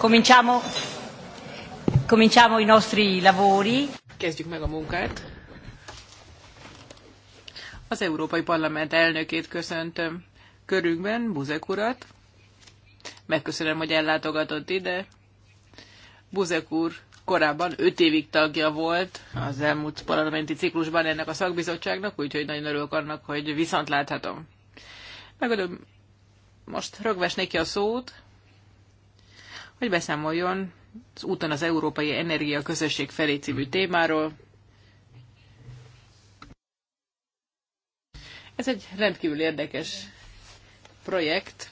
Cominciamo, cominciamo i nostri lavori. Kezdjük meg a munkát. Az Európai Parlament elnökét köszöntöm körünkben, Buzek urat. Megköszönöm, hogy ellátogatott ide. Buzek úr korábban 5 évig tagja volt az elmúlt parlamenti ciklusban ennek a szakbizottságnak, úgyhogy nagyon örülök annak, hogy viszont láthatom. Megadom, most rögvesnék ki a szót, hogy beszámoljon az úton az Európai Energia Közösség felé című témáról. Ez egy rendkívül érdekes projekt,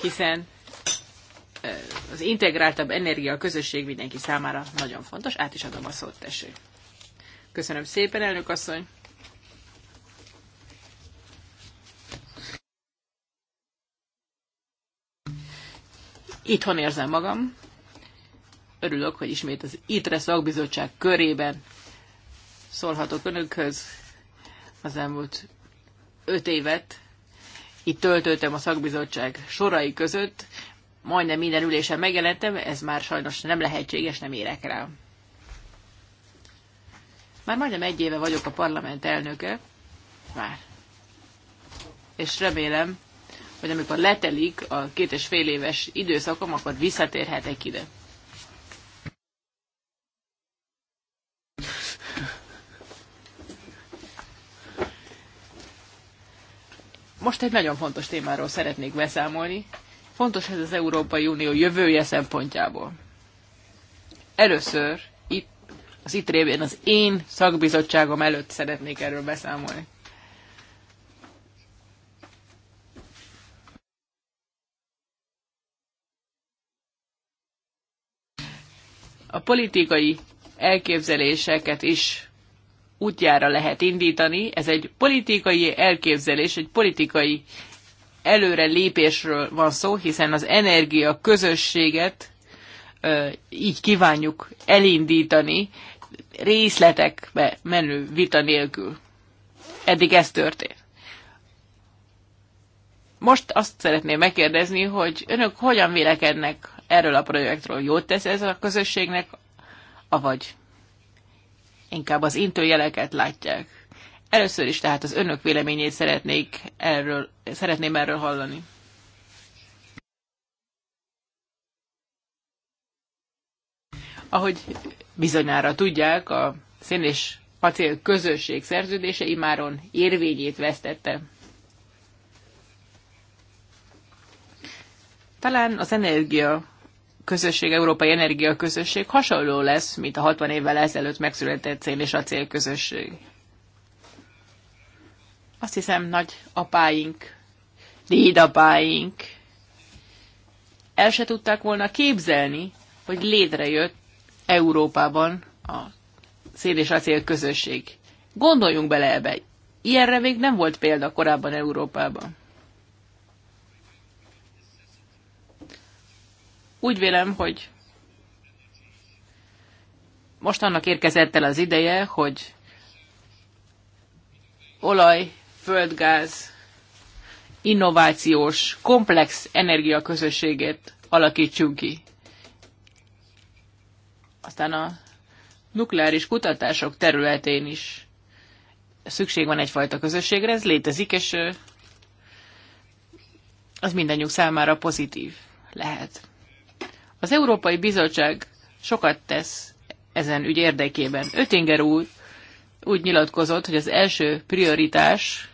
hiszen az integráltabb energia a közösség mindenki számára nagyon fontos. Át is adom a szót, tessék. Köszönöm szépen, elnök asszony! itthon érzem magam. Örülök, hogy ismét az ITRE szakbizottság körében szólhatok önökhöz. Az elmúlt öt évet itt töltöttem a szakbizottság sorai között, majdnem minden ülésen megjelentem, ez már sajnos nem lehetséges, nem érek rá. Már majdnem egy éve vagyok a parlament elnöke, már. És remélem, hogy amikor letelik a két és fél éves időszakom, akkor visszatérhetek ide. Most egy nagyon fontos témáról szeretnék beszámolni. Fontos ez az Európai Unió jövője szempontjából. Először itt, az itt révén az én szakbizottságom előtt szeretnék erről beszámolni. a politikai elképzeléseket is útjára lehet indítani. Ez egy politikai elképzelés, egy politikai előre lépésről van szó, hiszen az energia közösséget így kívánjuk elindítani részletekbe menő vita nélkül. Eddig ez történt. Most azt szeretném megkérdezni, hogy önök hogyan vélekednek erről a projektről jót tesz ez a közösségnek, avagy inkább az intőjeleket látják. Először is tehát az önök véleményét szeretnék erről, szeretném erről hallani. Ahogy bizonyára tudják, a szén és acél közösség szerződése imáron érvényét vesztette. Talán az energia közösség, európai Energia Közösség hasonló lesz, mint a 60 évvel ezelőtt megszületett cél és a célközösség. Azt hiszem, nagy apáink, dédapáink el se tudták volna képzelni, hogy létrejött Európában a szél és acél közösség. Gondoljunk bele ebbe, ilyenre még nem volt példa korábban Európában. Úgy vélem, hogy most annak érkezett el az ideje, hogy olaj, földgáz, innovációs, komplex energiaközösségét alakítsunk ki. Aztán a nukleáris kutatások területén is szükség van egyfajta közösségre, ez létezik, és az mindannyiunk számára pozitív lehet. Az Európai Bizottság sokat tesz ezen ügy érdekében. Ötinger úr úgy nyilatkozott, hogy az első prioritás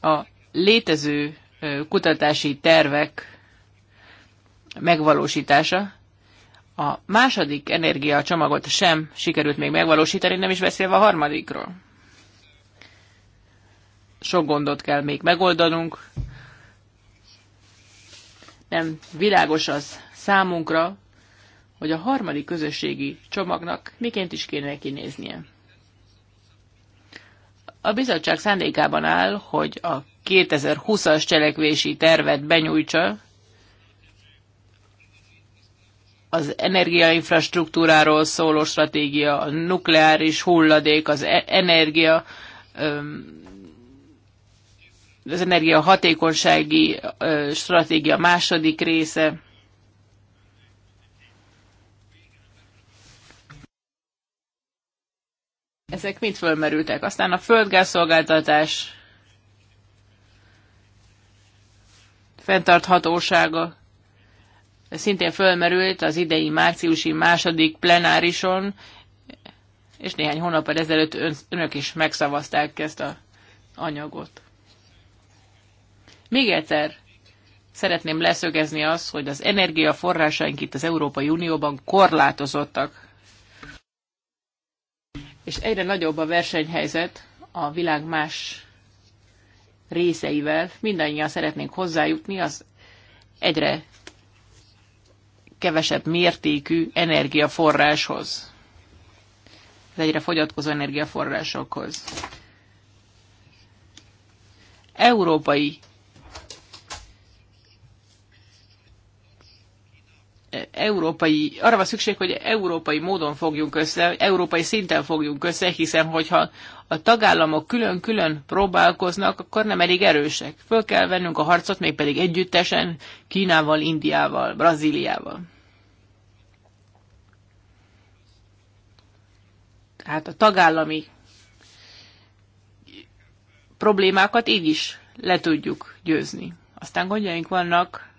a létező kutatási tervek megvalósítása. A második energiacsomagot sem sikerült még megvalósítani, nem is beszélve a harmadikról. Sok gondot kell még megoldanunk. Nem világos az számunkra, hogy a harmadik közösségi csomagnak miként is kéne kinéznie. A bizottság szándékában áll, hogy a 2020-as cselekvési tervet benyújtsa, az energiainfrastruktúráról szóló stratégia, a nukleáris hulladék, az e- energia, az energia hatékonysági stratégia második része, ezek mit fölmerültek. Aztán a földgázszolgáltatás fenntarthatósága szintén fölmerült az idei márciusi második plenárison, és néhány hónap ezelőtt ön, önök is megszavazták ezt a anyagot. Még egyszer szeretném leszögezni azt, hogy az energiaforrásaink itt az Európai Unióban korlátozottak és egyre nagyobb a versenyhelyzet a világ más részeivel. Mindannyian szeretnénk hozzájutni az egyre kevesebb mértékű energiaforráshoz, az egyre fogyatkozó energiaforrásokhoz. Európai európai, arra van szükség, hogy európai módon fogjunk össze, európai szinten fogjunk össze, hiszen hogyha a tagállamok külön-külön próbálkoznak, akkor nem elég erősek. Föl kell vennünk a harcot, mégpedig együttesen Kínával, Indiával, Brazíliával. Tehát a tagállami problémákat így is le tudjuk győzni. Aztán gondjaink vannak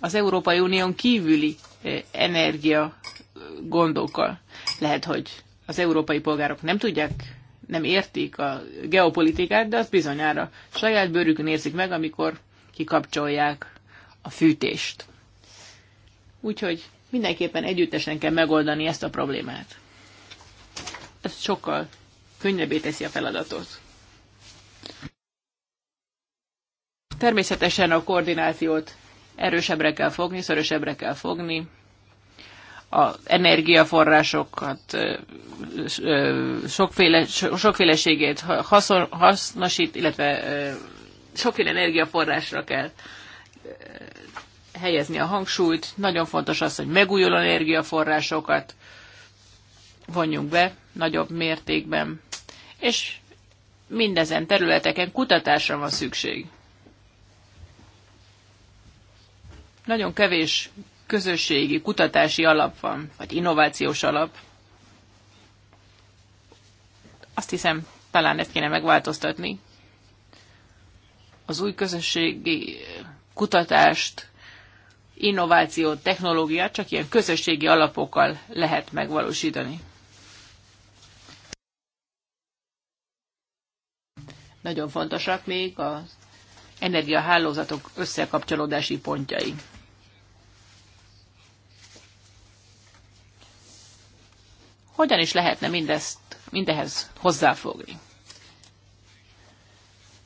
az Európai Unión kívüli eh, energia eh, gondokkal. Lehet, hogy az európai polgárok nem tudják, nem értik a geopolitikát, de az bizonyára saját bőrükön érzik meg, amikor kikapcsolják a fűtést. Úgyhogy mindenképpen együttesen kell megoldani ezt a problémát. Ez sokkal könnyebbé teszi a feladatot. Természetesen a koordinációt erősebbre kell fogni, szörösebbre kell fogni, az energiaforrásokat, sokféle, sokféleségét haszon, hasznosít, illetve sokféle energiaforrásra kell helyezni a hangsúlyt. Nagyon fontos az, hogy megújuló energiaforrásokat vonjunk be nagyobb mértékben, és mindezen területeken kutatásra van szükség. Nagyon kevés közösségi, kutatási alap van, vagy innovációs alap. Azt hiszem, talán ezt kéne megváltoztatni. Az új közösségi kutatást, innováció, technológiát csak ilyen közösségi alapokkal lehet megvalósítani. Nagyon fontosak még az energiahálózatok összekapcsolódási pontjai. Hogyan is lehetne mindezt, mindehez hozzáfogni?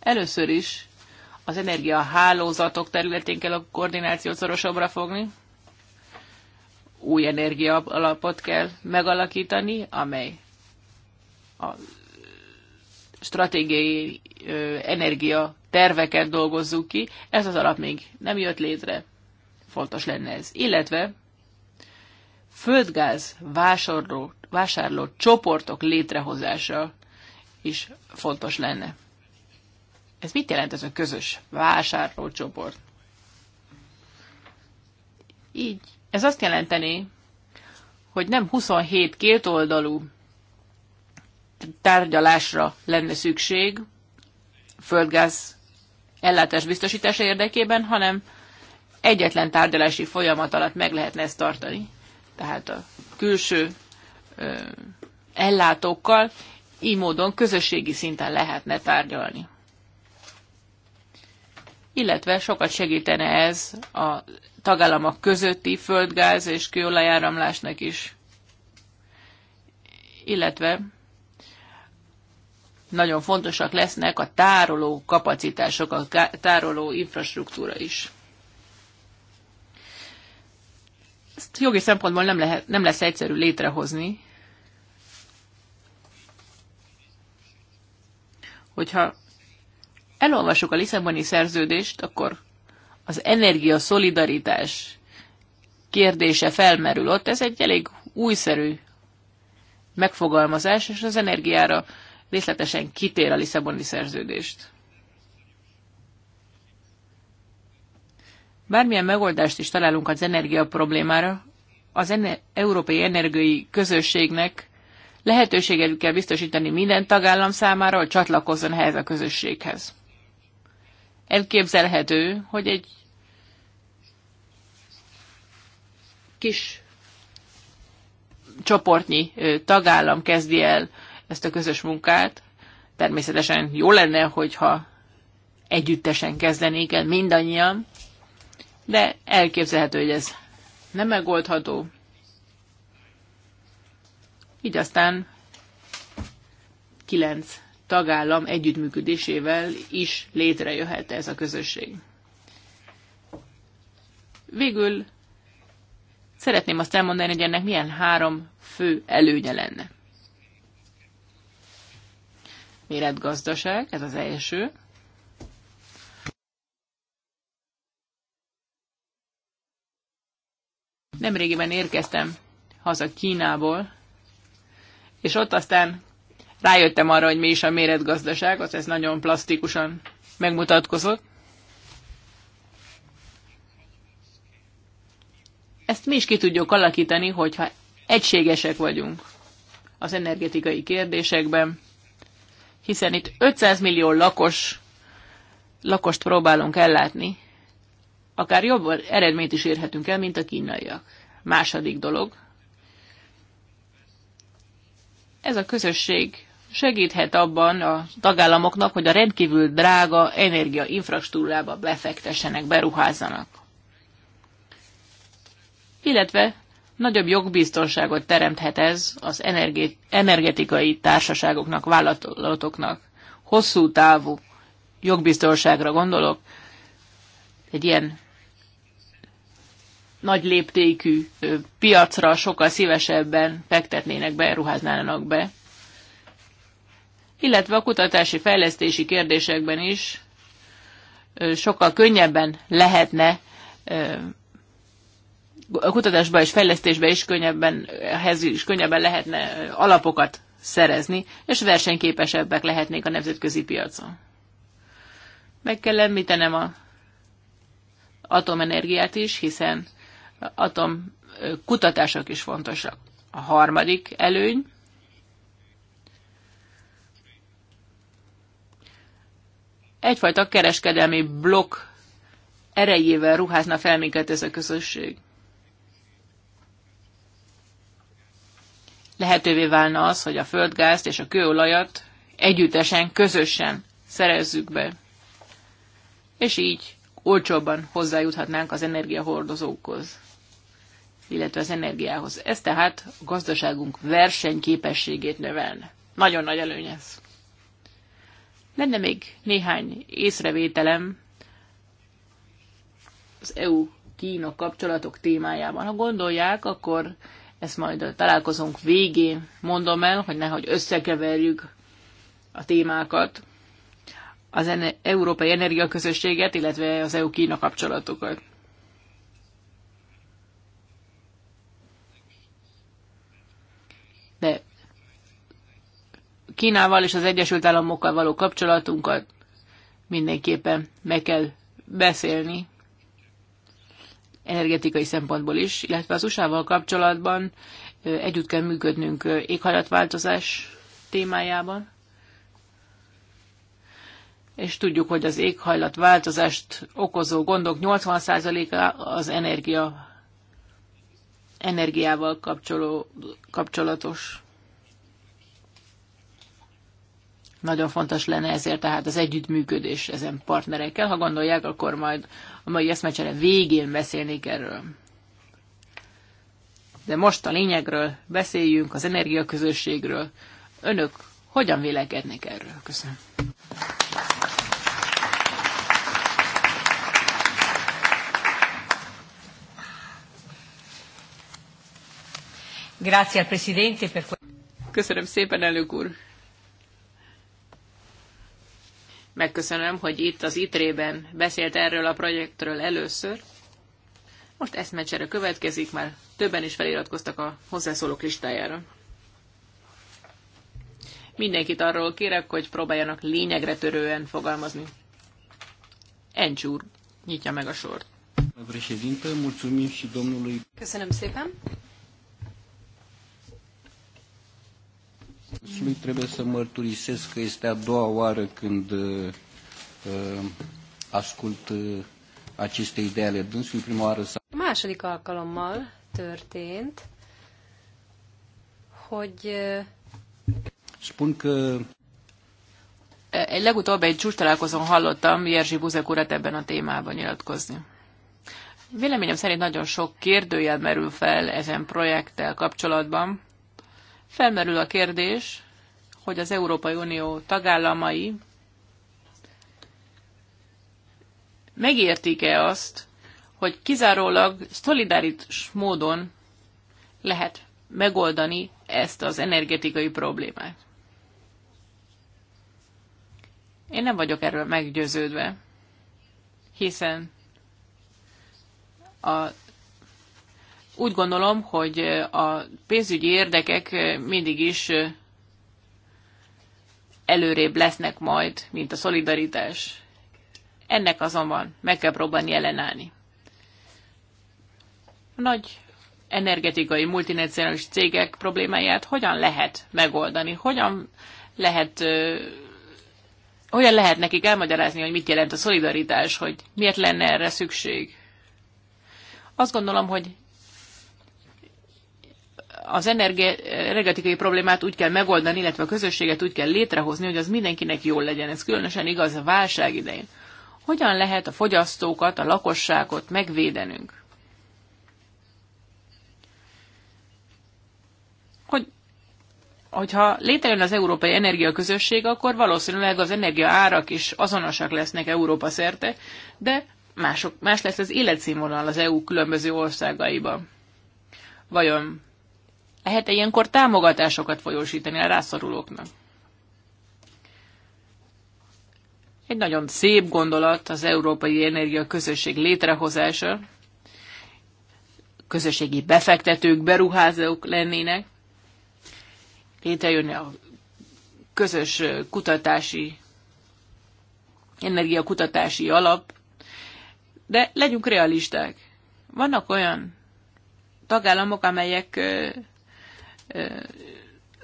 Először is az energiahálózatok területén kell a koordinációt szorosabbra fogni. Új energia alapot kell megalakítani, amely a stratégiai energia terveket dolgozzuk ki. Ez az alap még nem jött létre. Fontos lenne ez. Illetve földgáz vásárló, vásárló csoportok létrehozása is fontos lenne. Ez mit jelent ez a közös csoport? Így. Ez azt jelenteni, hogy nem 27 kétoldalú tárgyalásra lenne szükség földgáz ellátás biztosítása érdekében, hanem egyetlen tárgyalási folyamat alatt meg lehetne ezt tartani tehát a külső ellátókkal, így módon közösségi szinten lehetne tárgyalni. Illetve sokat segítene ez a tagállamok közötti földgáz és kőolajáramlásnak is. Illetve nagyon fontosak lesznek a tároló kapacitások, a tároló infrastruktúra is. Ezt jogi szempontból nem, lehet, nem lesz egyszerű létrehozni, hogyha elolvasok a Lisszaboni szerződést, akkor az energia szolidaritás kérdése felmerül ott. Ez egy elég újszerű megfogalmazás, és az energiára részletesen kitér a Lisszaboni szerződést. Bármilyen megoldást is találunk az energia problémára, az enne- Európai Energiai Közösségnek lehetőséget kell biztosítani minden tagállam számára, hogy csatlakozzon ehhez a közösséghez. Elképzelhető, hogy egy kis csoportnyi tagállam kezdi el ezt a közös munkát. Természetesen jó lenne, hogyha együttesen kezdenék el mindannyian, de elképzelhető, hogy ez nem megoldható. Így aztán kilenc tagállam együttműködésével is létrejöhet ez a közösség. Végül szeretném azt elmondani, hogy ennek milyen három fő előnye lenne. Méretgazdaság, ez az első. Nemrégiben érkeztem haza Kínából, és ott aztán rájöttem arra, hogy mi is a méretgazdaság, az ez nagyon plastikusan megmutatkozott. Ezt mi is ki tudjuk alakítani, hogyha egységesek vagyunk az energetikai kérdésekben, hiszen itt 500 millió lakos, lakost próbálunk ellátni, akár jobb eredményt is érhetünk el, mint a kínaiak. Második dolog. Ez a közösség segíthet abban a tagállamoknak, hogy a rendkívül drága energia infrastruktúrába befektessenek, beruházzanak. Illetve nagyobb jogbiztonságot teremthet ez az energetikai társaságoknak, vállalatoknak. Hosszú távú jogbiztonságra gondolok. Egy ilyen nagy léptékű piacra sokkal szívesebben fektetnének be, ruháznának be. Illetve a kutatási fejlesztési kérdésekben is sokkal könnyebben lehetne a kutatásba és fejlesztésbe is könnyebben, is könnyebben lehetne alapokat szerezni, és versenyképesebbek lehetnék a nemzetközi piacon. Meg kell említenem a atomenergiát is, hiszen atom kutatások is fontosak. A harmadik előny, egyfajta kereskedelmi blokk erejével ruházna fel minket ez a közösség. Lehetővé válna az, hogy a földgázt és a kőolajat együttesen, közösen szerezzük be. És így olcsóbban hozzájuthatnánk az energiahordozókhoz illetve az energiához. Ez tehát a gazdaságunk versenyképességét növelne. Nagyon nagy előny ez. Lenne még néhány észrevételem az EU-Kína kapcsolatok témájában. Ha gondolják, akkor ezt majd a találkozónk végén mondom el, hogy nehogy összekeverjük a témákat, az Európai Energiaközösséget, illetve az EU-Kína kapcsolatokat. Kínával és az Egyesült Államokkal való kapcsolatunkat mindenképpen meg kell beszélni energetikai szempontból is, illetve az USA-val kapcsolatban együtt kell működnünk éghajlatváltozás témájában. És tudjuk, hogy az éghajlatváltozást okozó gondok 80%-a az energia, energiával kapcsoló, kapcsolatos. Nagyon fontos lenne ezért tehát az együttműködés ezen partnerekkel. Ha gondolják, akkor majd a mai eszmecsere végén beszélnék erről. De most a lényegről beszéljünk, az energiaközösségről. Önök hogyan vélekednek erről? Köszönöm. Grazie al Presidente per... Köszönöm szépen, elnök úr, Megköszönöm, hogy itt az ITRE-ben beszélt erről a projektről először. Most eszmecsere következik, már többen is feliratkoztak a hozzászólók listájára. Mindenkit arról kérek, hogy próbáljanak lényegre törően fogalmazni. Encsúr nyitja meg a sort. Köszönöm szépen. Lui trebuie să mărturisesc că este a doua oară când uh, uh ascult uh, aceste idei ale dânsului. Prima oară s A második alkalommal történt, hogy uh, Spun că egy eh, legutóbb egy csúcs találkozón hallottam Jerzy Buzek urat ebben a témában nyilatkozni. Véleményem szerint nagyon sok kérdőjel merül fel ezen projekttel kapcsolatban, Felmerül a kérdés, hogy az Európai Unió tagállamai megértik-e azt, hogy kizárólag szolidáris módon lehet megoldani ezt az energetikai problémát. Én nem vagyok erről meggyőződve, hiszen a úgy gondolom, hogy eh, a pénzügyi érdekek eh, mindig is eh, előrébb lesznek majd, mint a szolidaritás. Ennek azonban meg kell próbálni ellenállni. A nagy energetikai multinacionális cégek problémáját hogyan lehet megoldani? Hogyan lehet hogyan lehet nekik elmagyarázni, hogy mit jelent a szolidaritás, hogy miért lenne erre szükség? Azt gondolom, hogy az energetikai problémát úgy kell megoldani, illetve a közösséget úgy kell létrehozni, hogy az mindenkinek jól legyen. Ez különösen igaz a válság idején. Hogyan lehet a fogyasztókat, a lakosságot megvédenünk? Hogy, hogyha létrejön az Európai Energiaközösség, akkor valószínűleg az energia árak is azonosak lesznek Európa szerte, de mások, más lesz az életszínvonal az EU különböző országaiban. Vajon lehet-e ilyenkor támogatásokat folyósítani a rászorulóknak? Egy nagyon szép gondolat az Európai Energia Közösség létrehozása. Közösségi befektetők, beruházók lennének. Létrejönne a közös kutatási, energiakutatási alap. De legyünk realisták. Vannak olyan tagállamok, amelyek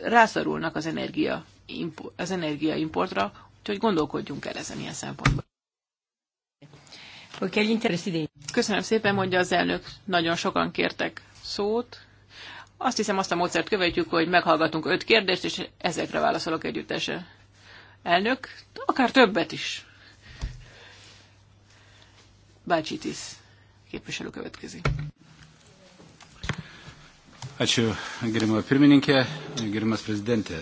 rászorulnak az energia, az energia importra, úgyhogy gondolkodjunk el ezen ilyen szempontból. Köszönöm szépen, mondja az elnök. Nagyon sokan kértek szót. Azt hiszem, azt a módszert követjük, hogy meghallgatunk öt kérdést, és ezekre válaszolok együttese Elnök, akár többet is. Bácsi Tisz, képviselő következik. Ačiū, gerimo pirmininkė, gerimas prezidentė.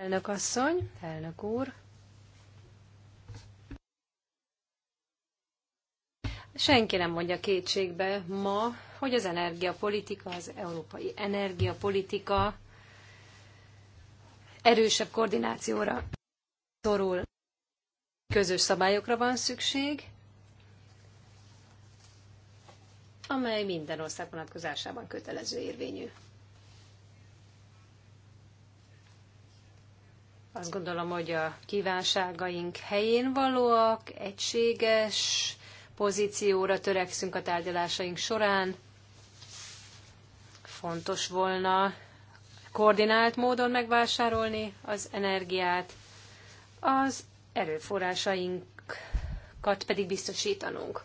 Elnök asszony, elnök úr. Senki nem mondja kétségbe ma, hogy az energiapolitika, az európai energiapolitika erősebb koordinációra szorul. Közös szabályokra van szükség, amely minden ország vonatkozásában kötelező érvényű. Azt gondolom, hogy a kívánságaink helyén valóak, egységes pozícióra törekszünk a tárgyalásaink során. Fontos volna koordinált módon megvásárolni az energiát, az erőforrásainkat pedig biztosítanunk.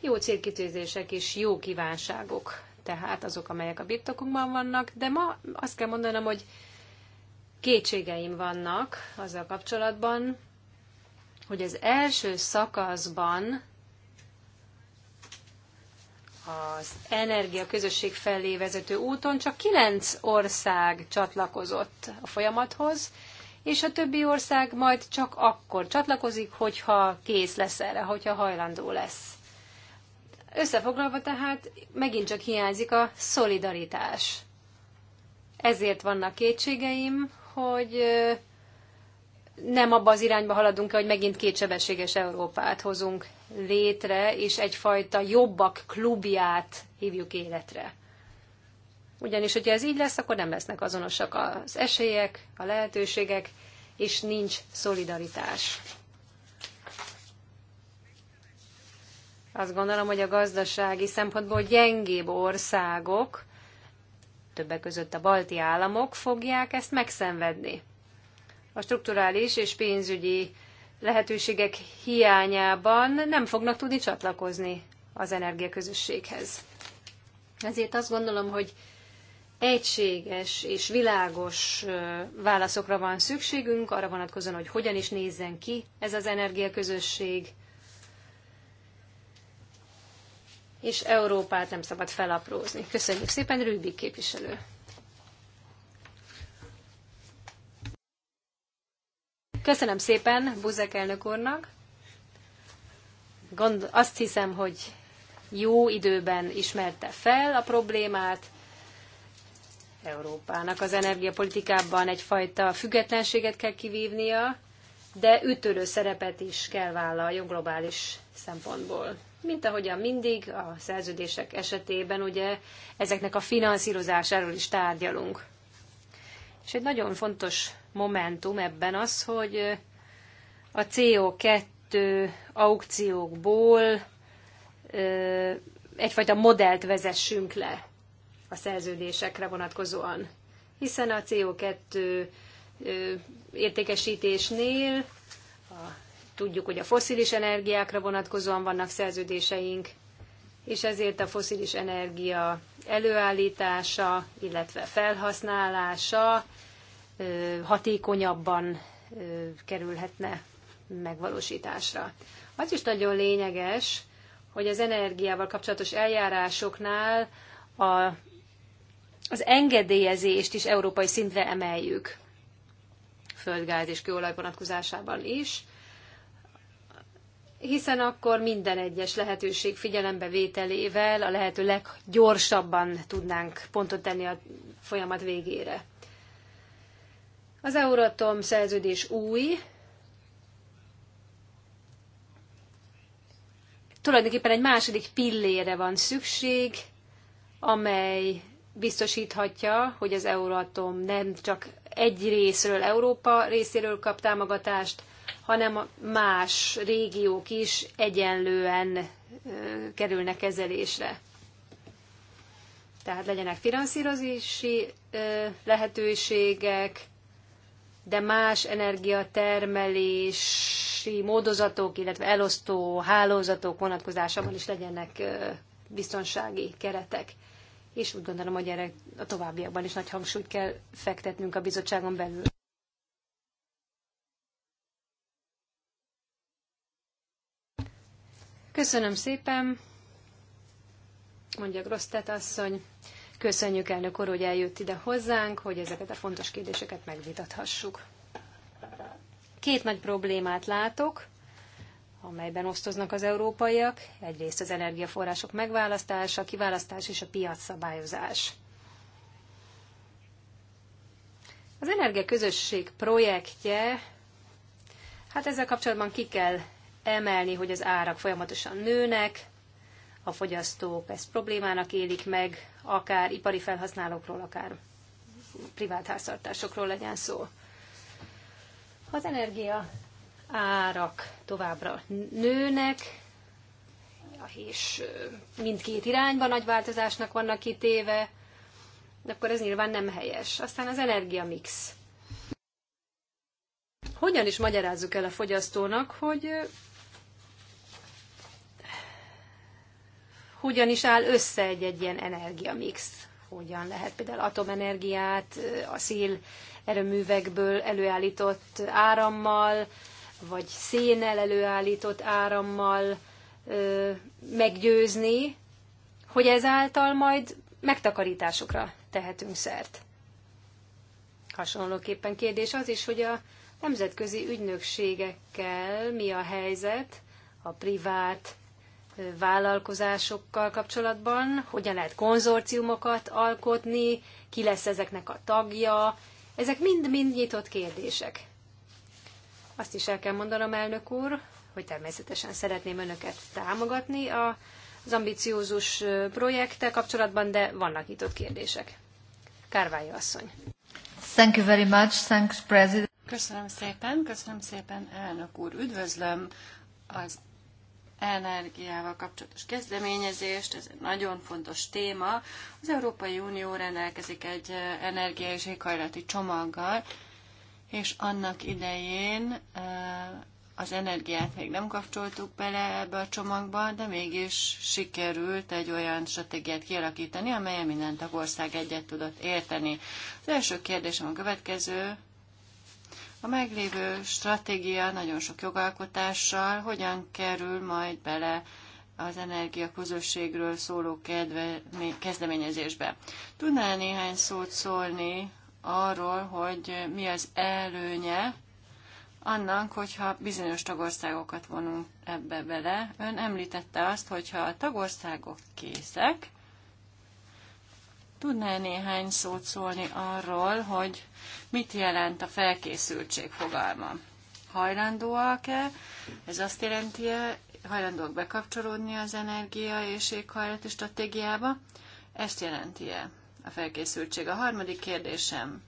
Jó célkitűzések és jó kívánságok, tehát azok, amelyek a birtokunkban vannak, de ma azt kell mondanom, hogy kétségeim vannak azzal kapcsolatban, hogy az első szakaszban az energia közösség felé vezető úton csak kilenc ország csatlakozott a folyamathoz, és a többi ország majd csak akkor csatlakozik, hogyha kész lesz erre, hogyha hajlandó lesz. Összefoglalva tehát megint csak hiányzik a szolidaritás. Ezért vannak kétségeim, hogy nem abba az irányba haladunk hogy megint kétsebességes Európát hozunk létre, és egyfajta jobbak klubját hívjuk életre. Ugyanis, hogyha ez így lesz, akkor nem lesznek azonosak az esélyek, a lehetőségek, és nincs szolidaritás. Azt gondolom, hogy a gazdasági szempontból gyengébb országok, többek között a balti államok fogják ezt megszenvedni. A strukturális és pénzügyi lehetőségek hiányában nem fognak tudni csatlakozni az energiaközösséghez. Ezért azt gondolom, hogy egységes és világos válaszokra van szükségünk, arra vonatkozóan, hogy hogyan is nézzen ki ez az energiaközösség, és Európát nem szabad felaprózni. Köszönjük szépen, Rübik képviselő. Köszönöm szépen Buzek elnök úrnak. Gond, azt hiszem, hogy jó időben ismerte fel a problémát. Európának az energiapolitikában egyfajta függetlenséget kell kivívnia, de ütörő szerepet is kell vállaljon globális szempontból mint ahogyan mindig a szerződések esetében ugye ezeknek a finanszírozásáról is tárgyalunk. És egy nagyon fontos momentum ebben az, hogy a CO2 aukciókból egyfajta modellt vezessünk le a szerződésekre vonatkozóan. Hiszen a CO2 értékesítésnél Tudjuk, hogy a foszilis energiákra vonatkozóan vannak szerződéseink, és ezért a foszilis energia előállítása, illetve felhasználása hatékonyabban kerülhetne megvalósításra. Az is nagyon lényeges, hogy az energiával kapcsolatos eljárásoknál a, az engedélyezést is európai szintre emeljük, földgáz és kőolaj vonatkozásában is, hiszen akkor minden egyes lehetőség vételével a lehető leggyorsabban tudnánk pontot tenni a folyamat végére. Az Euratom szerződés új, tulajdonképpen egy második pillére van szükség, amely biztosíthatja, hogy az Euratom nem csak egy részről, Európa részéről kap támogatást, hanem más régiók is egyenlően kerülnek kezelésre. Tehát legyenek finanszírozási lehetőségek, de más energiatermelési módozatok, illetve elosztó hálózatok vonatkozásában is legyenek biztonsági keretek. És úgy gondolom, hogy erre a továbbiakban is nagy hangsúlyt kell fektetnünk a bizottságon belül. Köszönöm szépen, mondja Grosztet asszony. Köszönjük, elnök úr, hogy eljött ide hozzánk, hogy ezeket a fontos kérdéseket megvitathassuk. Két nagy problémát látok, amelyben osztoznak az európaiak. Egyrészt az energiaforrások megválasztása, kiválasztás és a piacszabályozás. Az energiaközösség projektje, hát ezzel kapcsolatban ki kell emelni, hogy az árak folyamatosan nőnek, a fogyasztók ezt problémának élik meg, akár ipari felhasználókról, akár privát háztartásokról legyen szó. Az energia árak továbbra nőnek, és mindkét irányban nagy változásnak vannak kitéve, akkor ez nyilván nem helyes. Aztán az energiamix. Hogyan is magyarázzuk el a fogyasztónak, hogy hogyan is áll össze egy-egy ilyen energiamix. Hogyan lehet például atomenergiát a szél erőművekből előállított árammal, vagy szénel előállított árammal ö, meggyőzni, hogy ezáltal majd megtakarításokra tehetünk szert. Hasonlóképpen kérdés az is, hogy a nemzetközi ügynökségekkel mi a helyzet, a privát vállalkozásokkal kapcsolatban, hogyan lehet konzorciumokat alkotni, ki lesz ezeknek a tagja. Ezek mind-mind nyitott kérdések. Azt is el kell mondanom, elnök úr, hogy természetesen szeretném önöket támogatni a, az ambiciózus projekttel kapcsolatban, de vannak nyitott kérdések. Kárvája asszony. Thank you very much. Thanks, President. Köszönöm szépen, köszönöm szépen, elnök úr. Üdvözlöm az energiával kapcsolatos kezdeményezést, ez egy nagyon fontos téma. Az Európai Unió rendelkezik egy eh, energia és éghajlati csomaggal, és annak idején eh, az energiát még nem kapcsoltuk bele ebbe a csomagba, de mégis sikerült egy olyan stratégiát kialakítani, amelyen minden tagország egyet tudott érteni. Az első kérdésem a következő, a meglévő stratégia nagyon sok jogalkotással hogyan kerül majd bele az energiaközösségről szóló kedve, kezdeményezésbe. Tudnál néhány szót szólni arról, hogy mi az előnye annak, hogyha bizonyos tagországokat vonunk ebbe bele. Ön említette azt, hogyha a tagországok készek, Tudná néhány szót szólni arról, hogy mit jelent a felkészültség fogalma? Hajlandóak-e? Ez azt jelenti, -e, hajlandóak bekapcsolódni az energia és éghajlati stratégiába? Ezt jelenti-e a felkészültség? A harmadik kérdésem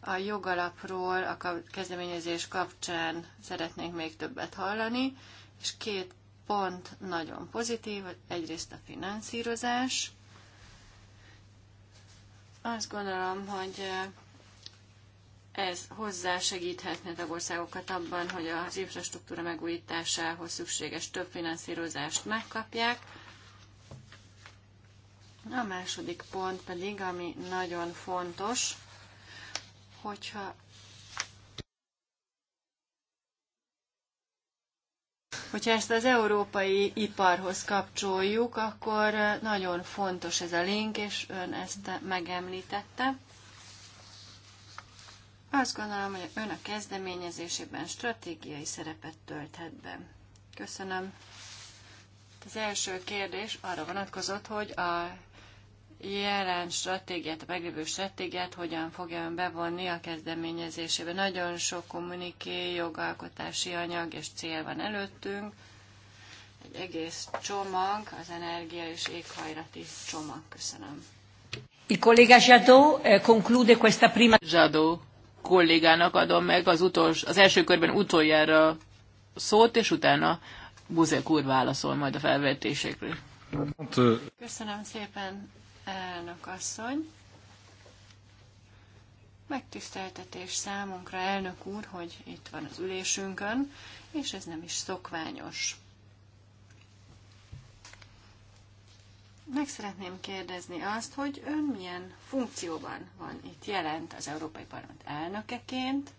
a jogalapról a kezdeményezés kapcsán szeretnénk még többet hallani, és két pont nagyon pozitív, egyrészt a finanszírozás, azt gondolom, hogy eh, ez hozzásegíthetne tagországokat abban, hogy az infrastruktúra megújításához szükséges több finanszírozást megkapják. A második pont pedig, ami nagyon fontos, hogyha Hogyha ezt az európai iparhoz kapcsoljuk, akkor nagyon fontos ez a link, és ön ezt megemlítette. Azt gondolom, hogy ön a kezdeményezésében stratégiai szerepet tölthet be. Köszönöm. Az első kérdés arra vonatkozott, hogy a jelen stratégiát, a meglévő stratégiát hogyan fogja ön bevonni a kezdeményezésébe. Nagyon sok kommuniké, jogalkotási anyag és cél van előttünk. Egy egész csomag, az energia és éghajlati csomag. Köszönöm. Il collega Jadot eh, conclude questa prima... Jadot kollégának adom meg az, utolsó, az első körben utoljára szót, és utána Buzek úr válaszol majd a felvetésekről. Hát, Köszönöm szépen, elnök asszony. Megtiszteltetés számunkra, elnök úr, hogy itt van az ülésünkön, és ez nem is szokványos. Meg szeretném kérdezni azt, hogy ön milyen funkcióban van itt jelent az Európai Parlament elnökeként,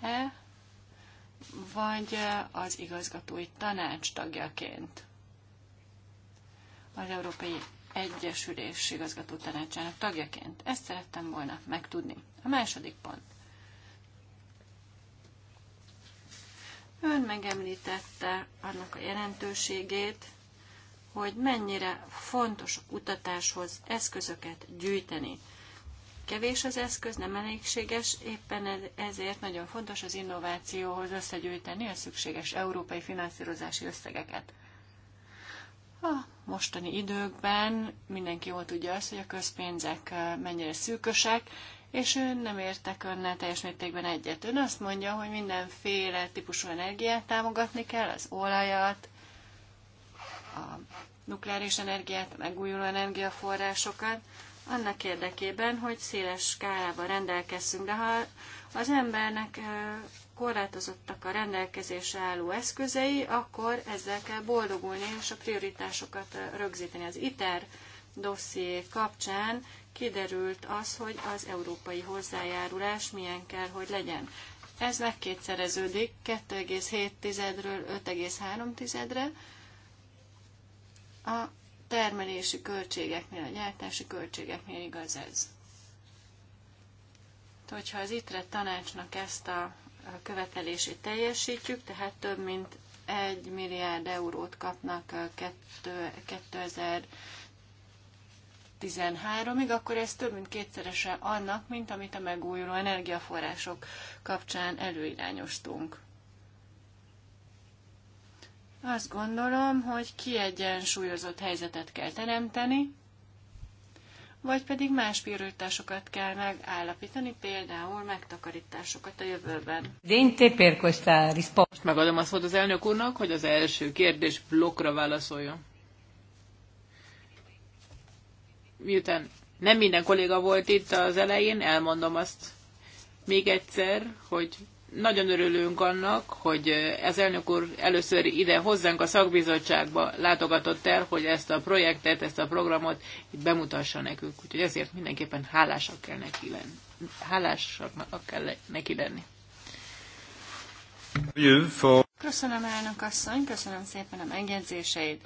-e, vagy e, az igazgatói tanács tagjaként? Az Európai egyesülés igazgató tanácsának tagjaként. Ezt szerettem volna megtudni. A második pont. Ön megemlítette annak a jelentőségét, hogy mennyire fontos kutatáshoz eszközöket gyűjteni. Kevés az eszköz, nem elégséges, éppen ezért nagyon fontos az innovációhoz összegyűjteni a szükséges európai finanszírozási összegeket. A mostani időkben mindenki jól tudja azt, hogy a közpénzek mennyire szűkösek, és ő nem értek önnel teljes mértékben egyet. Ön azt mondja, hogy mindenféle típusú energiát támogatni kell, az olajat, a nukleáris energiát, a megújuló energiaforrásokat, annak érdekében, hogy széles skálában rendelkezzünk. De ha az embernek korlátozottak a rendelkezésre álló eszközei, akkor ezzel kell boldogulni és a prioritásokat rögzíteni. Az ITER dosszié kapcsán kiderült az, hogy az európai hozzájárulás milyen kell, hogy legyen. Ez megkétszereződik 2,7-ről 5,3-re. A termelési költségeknél, a gyártási költségeknél igaz ez. Hogyha az ITRE tanácsnak ezt a követelését teljesítjük, tehát több mint 1 milliárd eurót kapnak 2013-ig, akkor ez több mint kétszerese annak, mint amit a megújuló energiaforrások kapcsán előirányostunk. Azt gondolom, hogy kiegyensúlyozott helyzetet kell teremteni, vagy pedig más prioritásokat kell megállapítani, például megtakarításokat a jövőben. Most megadom a szót az elnök úrnak, hogy az első kérdés blokkra válaszoljon. Miután nem minden kolléga volt itt az elején, elmondom azt még egyszer, hogy nagyon örülünk annak, hogy ez elnök úr először ide hozzánk a szakbizottságba látogatott el, hogy ezt a projektet, ezt a programot itt bemutassa nekünk. Úgyhogy ezért mindenképpen hálásak kell neki lenni. Hálásaknak kell neki lenni. Köszönöm, elnök asszony, köszönöm szépen a megjegyzéseit.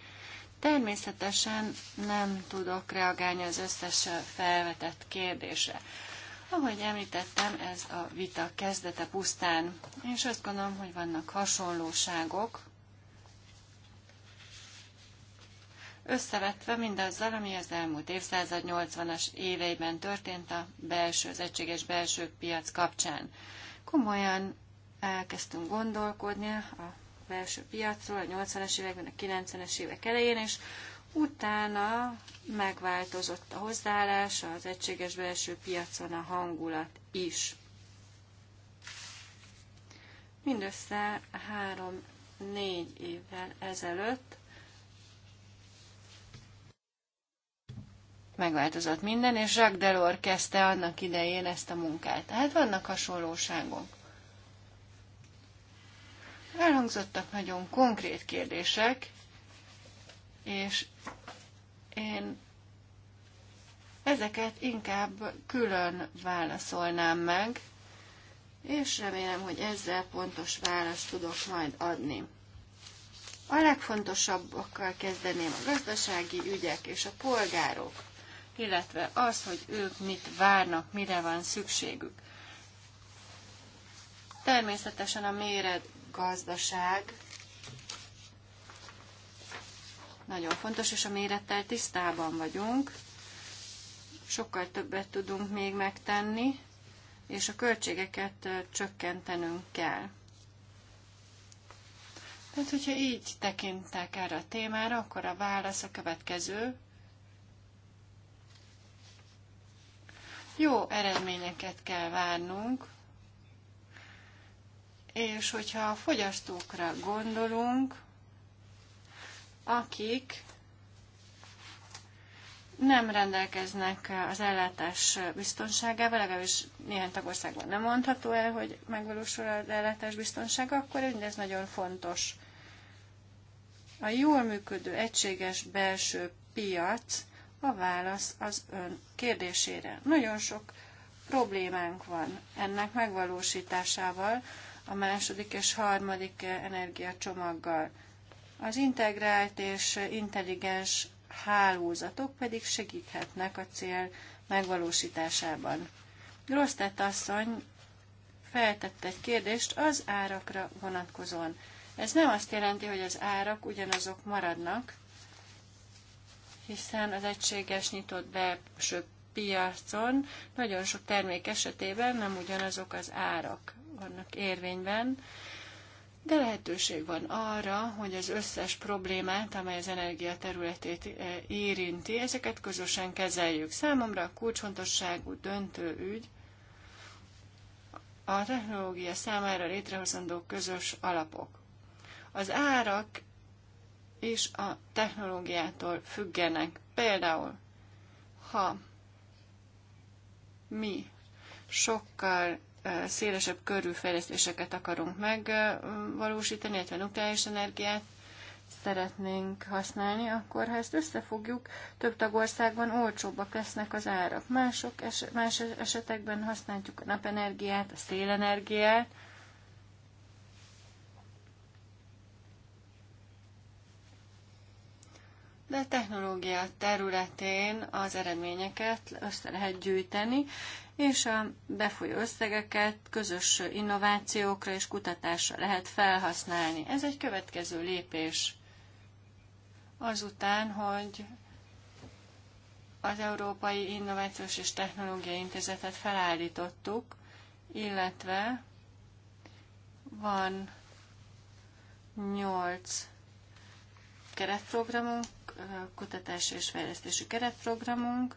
Természetesen nem tudok reagálni az összes felvetett kérdésre. Ahogy említettem, ez a vita kezdete pusztán, és azt gondolom, hogy vannak hasonlóságok, összevetve mindazzal, ami az elmúlt évszázad 80-as éveiben történt a belső, az egységes belső piac kapcsán. Komolyan elkezdtünk gondolkodni a belső piacról a 80 es években, a 90-es évek elején, és Utána megváltozott a hozzáállása, az egységes belső piacon a hangulat is. Mindössze három-négy évvel ezelőtt megváltozott minden, és Jacques Delors kezdte annak idején ezt a munkát. Tehát vannak hasonlóságok. Elhangzottak nagyon konkrét kérdések, és én ezeket inkább külön válaszolnám meg, és remélem, hogy ezzel pontos választ tudok majd adni. A legfontosabbakkal kezdeném a gazdasági ügyek és a polgárok, illetve az, hogy ők mit várnak, mire van szükségük. Természetesen a méret gazdaság nagyon fontos, és a mérettel tisztában vagyunk. Sokkal többet tudunk még megtenni, és a költségeket csökkentenünk kell. Tehát, hogyha így tekintek erre a témára, akkor a válasz a következő. Jó eredményeket kell várnunk, és hogyha a fogyasztókra gondolunk, akik nem rendelkeznek az ellátás biztonságával, legalábbis néhány tagországban nem mondható el, hogy megvalósul az ellátás biztonsága, akkor ez nagyon fontos. A jól működő egységes belső piac a válasz az ön kérdésére. Nagyon sok problémánk van ennek megvalósításával, a második és harmadik energiacsomaggal. Az integrált és intelligens hálózatok pedig segíthetnek a cél megvalósításában. Grosztett asszony feltette egy kérdést az árakra vonatkozóan. Ez nem azt jelenti, hogy az árak ugyanazok maradnak, hiszen az egységes nyitott belső piacon nagyon sok termék esetében nem ugyanazok az árak vannak érvényben, de lehetőség van arra, hogy az összes problémát, amely az energia területét e, érinti, ezeket közösen kezeljük. Számomra a kulcsfontosságú döntő ügy a technológia számára létrehozandó közös alapok. Az árak és a technológiától függenek. Például, ha mi sokkal szélesebb körű fejlesztéseket akarunk megvalósítani, illetve nukleáris energiát szeretnénk használni, akkor ha ezt összefogjuk, több tagországban olcsóbbak lesznek az árak. Mások es- más esetekben használjuk a napenergiát, a szélenergiát, de a technológia területén az eredményeket össze lehet gyűjteni, és a befolyó összegeket közös innovációkra és kutatásra lehet felhasználni. Ez egy következő lépés. Azután, hogy az Európai Innovációs és Technológiai Intézetet felállítottuk, illetve van nyolc keretprogramunk, kutatási és fejlesztési keretprogramunk.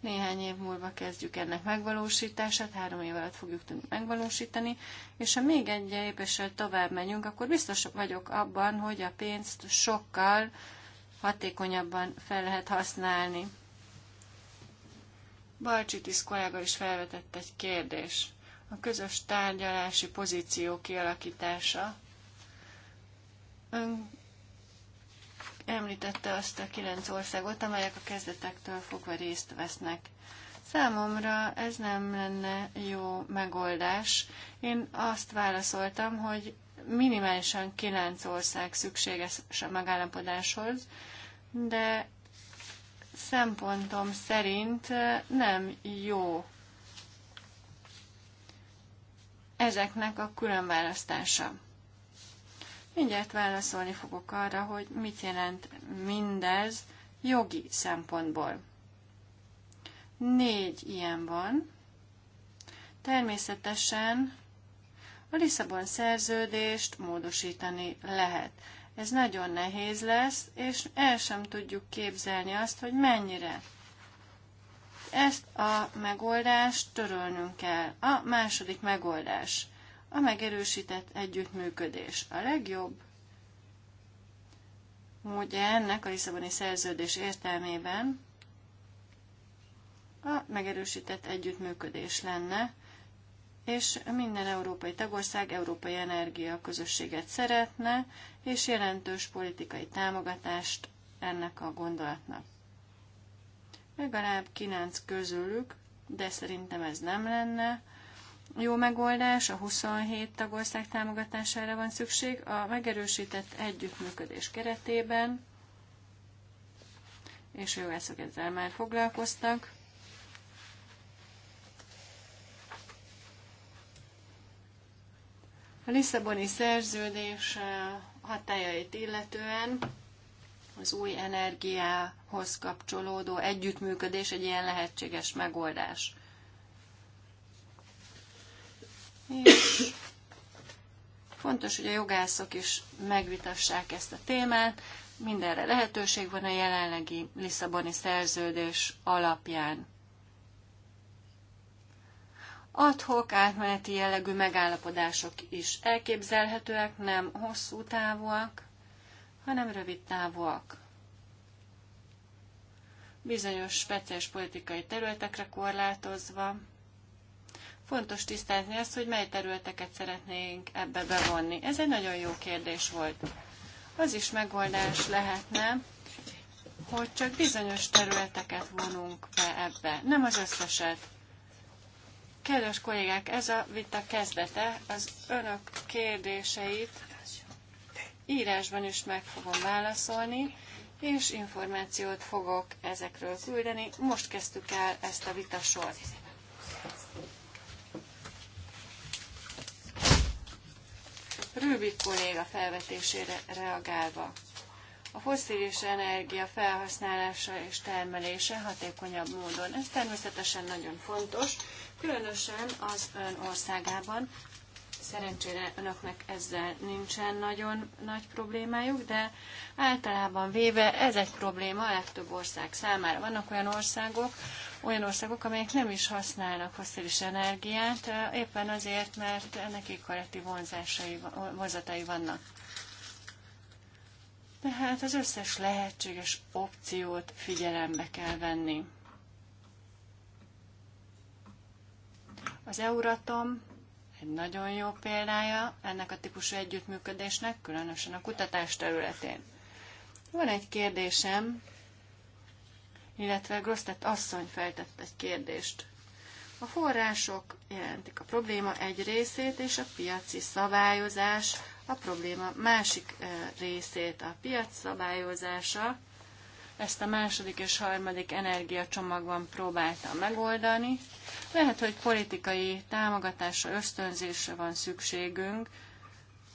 Néhány év múlva kezdjük ennek megvalósítását, három év alatt fogjuk tudni megvalósítani, és ha még egy lépéssel tovább megyünk, akkor biztos vagyok abban, hogy a pénzt sokkal hatékonyabban fel lehet használni. Balcsitis kollega is felvetett egy kérdés. A közös tárgyalási pozíció kialakítása. Említette azt a kilenc országot, amelyek a kezdetektől fogva részt vesznek. Számomra ez nem lenne jó megoldás. Én azt válaszoltam, hogy minimálisan kilenc ország szükséges a megállapodáshoz, de szempontom szerint nem jó ezeknek a különválasztása. Mindjárt válaszolni fogok arra, hogy mit jelent mindez jogi szempontból. Négy ilyen van. Természetesen a Lisszabon szerződést módosítani lehet. Ez nagyon nehéz lesz, és el sem tudjuk képzelni azt, hogy mennyire. Ezt a megoldást törölnünk kell. A második megoldás – a megerősített együttműködés. A legjobb módja ennek a Lisszaboni szerződés értelmében a megerősített együttműködés lenne, és minden európai tagország európai energia közösséget szeretne, és jelentős politikai támogatást ennek a gondolatnak. Legalább kilenc közülük, de szerintem ez nem lenne jó megoldás, a 27 tagország támogatására van szükség a megerősített együttműködés keretében, és a jogászok ezzel már foglalkoztak. A Lisszaboni szerződés eh, hatájait illetően az új energiához kapcsolódó együttműködés egy ilyen lehetséges megoldás. És fontos, hogy a jogászok is megvitassák ezt a témát. Mindenre lehetőség van a jelenlegi Lisszaboni szerződés alapján. Adhok átmeneti jellegű megállapodások is elképzelhetőek, nem hosszú távúak, hanem rövid távúak. Bizonyos speciális politikai területekre korlátozva, Fontos tisztázni azt, hogy mely területeket szeretnénk ebbe bevonni. Ez egy nagyon jó kérdés volt. Az is megoldás lehetne, hogy csak bizonyos területeket vonunk be ebbe, nem az összeset. Kedves kollégák, ez a vita kezdete, az önök kérdéseit írásban is meg fogom válaszolni, és információt fogok ezekről küldeni. Most kezdtük el ezt a vitasort. Rübik kolléga felvetésére reagálva. A fosszilis energia felhasználása és termelése hatékonyabb módon. Ez természetesen nagyon fontos, különösen az ön országában. Szerencsére önöknek ezzel nincsen nagyon nagy problémájuk, de általában véve ez egy probléma a legtöbb ország számára. Vannak olyan országok, olyan országok, amelyek nem is használnak fosszilis energiát, éppen azért, mert nekik kollektív vonzásai, vonzatai vannak. Tehát az összes lehetséges opciót figyelembe kell venni. Az Euratom egy nagyon jó példája ennek a típusú együttműködésnek, különösen a kutatás területén. Van egy kérdésem illetve Grosztett asszony feltett egy kérdést. A források jelentik a probléma egy részét, és a piaci szabályozás a probléma másik eh, részét. A piac szabályozása ezt a második és harmadik energiacsomagban próbáltam megoldani. Lehet, hogy politikai támogatásra, ösztönzésre van szükségünk,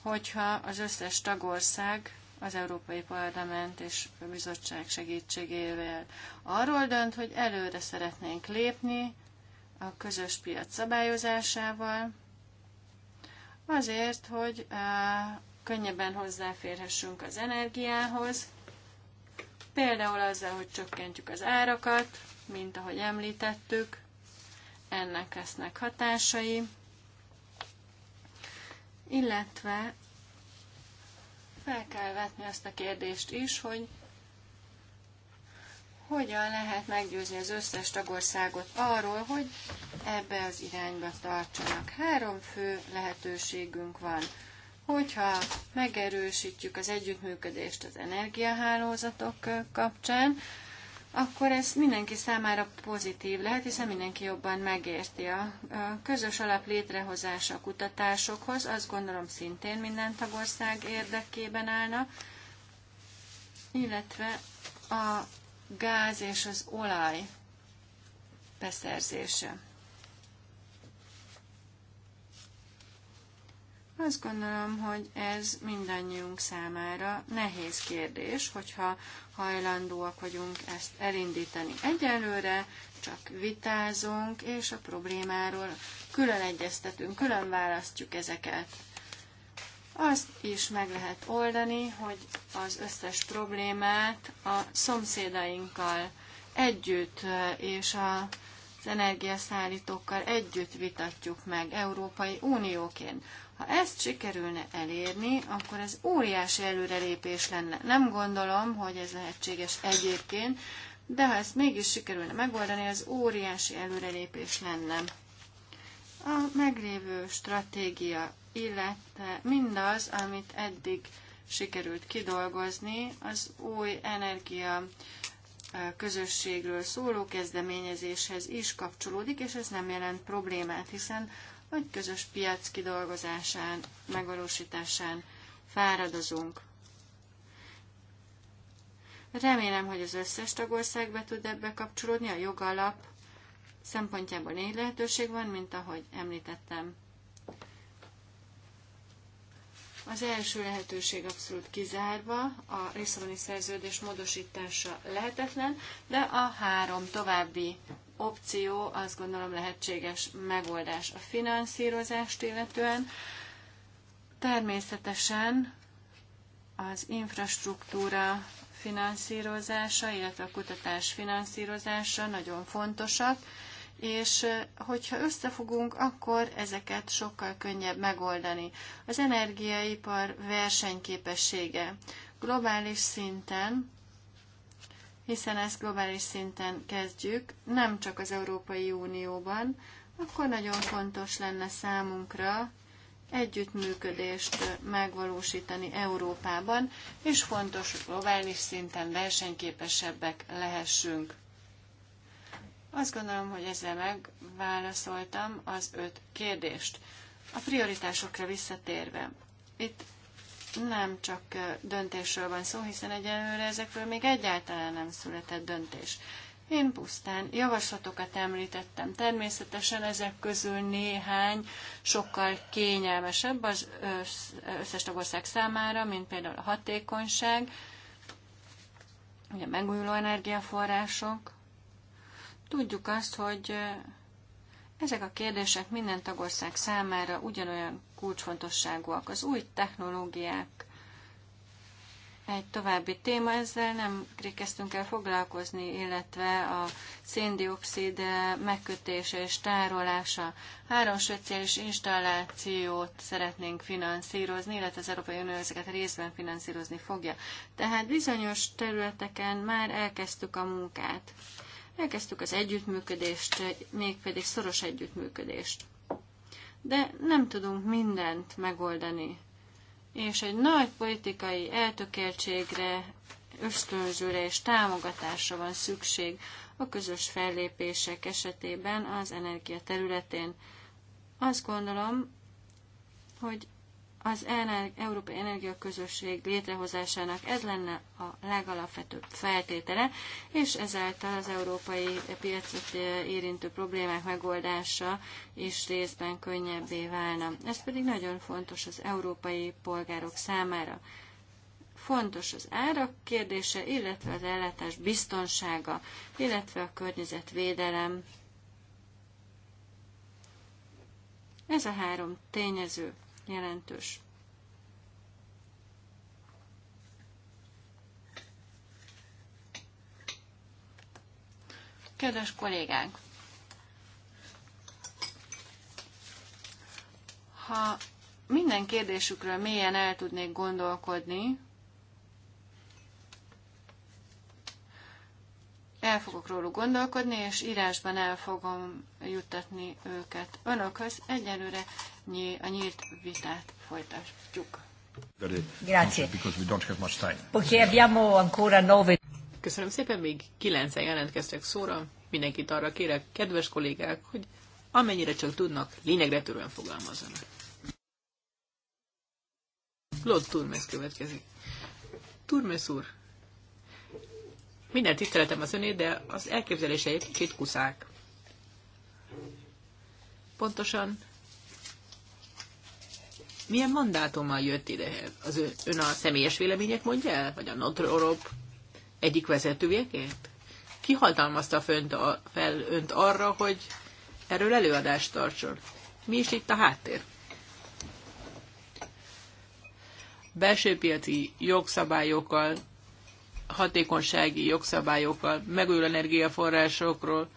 hogyha az összes tagország az Európai Parlament és a Bizottság segítségével arról dönt, hogy előre szeretnénk lépni a közös piac szabályozásával, azért, hogy eh, könnyebben hozzáférhessünk az energiához, például azzal, hogy csökkentjük az árakat, mint ahogy említettük, ennek lesznek hatásai, illetve fel kell vetni azt a kérdést is, hogy hogyan lehet meggyőzni az összes tagországot arról, hogy ebbe az irányba tartsanak. Három fő lehetőségünk van. Hogyha megerősítjük az együttműködést az energiahálózatok kapcsán, akkor ez mindenki számára pozitív lehet, hiszen mindenki jobban megérti a közös alap létrehozása a kutatásokhoz, azt gondolom szintén minden tagország érdekében állna, illetve a gáz és az olaj beszerzése. Azt gondolom, hogy ez mindannyiunk számára nehéz kérdés, hogyha hajlandóak vagyunk ezt elindítani. Egyelőre csak vitázunk, és a problémáról külön egyeztetünk, külön választjuk ezeket. Azt is meg lehet oldani, hogy az összes problémát a szomszédainkkal együtt és a az energiaszállítókkal együtt vitatjuk meg Európai Unióként. Ha ezt sikerülne elérni, akkor ez óriási előrelépés lenne. Nem gondolom, hogy ez lehetséges egyébként, de ha ezt mégis sikerülne megoldani, ez óriási előrelépés lenne. A meglévő stratégia, illetve mindaz, amit eddig sikerült kidolgozni, az új energia közösségről szóló kezdeményezéshez is kapcsolódik, és ez nem jelent problémát, hiszen vagy közös piac kidolgozásán, megvalósításán fáradozunk. Remélem, hogy az összes tagország be tud ebbe kapcsolódni, a jogalap szempontjából négy lehetőség van, mint ahogy említettem. Az első lehetőség abszolút kizárva, a Lisszaboni szerződés módosítása lehetetlen, de a három további opció azt gondolom lehetséges megoldás a finanszírozást illetően. Természetesen az infrastruktúra finanszírozása, illetve a kutatás finanszírozása nagyon fontosak, és hogyha összefogunk, akkor ezeket sokkal könnyebb megoldani. Az energiaipar versenyképessége globális szinten hiszen ezt globális szinten kezdjük, nem csak az Európai Unióban, akkor nagyon fontos lenne számunkra együttműködést megvalósítani Európában, és fontos, hogy globális szinten versenyképesebbek lehessünk. Azt gondolom, hogy ezzel megválaszoltam az öt kérdést. A prioritásokra visszatérve, itt nem csak döntésről van szó, hiszen egyelőre ezekről még egyáltalán nem született döntés. Én pusztán javaslatokat említettem. Természetesen ezek közül néhány sokkal kényelmesebb az összes tagország számára, mint például a hatékonyság, ugye megújuló energiaforrások. Tudjuk azt, hogy ezek a kérdések minden tagország számára ugyanolyan kulcsfontosságúak. Az új technológiák egy további téma, ezzel nem kezdtünk el foglalkozni, illetve a széndiokszid megkötése és tárolása. Három speciális installációt szeretnénk finanszírozni, illetve az Európai Unió ezeket részben finanszírozni fogja. Tehát bizonyos területeken már elkezdtük a munkát. Elkezdtük az együttműködést, mégpedig szoros együttműködést. De nem tudunk mindent megoldani. És egy nagy politikai eltökéltségre, ösztönzőre és támogatásra van szükség a közös fellépések esetében az energia területén. Azt gondolom, hogy az Európai Energiaközösség létrehozásának ez lenne a legalapvetőbb feltétele, és ezáltal az európai piacot eh, érintő problémák megoldása is részben könnyebbé válna. Ez pedig nagyon fontos az európai polgárok számára. Fontos az árak kérdése, illetve az ellátás biztonsága, illetve a környezetvédelem. Ez a három tényező jelentős. Kedves kollégánk, ha minden kérdésükről mélyen el tudnék gondolkodni, el fogok róluk gondolkodni, és írásban el fogom juttatni őket önökhöz. Egyelőre a nyílt vitát folytatjuk. Köszönöm szépen, még kilencen jelentkeztek szóra. Mindenkit arra kérek, kedves kollégák, hogy amennyire csak tudnak, lényegre törően fogalmazzanak. Lott Turmes következik. Turmes úr, minden tiszteletem az öné, de az elképzelései két kicsit kuszák. Pontosan milyen mandátummal jött ide? Az ön, ön a személyes vélemények mondja el? Vagy a Notre Europe egyik vezetőjeként? Ki hatalmazta fönt a, fel önt arra, hogy erről előadást tartson? Mi is itt a háttér? Belsőpiaci jogszabályokkal, hatékonysági jogszabályokkal, megújuló energiaforrásokról,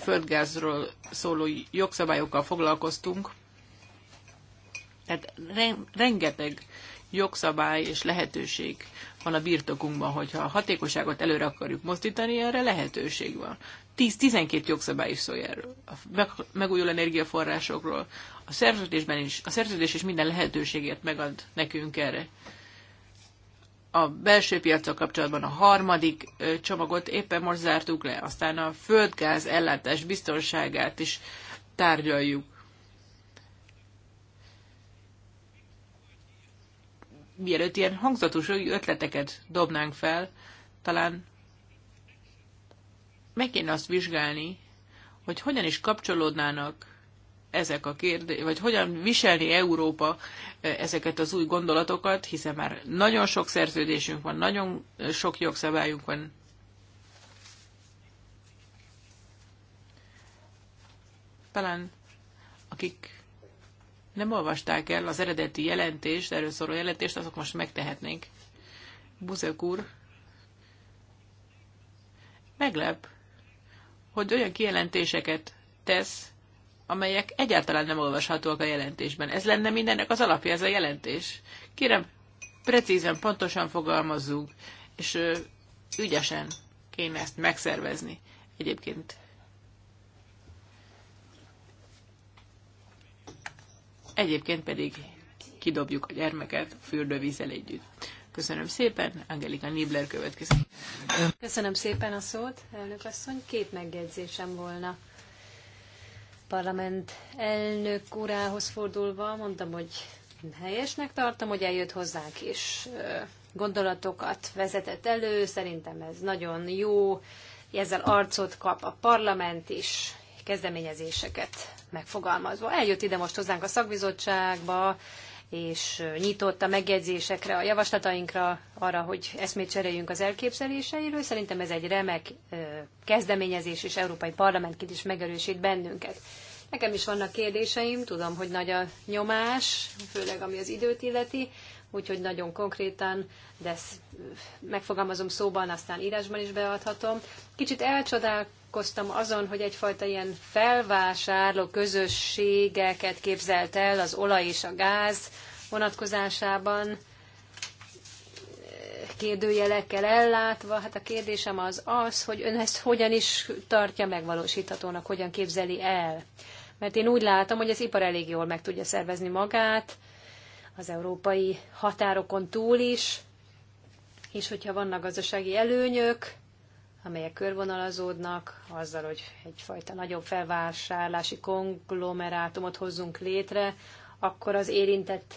földgázról szóló jogszabályokkal foglalkoztunk, tehát rengeteg jogszabály és lehetőség van a birtokunkban, hogyha a hatékonyságot előre akarjuk mozdítani, erre lehetőség van. 10-12 jogszabály is szól erről. A megújuló energiaforrásokról. A szerződésben is, a szerződés is minden lehetőségért megad nekünk erre. A belső piacok kapcsolatban a harmadik csomagot éppen most zártuk le, aztán a földgáz ellátás biztonságát is tárgyaljuk mielőtt ilyen hangzatos ötleteket dobnánk fel, talán meg kéne azt vizsgálni, hogy hogyan is kapcsolódnának ezek a kérdések, vagy hogyan viselni Európa e, ezeket az új gondolatokat, hiszen már nagyon sok szerződésünk van, nagyon sok jogszabályunk van. Talán akik nem olvasták el az eredeti jelentést, erről szóló jelentést, azok most megtehetnénk. Buzek úr, meglep, hogy olyan kijelentéseket tesz, amelyek egyáltalán nem olvashatóak a jelentésben. Ez lenne mindennek az alapja, ez a jelentés. Kérem, precízen, pontosan fogalmazzunk, és ügyesen kéne ezt megszervezni. Egyébként egyébként pedig kidobjuk a gyermeket fürdővízzel együtt. Köszönöm szépen, Angelika Nibler következik. Köszönöm szépen a szót, elnök asszony. Két megjegyzésem volna. Parlament elnök urához fordulva mondtam, hogy helyesnek tartom, hogy eljött hozzánk is gondolatokat vezetett elő, szerintem ez nagyon jó, ezzel arcot kap a parlament is, kezdeményezéseket megfogalmazva. Eljött ide most hozzánk a szakbizottságba, és nyitott a megjegyzésekre, a javaslatainkra, arra, hogy eszmét cseréljünk az elképzeléseiről. Szerintem ez egy remek kezdeményezés, és Európai Parlamentként is megerősít bennünket. Nekem is vannak kérdéseim, tudom, hogy nagy a nyomás, főleg ami az időt illeti, úgyhogy nagyon konkrétan, de ezt megfogalmazom szóban, aztán írásban is beadhatom. Kicsit elcsodál, gondolkoztam azon, hogy egyfajta ilyen felvásárló közösségeket képzelt el az olaj és a gáz vonatkozásában kérdőjelekkel ellátva. Hát a kérdésem az az, hogy ön ezt hogyan is tartja megvalósíthatónak, hogyan képzeli el. Mert én úgy látom, hogy az ipar elég jól meg tudja szervezni magát, az európai határokon túl is, és hogyha vannak gazdasági előnyök, amelyek körvonalazódnak, azzal, hogy egyfajta nagyobb felvásárlási konglomerátumot hozzunk létre, akkor az érintett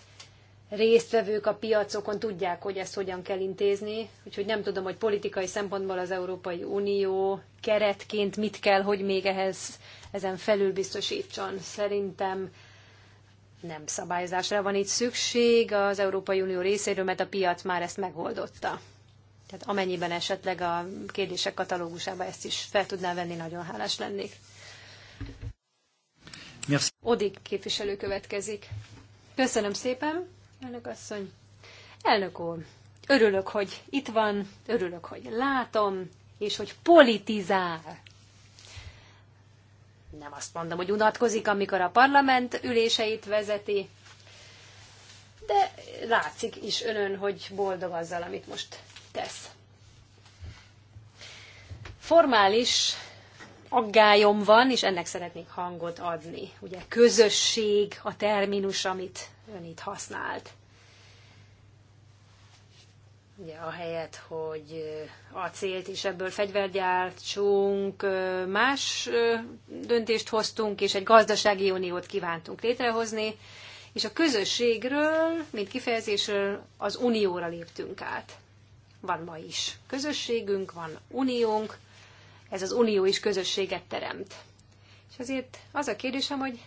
résztvevők a piacokon tudják, hogy ezt hogyan kell intézni. Úgyhogy nem tudom, hogy politikai szempontból az Európai Unió keretként mit kell, hogy még ehhez ezen felül biztosítson. Szerintem nem szabályzásra van itt szükség az Európai Unió részéről, mert a piac már ezt megoldotta. Tehát amennyiben esetleg a kérdések katalógusába ezt is fel tudná venni, nagyon hálás lennék. Merci. Odik képviselő következik. Köszönöm szépen, elnök asszony. Elnök úr, örülök, hogy itt van, örülök, hogy látom, és hogy politizál. Nem azt mondom, hogy unatkozik, amikor a parlament üléseit vezeti, de látszik is önön, hogy boldog azzal, amit most tesz. Formális aggályom van, és ennek szeretnék hangot adni. Ugye közösség a terminus, amit ön itt használt. Ugye ahelyett, hogy a célt is ebből fegyvergyártsunk, más döntést hoztunk, és egy gazdasági uniót kívántunk létrehozni, és a közösségről, mint kifejezésről az unióra léptünk át van ma is közösségünk, van uniónk, ez az unió is közösséget teremt. És azért az a kérdésem, hogy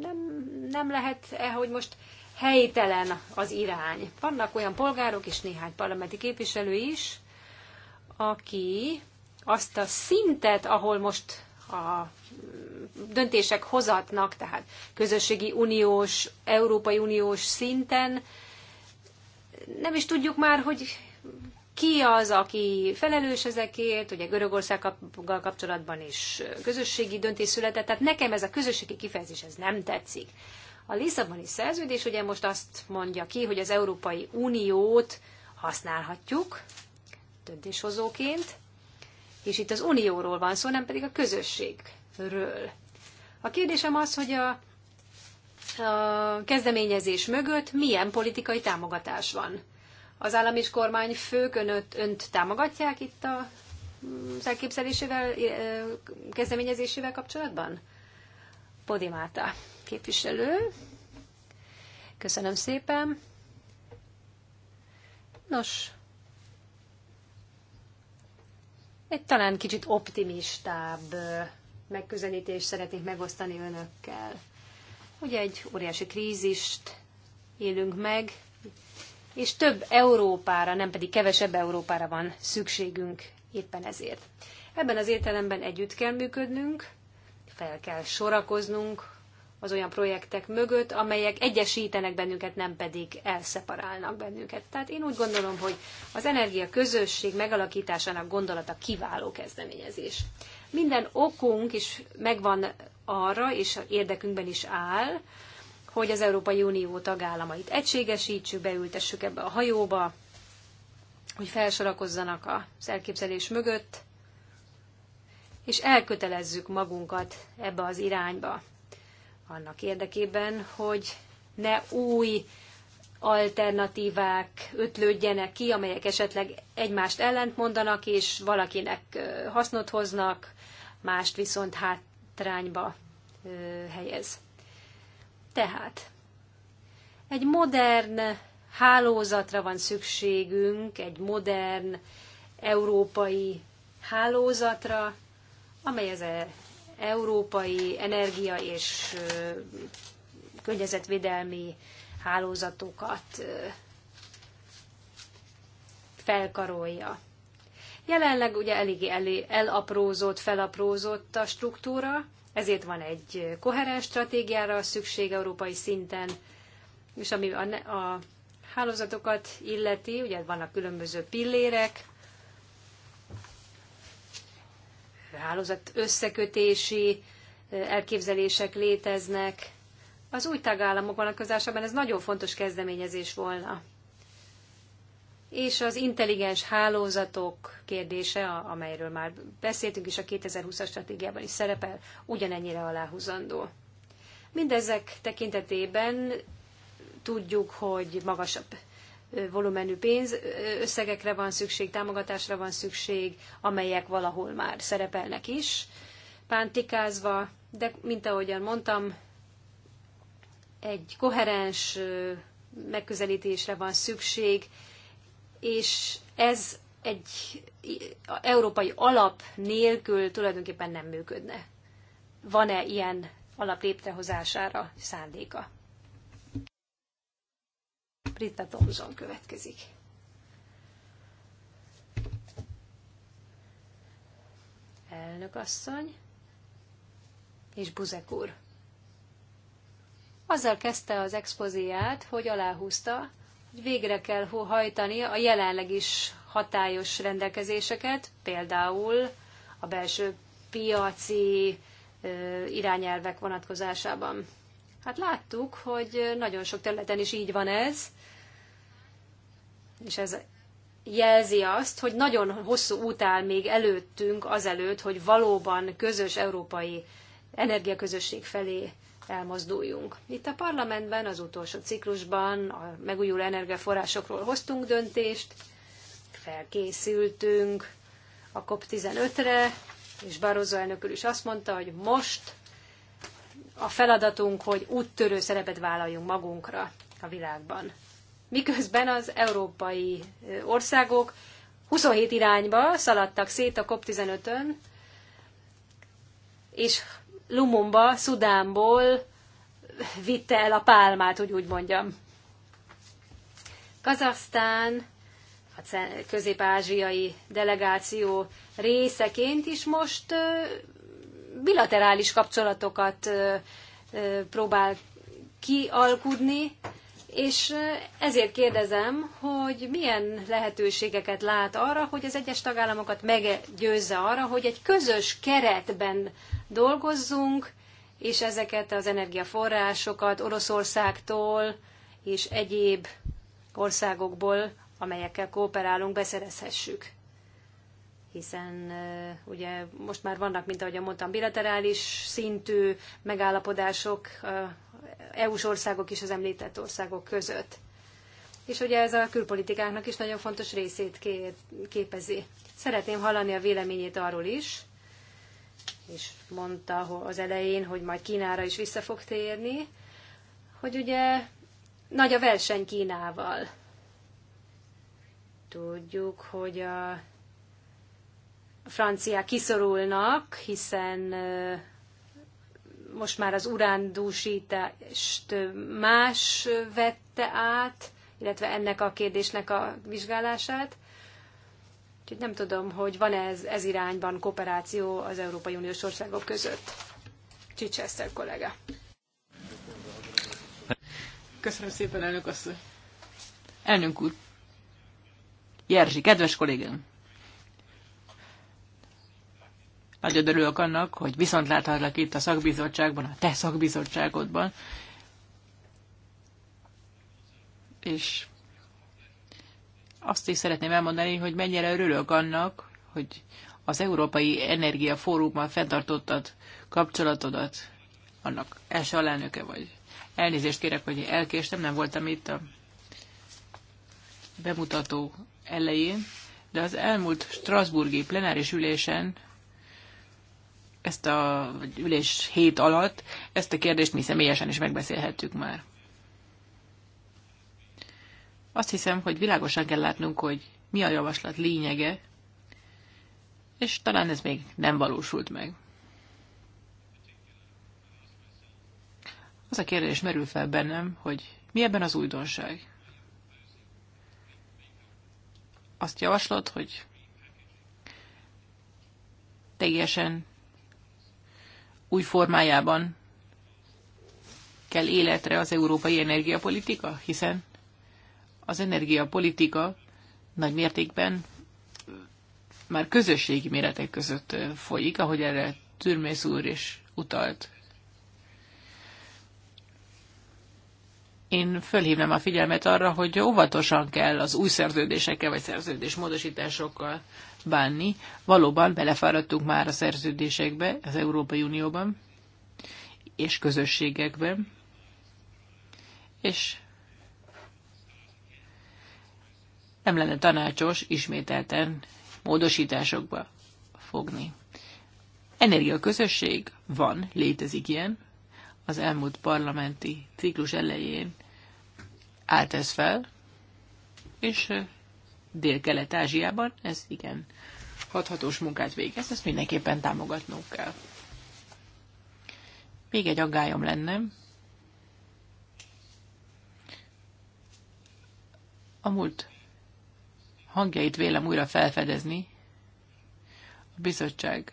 nem, nem lehet-e, hogy most helytelen az irány. Vannak olyan polgárok és néhány parlamenti képviselő is, aki azt a szintet, ahol most a döntések hozatnak, tehát közösségi uniós, Európai Uniós szinten, nem is tudjuk már, hogy ki az, aki felelős ezekért, ugye Görögországgal kapcsolatban is közösségi döntés született, tehát nekem ez a közösségi kifejezés ez nem tetszik. A Lisszaboni szerződés ugye most azt mondja ki, hogy az Európai Uniót használhatjuk döntéshozóként, és itt az unióról van szó, nem pedig a közösségről. A kérdésem az, hogy a, a kezdeményezés mögött milyen politikai támogatás van az állam és kormányfők önöt, önt támogatják itt a, mm, elképzelésével, kezdeményezésével kapcsolatban? Podimáta képviselő. Köszönöm szépen. Nos, egy talán kicsit optimistább megközelítést szeretnék megosztani önökkel. Ugye egy óriási krízist élünk meg, és több Európára, nem pedig kevesebb Európára van szükségünk éppen ezért. Ebben az értelemben együtt kell működnünk, fel kell sorakoznunk az olyan projektek mögött, amelyek egyesítenek bennünket, nem pedig elszeparálnak bennünket. Tehát én úgy gondolom, hogy az energia közösség megalakításának gondolata kiváló kezdeményezés. Minden okunk is megvan arra, és érdekünkben is áll, hogy az Európai Unió tagállamait egységesítsük, beültessük ebbe a hajóba, hogy felsorakozzanak a elképzelés mögött, és elkötelezzük magunkat ebbe az irányba. Annak érdekében, hogy ne új alternatívák ötlődjenek ki, amelyek esetleg egymást ellentmondanak, és valakinek hasznot hoznak, mást viszont hátrányba helyez. Tehát egy modern hálózatra van szükségünk, egy modern európai hálózatra, amely az e- európai energia és környezetvédelmi hálózatokat felkarolja. Jelenleg ugye eléggé elaprózott, felaprózott a struktúra, ezért van egy koherens stratégiára szükség európai szinten, és ami a, a hálózatokat illeti, ugye vannak különböző pillérek, hálózat összekötési elképzelések léteznek. Az új tagállamok vonatkozásában ez nagyon fontos kezdeményezés volna és az intelligens hálózatok kérdése, amelyről már beszéltünk, is a 2020-as stratégiában is szerepel, ugyanennyire aláhúzandó. Mindezek tekintetében tudjuk, hogy magasabb volumenű pénz összegekre van szükség, támogatásra van szükség, amelyek valahol már szerepelnek is, pántikázva, de mint ahogyan mondtam, egy koherens megközelítésre van szükség, és ez egy európai alap nélkül tulajdonképpen nem működne. Van-e ilyen alap létrehozására szándéka? Britta Thompson következik. Elnök asszony és Buzek úr. Azzal kezdte az expozéját, hogy aláhúzta, végre kell hajtani a jelenleg is hatályos rendelkezéseket, például a belső piaci irányelvek vonatkozásában. Hát láttuk, hogy nagyon sok területen is így van ez, és ez jelzi azt, hogy nagyon hosszú út áll még előttünk azelőtt, hogy valóban közös európai energiaközösség felé elmozduljunk. Itt a parlamentben az utolsó ciklusban a megújuló energiaforrásokról hoztunk döntést, felkészültünk a COP15-re, és Barroso elnökül is azt mondta, hogy most a feladatunk, hogy úttörő szerepet vállaljunk magunkra a világban. Miközben az európai országok 27 irányba szaladtak szét a COP15-ön, és Lumumba, Szudánból vitte el a pálmát, hogy úgy mondjam. Kazasztán, a közép-ázsiai delegáció részeként is most bilaterális kapcsolatokat próbál kialkudni, és ezért kérdezem, hogy milyen lehetőségeket lát arra, hogy az egyes tagállamokat meggyőzze arra, hogy egy közös keretben dolgozzunk, és ezeket az energiaforrásokat Oroszországtól és egyéb országokból, amelyekkel kooperálunk, beszerezhessük. Hiszen ugye most már vannak, mint ahogy mondtam, bilaterális szintű megállapodások EU-s országok és az említett országok között. És ugye ez a külpolitikáknak is nagyon fontos részét képezi. Szeretném hallani a véleményét arról is, és mondta az elején, hogy majd Kínára is vissza fog térni, hogy ugye nagy a verseny Kínával. Tudjuk, hogy a franciák kiszorulnak, hiszen most már az urándúsítást más vette át, illetve ennek a kérdésnek a vizsgálását. Úgyhogy nem tudom, hogy van ez, ez irányban kooperáció az Európai Uniós országok között. Chichester kollega. Köszönöm szépen, elnök asszony. Elnök úr. Jerzsi, kedves kollégám. Nagyon örülök annak, hogy viszont láthatlak itt a szakbizottságban, a te szakbizottságodban. És azt is szeretném elmondani, hogy mennyire örülök annak, hogy az Európai Energia Fórummal fenntartottad kapcsolatodat, annak első alelnöke vagy. Elnézést kérek, hogy elkéstem, nem voltam itt a bemutató elején, de az elmúlt Strasburgi plenáris ülésen ezt a ülés hét alatt ezt a kérdést mi személyesen is megbeszélhettük már. Azt hiszem, hogy világosan kell látnunk, hogy mi a javaslat lényege, és talán ez még nem valósult meg. Az a kérdés merül fel bennem, hogy mi ebben az újdonság? Azt javaslod, hogy teljesen új formájában kell életre az európai energiapolitika, hiszen az energiapolitika nagy mértékben már közösségi méretek között folyik, ahogy erre Türmész úr is utalt. Én fölhívnám a figyelmet arra, hogy óvatosan kell az új szerződésekkel vagy szerződés módosításokkal bánni. Valóban belefáradtunk már a szerződésekbe az Európai Unióban és közösségekben, és nem lenne tanácsos ismételten módosításokba fogni. Energiaközösség van, létezik ilyen. Az elmúlt parlamenti ciklus elején állt ez fel, és Dél-Kelet-Ázsiában ez igen hathatós munkát végez, ezt mindenképpen támogatnunk kell. Még egy aggályom lenne. A múlt hangjait vélem újra felfedezni. A bizottság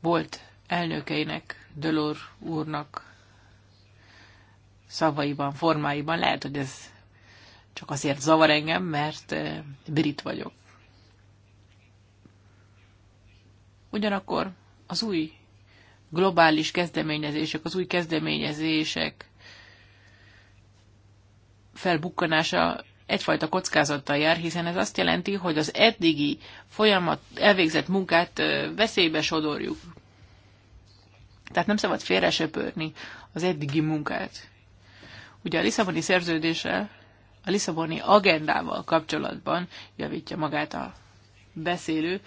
volt elnökeinek, Dölor úrnak szavaiban, formáiban. Lehet, hogy ez csak azért zavar engem, mert eh, brit vagyok. Ugyanakkor az új globális kezdeményezések, az új kezdeményezések felbukkanása egyfajta kockázattal jár, hiszen ez azt jelenti, hogy az eddigi folyamat, elvégzett munkát veszélybe sodorjuk. Tehát nem szabad félresöpörni az eddigi munkát. Ugye a Lisszaboni szerződése a Lisszaboni agendával kapcsolatban javítja magát a beszélő.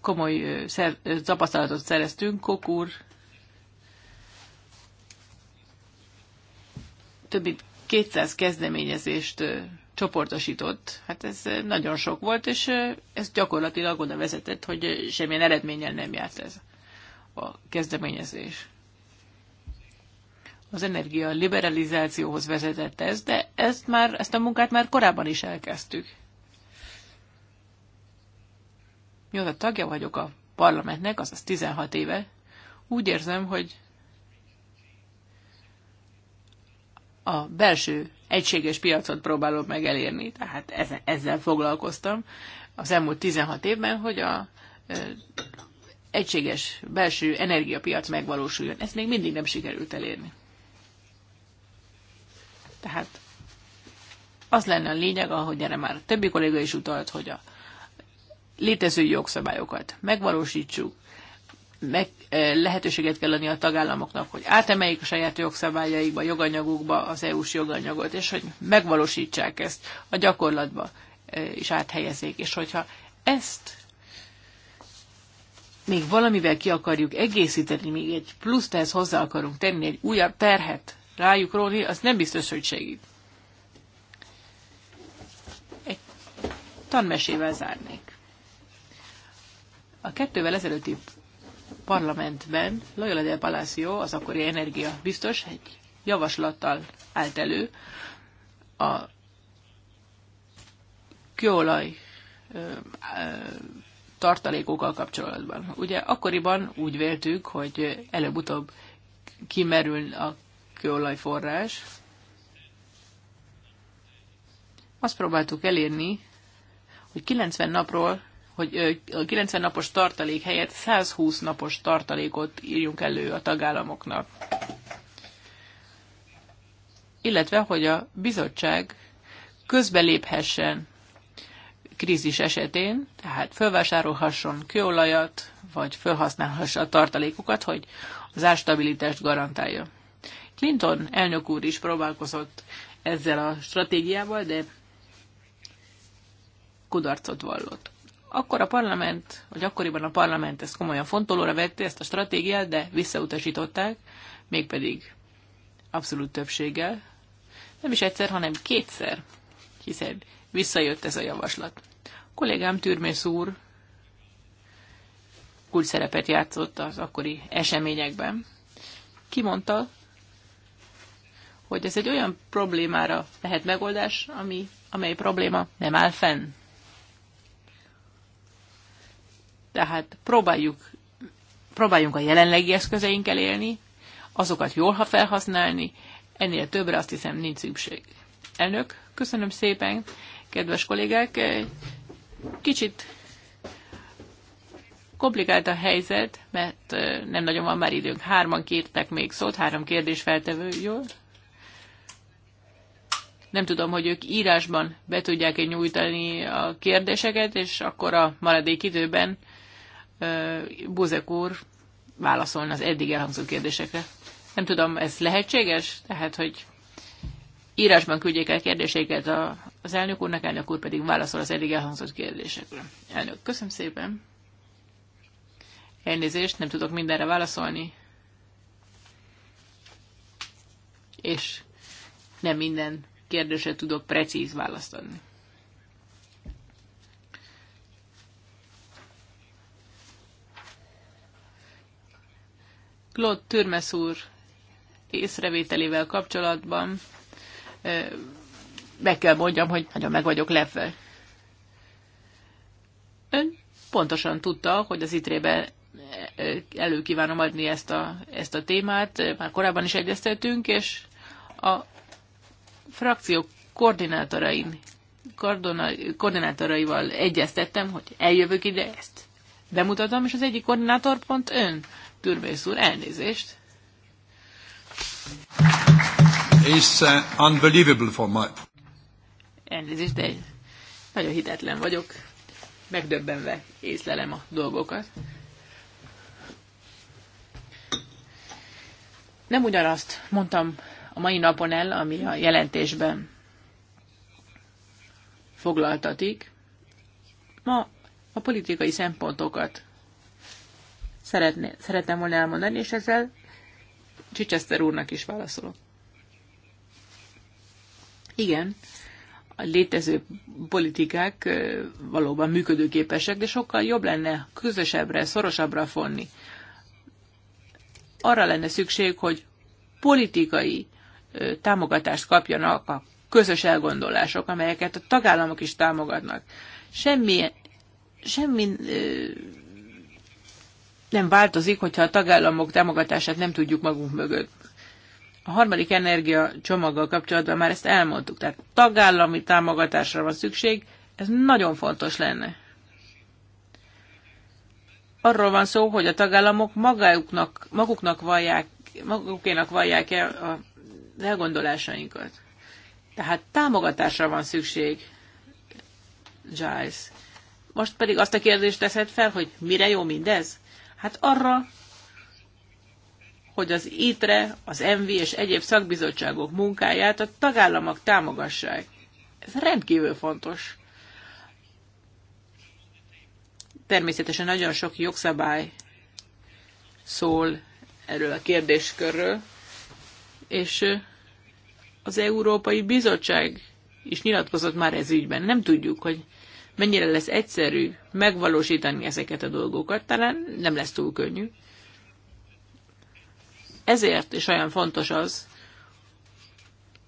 komoly tapasztalatot szereztünk, Kokur több mint 200 kezdeményezést csoportosított. Hát ez nagyon sok volt, és ez gyakorlatilag oda vezetett, hogy semmilyen eredménnyel nem járt ez a kezdeményezés. Az energia liberalizációhoz vezetett ez, de ezt, már, ezt a munkát már korábban is elkezdtük. Mióta tagja vagyok a parlamentnek, azaz 16 éve, úgy érzem, hogy a belső egységes piacot próbálok meg elérni, tehát ezzel, ezzel foglalkoztam az elmúlt 16 évben, hogy a egységes belső energiapiac megvalósuljon. Ezt még mindig nem sikerült elérni. Tehát az lenne a lényeg, ahogy erre már a többi kolléga is utalt, hogy a létező jogszabályokat megvalósítsuk, meg, lehetőséget kell adni a tagállamoknak, hogy átemeljék a saját jogszabályaikba, joganyagukba az EU-s joganyagot, és hogy megvalósítsák ezt a gyakorlatba, és áthelyezzék. És hogyha ezt még valamivel ki akarjuk egészíteni, még egy pluszt ehhez hozzá akarunk tenni, egy újabb terhet rájuk róni, az nem biztos, hogy segít. Egy tanmesével zárnék. A kettővel ezelőtti parlamentben Loyola de Palacio, az akkori energia biztos, egy javaslattal állt elő a kőolaj tartalékokkal kapcsolatban. Ugye akkoriban úgy véltük, hogy előbb-utóbb kimerül a kőolajforrás. Azt próbáltuk elérni, hogy 90 napról hogy a 90 napos tartalék helyett 120 napos tartalékot írjunk elő a tagállamoknak. Illetve, hogy a bizottság közbeléphessen krízis esetén, tehát felvásárolhasson kőolajat, vagy felhasználhassa a tartalékokat, hogy az árstabilitást garantálja. Clinton elnök úr is próbálkozott ezzel a stratégiával, de kudarcot vallott. Akkor a parlament, vagy akkoriban a parlament ezt komolyan fontolóra vette, ezt a stratégiát, de visszautasították, mégpedig abszolút többséggel. Nem is egyszer, hanem kétszer, hiszen visszajött ez a javaslat. A kollégám Türmész úr kulcs szerepet játszott az akkori eseményekben. Kimondta, hogy ez egy olyan problémára lehet megoldás, ami, amely probléma nem áll fenn. Tehát próbáljuk, próbáljunk a jelenlegi eszközeinkkel élni, azokat jól ha felhasználni, ennél többre azt hiszem nincs szükség. Elnök, köszönöm szépen, kedves kollégák. Kicsit komplikált a helyzet, mert nem nagyon van már időnk. Hárman kértek még szót, három kérdés feltevő, jól? Nem tudom, hogy ők írásban be tudják-e nyújtani a kérdéseket, és akkor a maradék időben Bozek úr válaszolna az eddig elhangzó kérdésekre. Nem tudom, ez lehetséges? Tehát, hogy írásban küldjék el kérdéseiket az elnök úrnak, elnök úr pedig válaszol az eddig elhangzott kérdésekre. Elnök, köszönöm szépen. Elnézést, nem tudok mindenre válaszolni. És nem minden kérdésre tudok precíz választ adni. Claude Türmes úr észrevételével kapcsolatban meg kell mondjam, hogy nagyon meg vagyok lepve. Ön pontosan tudta, hogy az itrébe elő kívánom adni ezt a, ezt a témát, már korábban is egyeztetünk, és a frakció koordinátorain, kordona, koordinátoraival egyeztettem, hogy eljövök ide, ezt bemutatom, és az egyik koordinátor pont ön. Gürbész úr, elnézést. It's uh, unbelievable for my... Elnézést, de nagyon hitetlen vagyok. Megdöbbenve észlelem a dolgokat. Nem ugyanazt mondtam a mai napon el, ami a jelentésben foglaltatik. Ma a politikai szempontokat szeretné, szeretem volna elmondani, és ezzel Csicseszter úrnak is válaszolok. Igen, a létező politikák valóban működőképesek, de sokkal jobb lenne közösebbre, szorosabbra fonni. Arra lenne szükség, hogy politikai támogatást kapjanak a közös elgondolások, amelyeket a tagállamok is támogatnak. Semmi, semmi nem változik, hogyha a tagállamok támogatását nem tudjuk magunk mögött. A harmadik energia csomaggal kapcsolatban már ezt elmondtuk, tehát tagállami támogatásra van szükség, ez nagyon fontos lenne. Arról van szó, hogy a tagállamok maguknak, maguknak vallják, magukénak vallják el a elgondolásainkat. Tehát támogatásra van szükség, Giles. Most pedig azt a kérdést teszed fel, hogy mire jó mindez? Hát arra, hogy az ITRE, az MV és egyéb szakbizottságok munkáját a tagállamok támogassák. Ez rendkívül fontos. Természetesen nagyon sok jogszabály szól erről a kérdéskörről, és az Európai Bizottság is nyilatkozott már ez ügyben. Nem tudjuk, hogy mennyire lesz egyszerű megvalósítani ezeket a dolgokat, talán nem lesz túl könnyű. Ezért is olyan fontos az,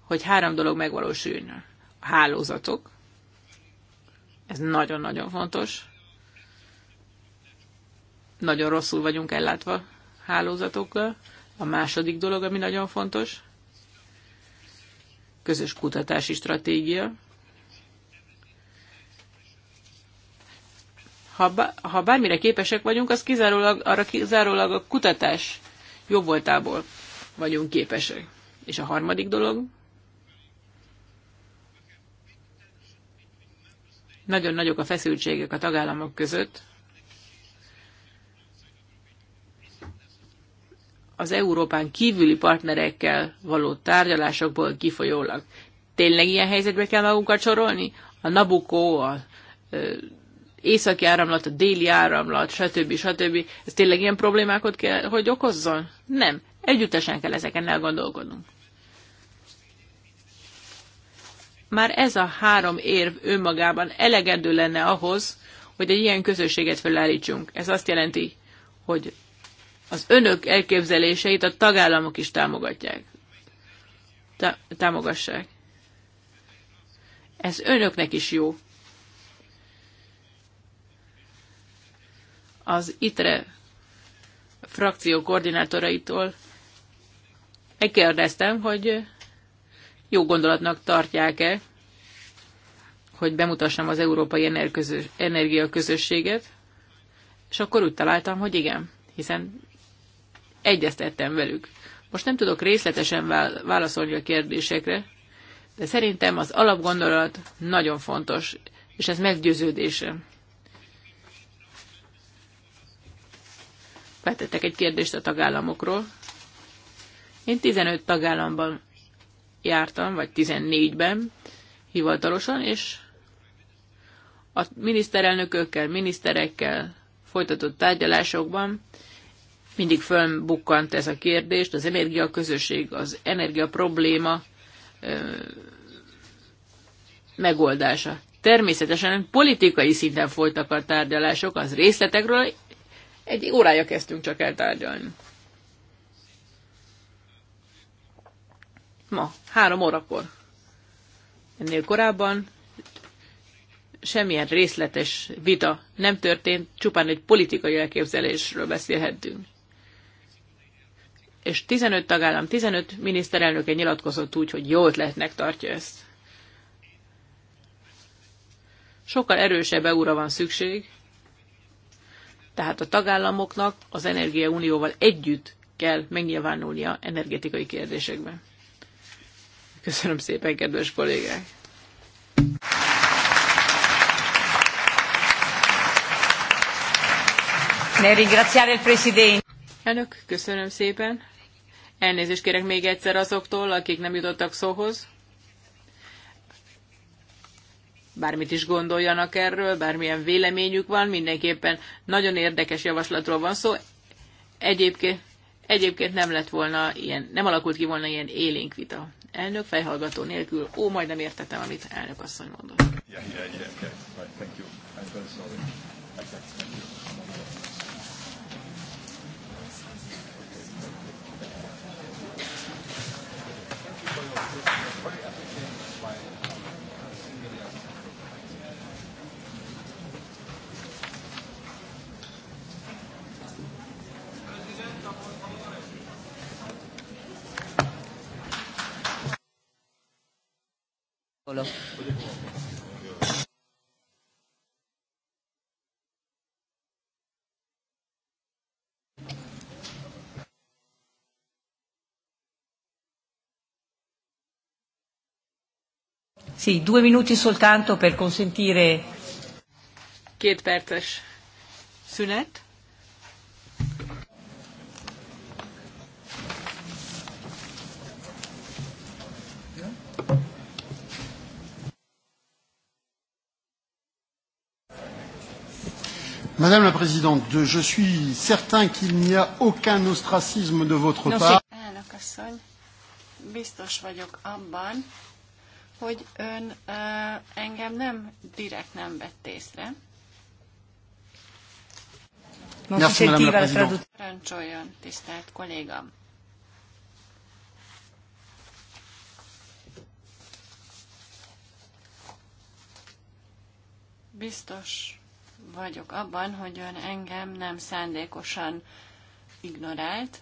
hogy három dolog megvalósuljon. A hálózatok, ez nagyon-nagyon fontos. Nagyon rosszul vagyunk ellátva hálózatokkal. A második dolog, ami nagyon fontos, közös kutatási stratégia, ha, ha bármire képesek vagyunk, az kizárólag, arra kizárólag a kutatás jobb voltából vagyunk képesek. És a harmadik dolog, nagyon nagyok a feszültségek a tagállamok között. Az Európán kívüli partnerekkel való tárgyalásokból kifolyólag. Tényleg ilyen helyzetbe kell magunkat sorolni? A Nabucco, a északi áramlat, a déli áramlat, stb. stb. Ez tényleg ilyen problémákat kell, hogy okozzon? Nem. Együttesen kell ezeken elgondolkodnunk. Már ez a három érv önmagában elegedő lenne ahhoz, hogy egy ilyen közösséget felállítsunk. Ez azt jelenti, hogy az önök elképzeléseit a tagállamok is támogatják. Ta- támogassák. Ez önöknek is jó. az ITRE frakció koordinátoraitól megkérdeztem, hogy jó gondolatnak tartják-e, hogy bemutassam az Európai Energia Közösséget, és akkor úgy találtam, hogy igen, hiszen egyeztettem velük. Most nem tudok részletesen válaszolni a kérdésekre, de szerintem az alapgondolat nagyon fontos, és ez meggyőződésem. feltettek egy kérdést a tagállamokról. Én 15 tagállamban jártam, vagy 14-ben hivatalosan, és a miniszterelnökökkel, miniszterekkel folytatott tárgyalásokban mindig fölbukkant ez a kérdés, az energiaközösség, az energia probléma ö, megoldása. Természetesen politikai szinten folytak a tárgyalások, az részletekről egy órája kezdtünk csak eltárgyalni. Ma, három órakor. Ennél korábban semmilyen részletes vita nem történt, csupán egy politikai elképzelésről beszélhettünk. És 15 tagállam, 15 miniszterelnöke nyilatkozott úgy, hogy jó ötletnek tartja ezt. Sokkal erősebb eura van szükség, tehát a tagállamoknak az Energiaunióval együtt kell megnyilvánulnia energetikai kérdésekben. Köszönöm szépen, kedves kollégák! Ne Elnök, köszönöm szépen. Elnézést kérek még egyszer azoktól, akik nem jutottak szóhoz bármit is gondoljanak erről, bármilyen véleményük van, mindenképpen nagyon érdekes javaslatról van szó. Egyébként, egyébként nem lett volna ilyen, nem alakult ki volna ilyen élénk vita. Elnök fejhallgató nélkül, ó, majdnem értettem, amit elnök asszony mondott. Yeah, yeah, yeah, okay. right, thank you. I'm sorry. Sì, due minuti soltanto per consentire... Két perces szünet. Madame la Présidente, je suis certain qu'il n'y a aucun ostracisme de votre part. Elnök asszony, biztos vagyok abban, hogy ön engem nem direkt nem vett észre. Parancsoljon, tisztelt kollégám! Biztos vagyok abban, hogy ön engem nem szándékosan ignorált,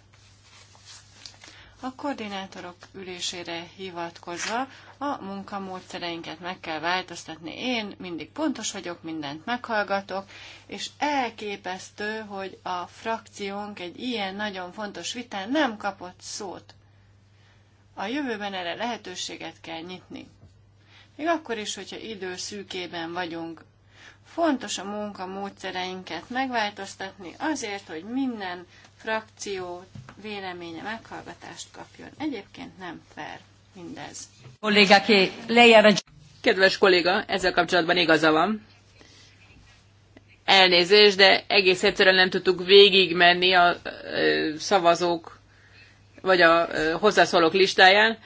a koordinátorok ülésére hivatkozva a munkamódszereinket meg kell változtatni. Én mindig pontos vagyok, mindent meghallgatok, és elképesztő, hogy a frakciónk egy ilyen nagyon fontos vitán nem kapott szót. A jövőben erre lehetőséget kell nyitni. Még akkor is, hogyha szűkében vagyunk, fontos a munkamódszereinket megváltoztatni azért, hogy minden frakció véleménye meghallgatást kapjon. Egyébként nem fair mindez. Kedves kolléga, ezzel kapcsolatban igaza van. Elnézés, de egész egyszerűen nem tudtuk végigmenni a szavazók vagy a hozzászólók listáján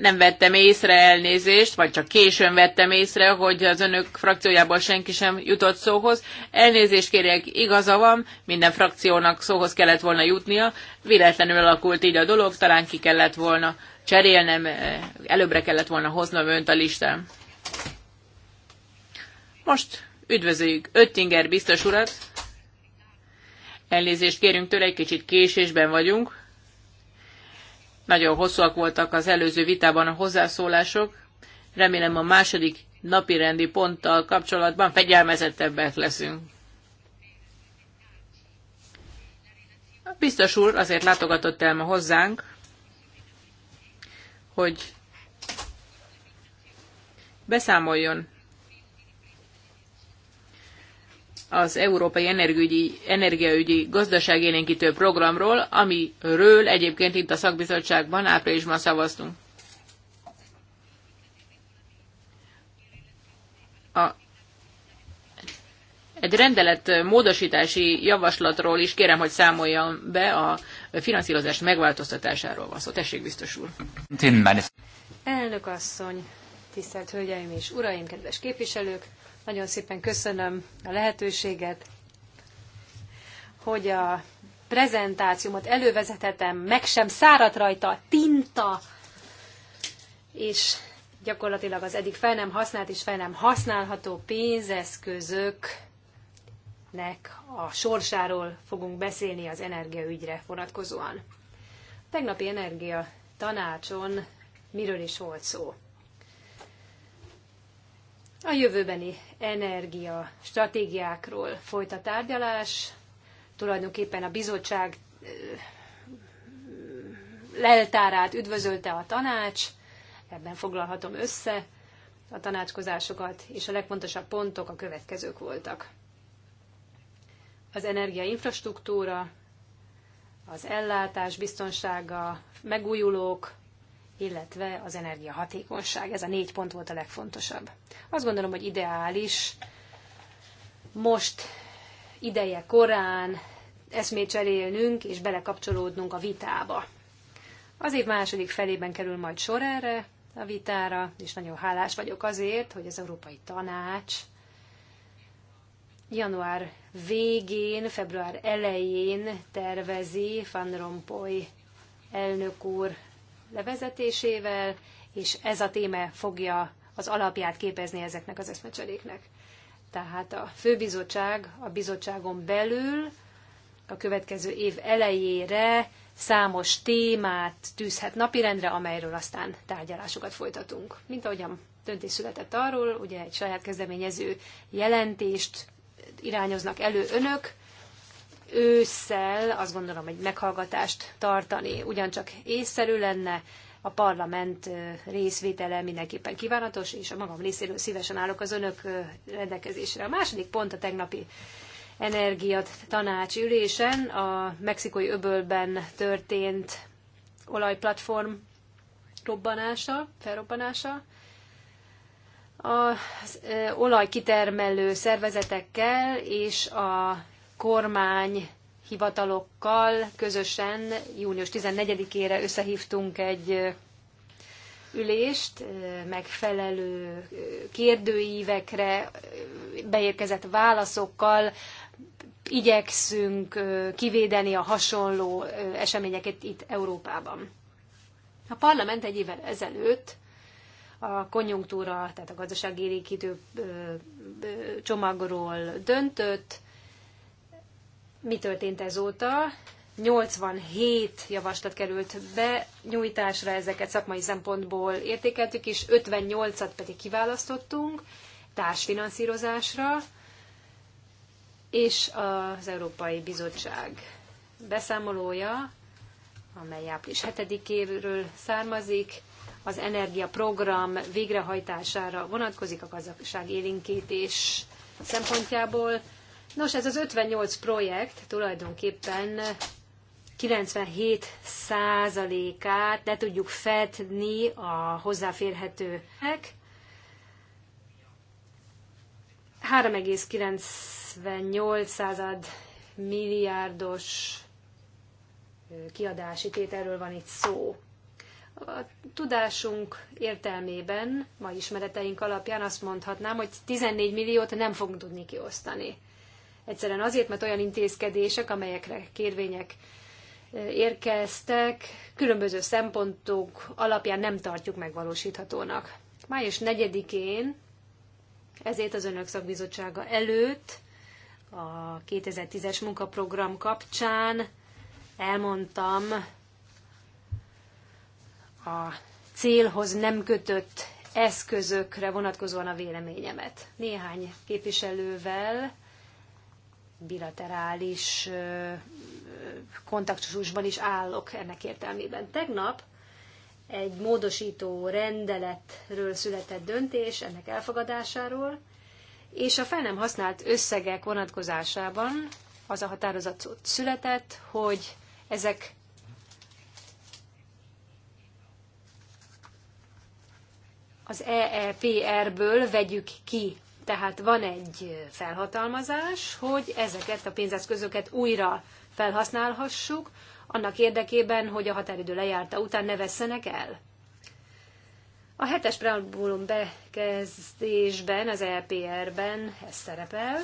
nem vettem észre elnézést, vagy csak későn vettem észre, hogy az önök frakciójából senki sem jutott szóhoz. Elnézést kérjek, igaza van, minden frakciónak szóhoz kellett volna jutnia, véletlenül alakult így a dolog, talán ki kellett volna cserélnem, eh, előbbre kellett volna hoznom önt a listán. Most üdvözöljük Öttinger biztos urat. Elnézést kérünk tőle, egy kicsit késésben vagyunk. Nagyon hosszúak voltak az előző vitában a hozzászólások. Remélem a második napi rendi ponttal kapcsolatban fegyelmezettebbek leszünk. A biztos úr azért látogatott el ma hozzánk, hogy beszámoljon az Európai Energiaügyi, Energiaügyi Gazdaságélénkítő Programról, amiről egyébként itt a szakbizottságban áprilisban szavaztunk. A, egy rendelet módosítási javaslatról is kérem, hogy számoljon be a finanszírozás megváltoztatásáról van szó. Tessék, biztos úr. Elnök asszony, tisztelt hölgyeim és uraim, kedves képviselők! Nagyon szépen köszönöm a lehetőséget, hogy a prezentációmat elővezethetem, meg sem száradt rajta a tinta, és gyakorlatilag az eddig fel nem használt és fel nem használható pénzeszközöknek a sorsáról fogunk beszélni az energiaügyre vonatkozóan. A tegnapi energia tanácson miről is volt szó? A jövőbeni energia stratégiákról folyt a tárgyalás. Tulajdonképpen a bizottság leltárát üdvözölte a tanács, ebben foglalhatom össze a tanácskozásokat, és a legfontosabb pontok a következők voltak. Az energiainfrastruktúra, az ellátás biztonsága, megújulók, illetve az energiahatékonyság. Ez a négy pont volt a legfontosabb. Azt gondolom, hogy ideális most ideje korán eszmét cserélnünk és belekapcsolódnunk a vitába. Az év második felében kerül majd sor erre a vitára, és nagyon hálás vagyok azért, hogy az Európai Tanács január végén, február elején tervezi Van Rompuy elnök úr levezetésével, és ez a téma fogja az alapját képezni ezeknek az eszmecseréknek. Tehát a főbizottság a bizottságon belül a következő év elejére számos témát tűzhet napirendre, amelyről aztán tárgyalásokat folytatunk. Mint ahogyan döntés született arról, ugye egy saját kezdeményező jelentést irányoznak elő önök, ősszel azt gondolom egy meghallgatást tartani. Ugyancsak észszerű lenne, a parlament részvétele mindenképpen kívánatos, és a magam részéről szívesen állok az önök rendelkezésre. A második pont a tegnapi energiat tanács ülésen, a mexikói öbölben történt olajplatform robbanása, felrobbanása. Az olajkitermelő szervezetekkel és a kormány hivatalokkal közösen június 14-ére összehívtunk egy ülést, megfelelő kérdőívekre beérkezett válaszokkal igyekszünk kivédeni a hasonló eseményeket itt Európában. A parlament egy évvel ezelőtt a konjunktúra, tehát a gazdaságérékítő csomagról döntött, mi történt ezóta? 87 javaslat került be nyújtásra, ezeket szakmai szempontból értékeltük, és 58-at pedig kiválasztottunk társfinanszírozásra, és az Európai Bizottság beszámolója, amely április 7-éről származik, az energiaprogram végrehajtására vonatkozik a gazdaság élinkítés szempontjából Nos, ez az 58 projekt tulajdonképpen 97 százalékát le tudjuk fedni a hozzáférhetőnek. 3,98 század milliárdos kiadási tételről van itt szó. A tudásunk értelmében, ma ismereteink alapján azt mondhatnám, hogy 14 milliót nem fogunk tudni kiosztani. Egyszerűen azért, mert olyan intézkedések, amelyekre kérvények érkeztek, különböző szempontok alapján nem tartjuk megvalósíthatónak. Május 4-én, ezért az Önök Szakbizottsága előtt, a 2010-es munkaprogram kapcsán elmondtam a célhoz nem kötött eszközökre vonatkozóan a véleményemet. Néhány képviselővel bilaterális kontaktusban is állok ennek értelmében. Tegnap egy módosító rendeletről született döntés, ennek elfogadásáról, és a fel nem használt összegek vonatkozásában az a határozat született, hogy ezek az EEPR-ből vegyük ki tehát van egy felhatalmazás, hogy ezeket a pénzeszközöket újra felhasználhassuk, annak érdekében, hogy a határidő lejárta után ne vesszenek el. A hetes preambulum bekezdésben, az LPR-ben e ez szerepel,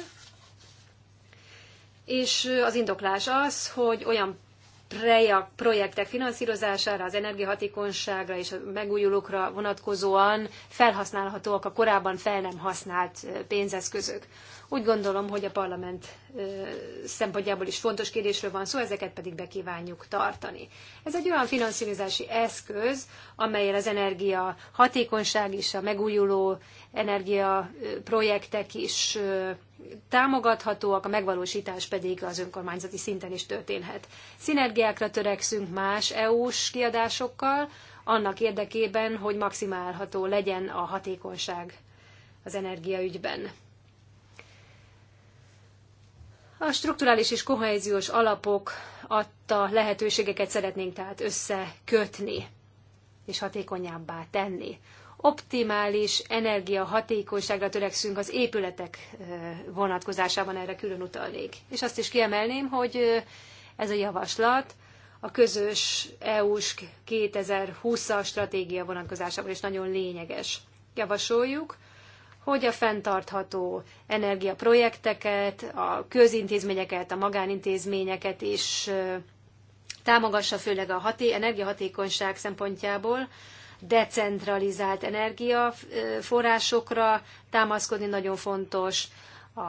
és az indoklás az, hogy olyan projektek finanszírozására, az energiahatékonyságra és a megújulókra vonatkozóan felhasználhatóak a korábban fel nem használt pénzeszközök. Úgy gondolom, hogy a parlament szempontjából is fontos kérdésről van szó, ezeket pedig bekívánjuk tartani. Ez egy olyan finanszírozási eszköz, amelyel az energia hatékonyság és a megújuló energiaprojektek is támogathatóak, a megvalósítás pedig az önkormányzati szinten is történhet. Szinergiákra törekszünk más EU-s kiadásokkal, annak érdekében, hogy maximálható legyen a hatékonyság az energiaügyben. A strukturális és kohéziós alapok adta lehetőségeket szeretnénk tehát összekötni és hatékonyabbá tenni optimális energiahatékonyságra törekszünk az épületek vonatkozásában, erre külön utalnék. És azt is kiemelném, hogy ez a javaslat a közös EU-s 2020-as stratégia vonatkozásában is nagyon lényeges. Javasoljuk, hogy a fenntartható energiaprojekteket, a közintézményeket, a magánintézményeket is támogassa, főleg a haté energiahatékonyság szempontjából, decentralizált energiaforrásokra támaszkodni nagyon fontos, a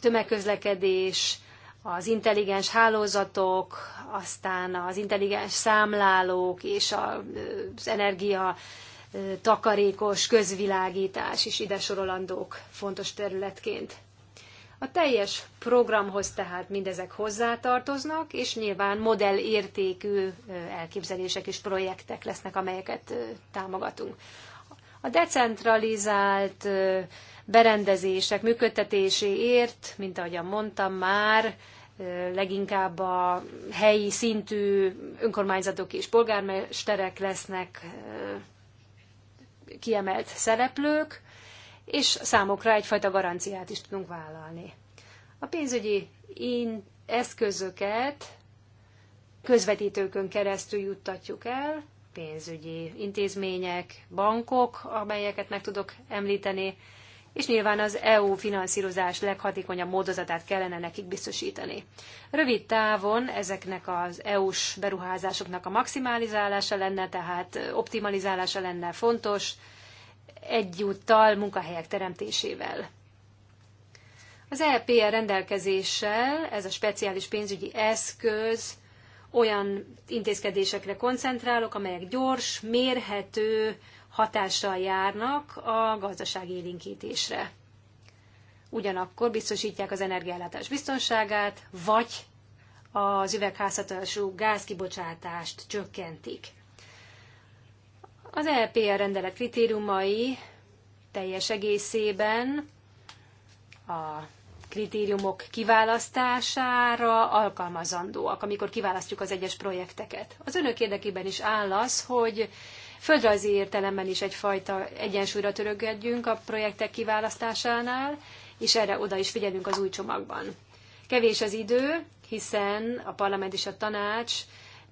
tömegközlekedés, az intelligens hálózatok, aztán az intelligens számlálók és az energia takarékos közvilágítás is ide sorolandók fontos területként. A teljes programhoz tehát mindezek hozzátartoznak, és nyilván modellértékű elképzelések és projektek lesznek, amelyeket támogatunk. A decentralizált berendezések működtetéséért, mint ahogy mondtam már, leginkább a helyi szintű önkormányzatok és polgármesterek lesznek kiemelt szereplők, és számukra egyfajta garanciát is tudunk vállalni. A pénzügyi eszközöket közvetítőkön keresztül juttatjuk el, pénzügyi intézmények, bankok, amelyeket meg tudok említeni, és nyilván az EU finanszírozás leghatékonyabb módozatát kellene nekik biztosítani. Rövid távon ezeknek az EU-s beruházásoknak a maximalizálása lenne, tehát optimalizálása lenne fontos, egyúttal munkahelyek teremtésével. Az EPR e rendelkezéssel ez a speciális pénzügyi eszköz olyan intézkedésekre koncentrálok, amelyek gyors, mérhető hatással járnak a gazdaság élinkítésre. Ugyanakkor biztosítják az energiállátás biztonságát, vagy az üvegházhatású gázkibocsátást csökkentik. Az e LPR rendelet kritériumai teljes egészében a kritériumok kiválasztására alkalmazandóak, amikor kiválasztjuk az egyes projekteket. Az önök érdekében is áll az, hogy földrajzi értelemben is egyfajta egyensúlyra törögedjünk a projektek kiválasztásánál, és erre oda is figyelünk az új csomagban. Kevés az idő, hiszen a parlament és a tanács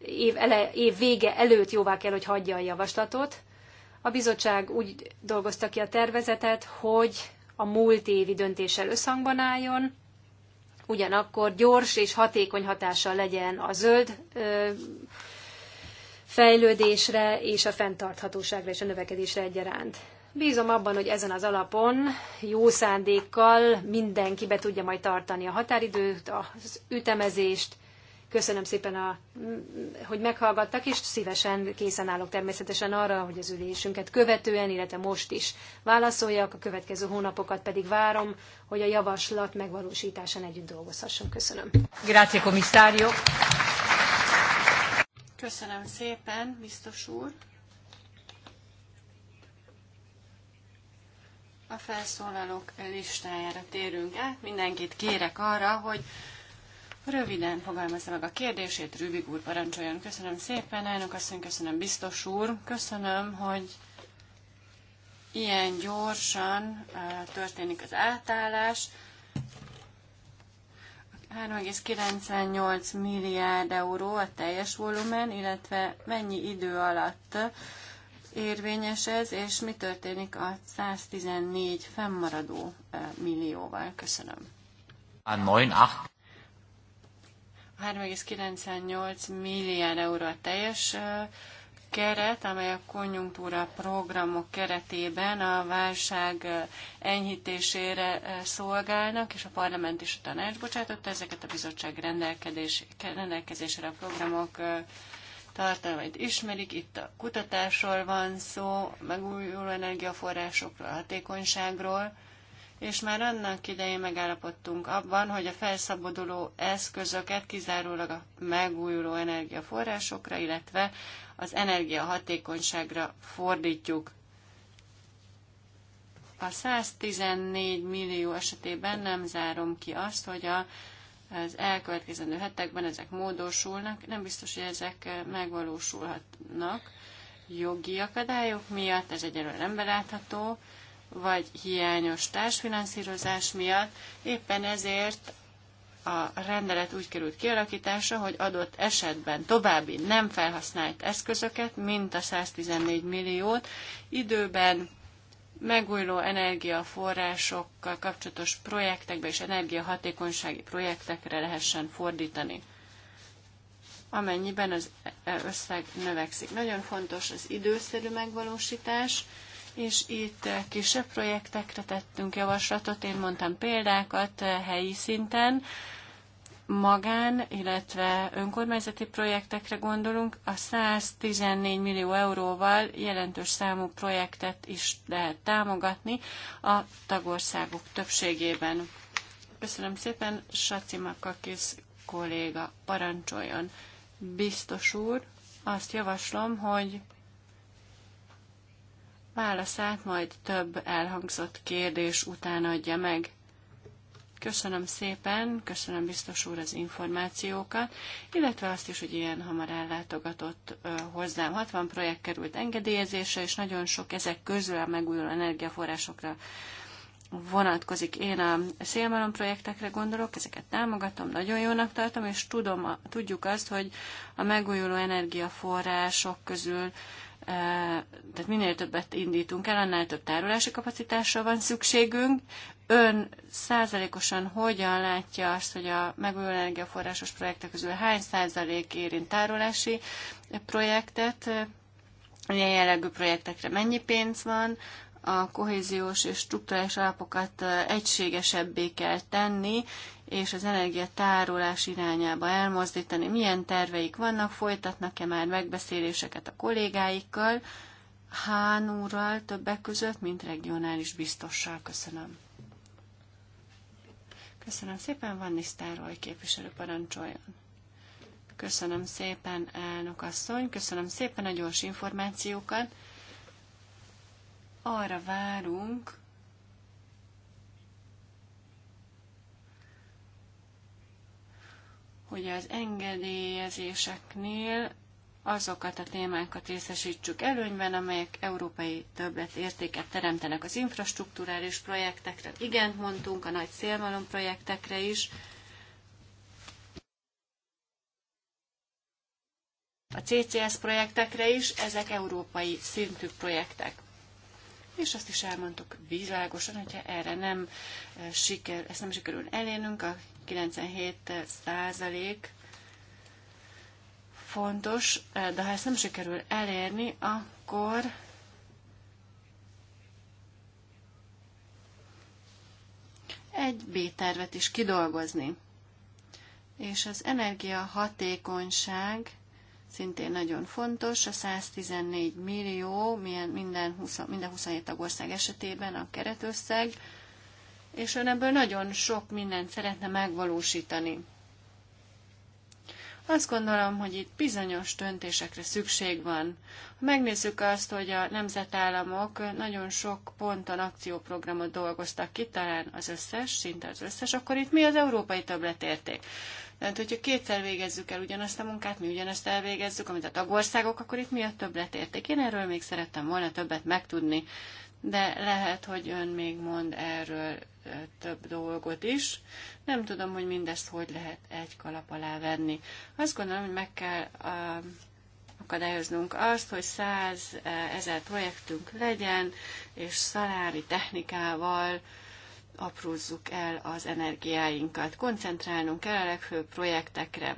év, ele, év vége előtt jóvá kell, hogy hagyja a javaslatot. A bizottság úgy dolgozta ki a tervezetet, hogy a múlt évi döntéssel összhangban álljon, ugyanakkor gyors és hatékony hatással legyen a zöld ö, fejlődésre és a fenntarthatóságra és a növekedésre egyaránt. Bízom abban, hogy ezen az alapon jó szándékkal mindenki be tudja majd tartani a határidőt, az ütemezést, Köszönöm szépen, a, hogy meghallgattak, és szívesen készen állok természetesen arra, hogy az ülésünket követően, illetve most is válaszoljak, a következő hónapokat pedig várom, hogy a javaslat megvalósításán együtt dolgozhasson. Köszönöm. Grazie, komisszárió. Köszönöm szépen, biztos úr. A felszólalók listájára térünk át. Mindenkit kérek arra, hogy Röviden fogalmazza meg a kérdését, Rübig úr parancsoljon. Köszönöm szépen, elnök asszony, köszönöm biztos úr. Köszönöm, hogy ilyen gyorsan történik az átállás. 3,98 milliárd euró a teljes volumen, illetve mennyi idő alatt érvényes ez, és mi történik a 114 fennmaradó millióval. Köszönöm. A 9, 3,98 milliárd euró a teljes keret, amely a konjunktúra programok keretében a válság enyhítésére szolgálnak, és a parlament is a tanács bocsátotta ezeket a bizottság rendelkezés, rendelkezésre a programok tartalmait ismerik. Itt a kutatásról van szó, megújuló energiaforrásokról, hatékonyságról, és már annak idején megállapodtunk abban, hogy a felszabaduló eszközöket kizárólag a megújuló energiaforrásokra, illetve az energiahatékonyságra fordítjuk. A 114 millió esetében nem zárom ki azt, hogy a az elkövetkezendő hetekben ezek módosulnak, nem biztos, hogy ezek megvalósulhatnak jogi akadályok miatt, ez egyelőre nem belátható, vagy hiányos társfinanszírozás miatt. Éppen ezért a rendelet úgy került kialakításra, hogy adott esetben további nem felhasznált eszközöket, mint a 114 milliót időben megújuló energiaforrásokkal kapcsolatos projektekbe és energiahatékonysági projektekre lehessen fordítani amennyiben az e- e- összeg növekszik. Nagyon fontos az időszerű megvalósítás, és itt eh, kisebb projektekre tettünk javaslatot, én mondtam példákat eh, helyi szinten, magán, illetve önkormányzati projektekre gondolunk, a 114 millió euróval jelentős számú projektet is lehet támogatni a tagországok többségében. Köszönöm szépen, Saci Makakis kolléga, parancsoljon. Biztos úr, azt javaslom, hogy Válaszát majd több elhangzott kérdés után adja meg. Köszönöm szépen, köszönöm biztos úr az információkat, illetve azt is, hogy ilyen hamar ellátogatott hozzám. 60 projekt került engedélyezése és nagyon sok ezek közül a megújuló energiaforrásokra vonatkozik. Én a szélmalom projektekre gondolok, ezeket támogatom, nagyon jónak tartom, és tudom, tudjuk azt, hogy a megújuló energiaforrások közül tehát minél többet indítunk el, annál több tárolási kapacitásra van szükségünk. Ön százalékosan hogyan látja azt, hogy a megújuló energiaforrásos projektek közül hány százalék érint tárolási projektet, ilyen jellegű projektekre mennyi pénz van, a kohéziós és struktúrás alapokat egységesebbé kell tenni, és az energiatárolás irányába elmozdítani. Milyen terveik vannak, folytatnak-e már megbeszéléseket a kollégáikkal, Hán úrral többek között, mint regionális biztossal. Köszönöm. Köszönöm szépen, Van Nisztároly képviselő parancsoljon. Köszönöm szépen, elnök asszony, köszönöm szépen a gyors információkat. Arra várunk, hogy az engedélyezéseknél azokat a témákat részesítsük előnyben, amelyek európai értéket teremtenek az infrastruktúrális projektekre. Igen, mondtunk a nagy szélmalom projektekre is. A CCS projektekre is, ezek európai szintű projektek. És azt is elmondtuk világosan, hogyha erre nem siker, ezt nem sikerül elérnünk, a 97 százalék fontos, eh, de ha ezt nem sikerül elérni, akkor egy B-tervet is kidolgozni. És az energia hatékonyság szintén nagyon fontos, a 114 millió, milyen minden, 20, minden 27 tagország esetében a keretösszeg, és ön ebből nagyon sok mindent szeretne megvalósítani. Azt gondolom, hogy itt bizonyos döntésekre szükség van. Ha megnézzük azt, hogy a nemzetállamok nagyon sok ponton akcióprogramot dolgoztak ki, talán az összes, szinte az összes, akkor itt mi az európai többletérték? Tehát, hogyha kétszer végezzük el ugyanazt a munkát, mi ugyanazt elvégezzük, amit a tagországok, akkor itt mi a többlet érték. Én erről még szerettem volna többet megtudni de lehet, hogy ön még mond erről több dolgot is. Nem tudom, hogy mindezt hogy lehet egy kalap alá venni. Azt gondolom, hogy meg kell akadályoznunk azt, hogy 100 ezer projektünk legyen, és szalári technikával aprózzuk el az energiáinkat. Koncentrálnunk kell a legfőbb projektekre.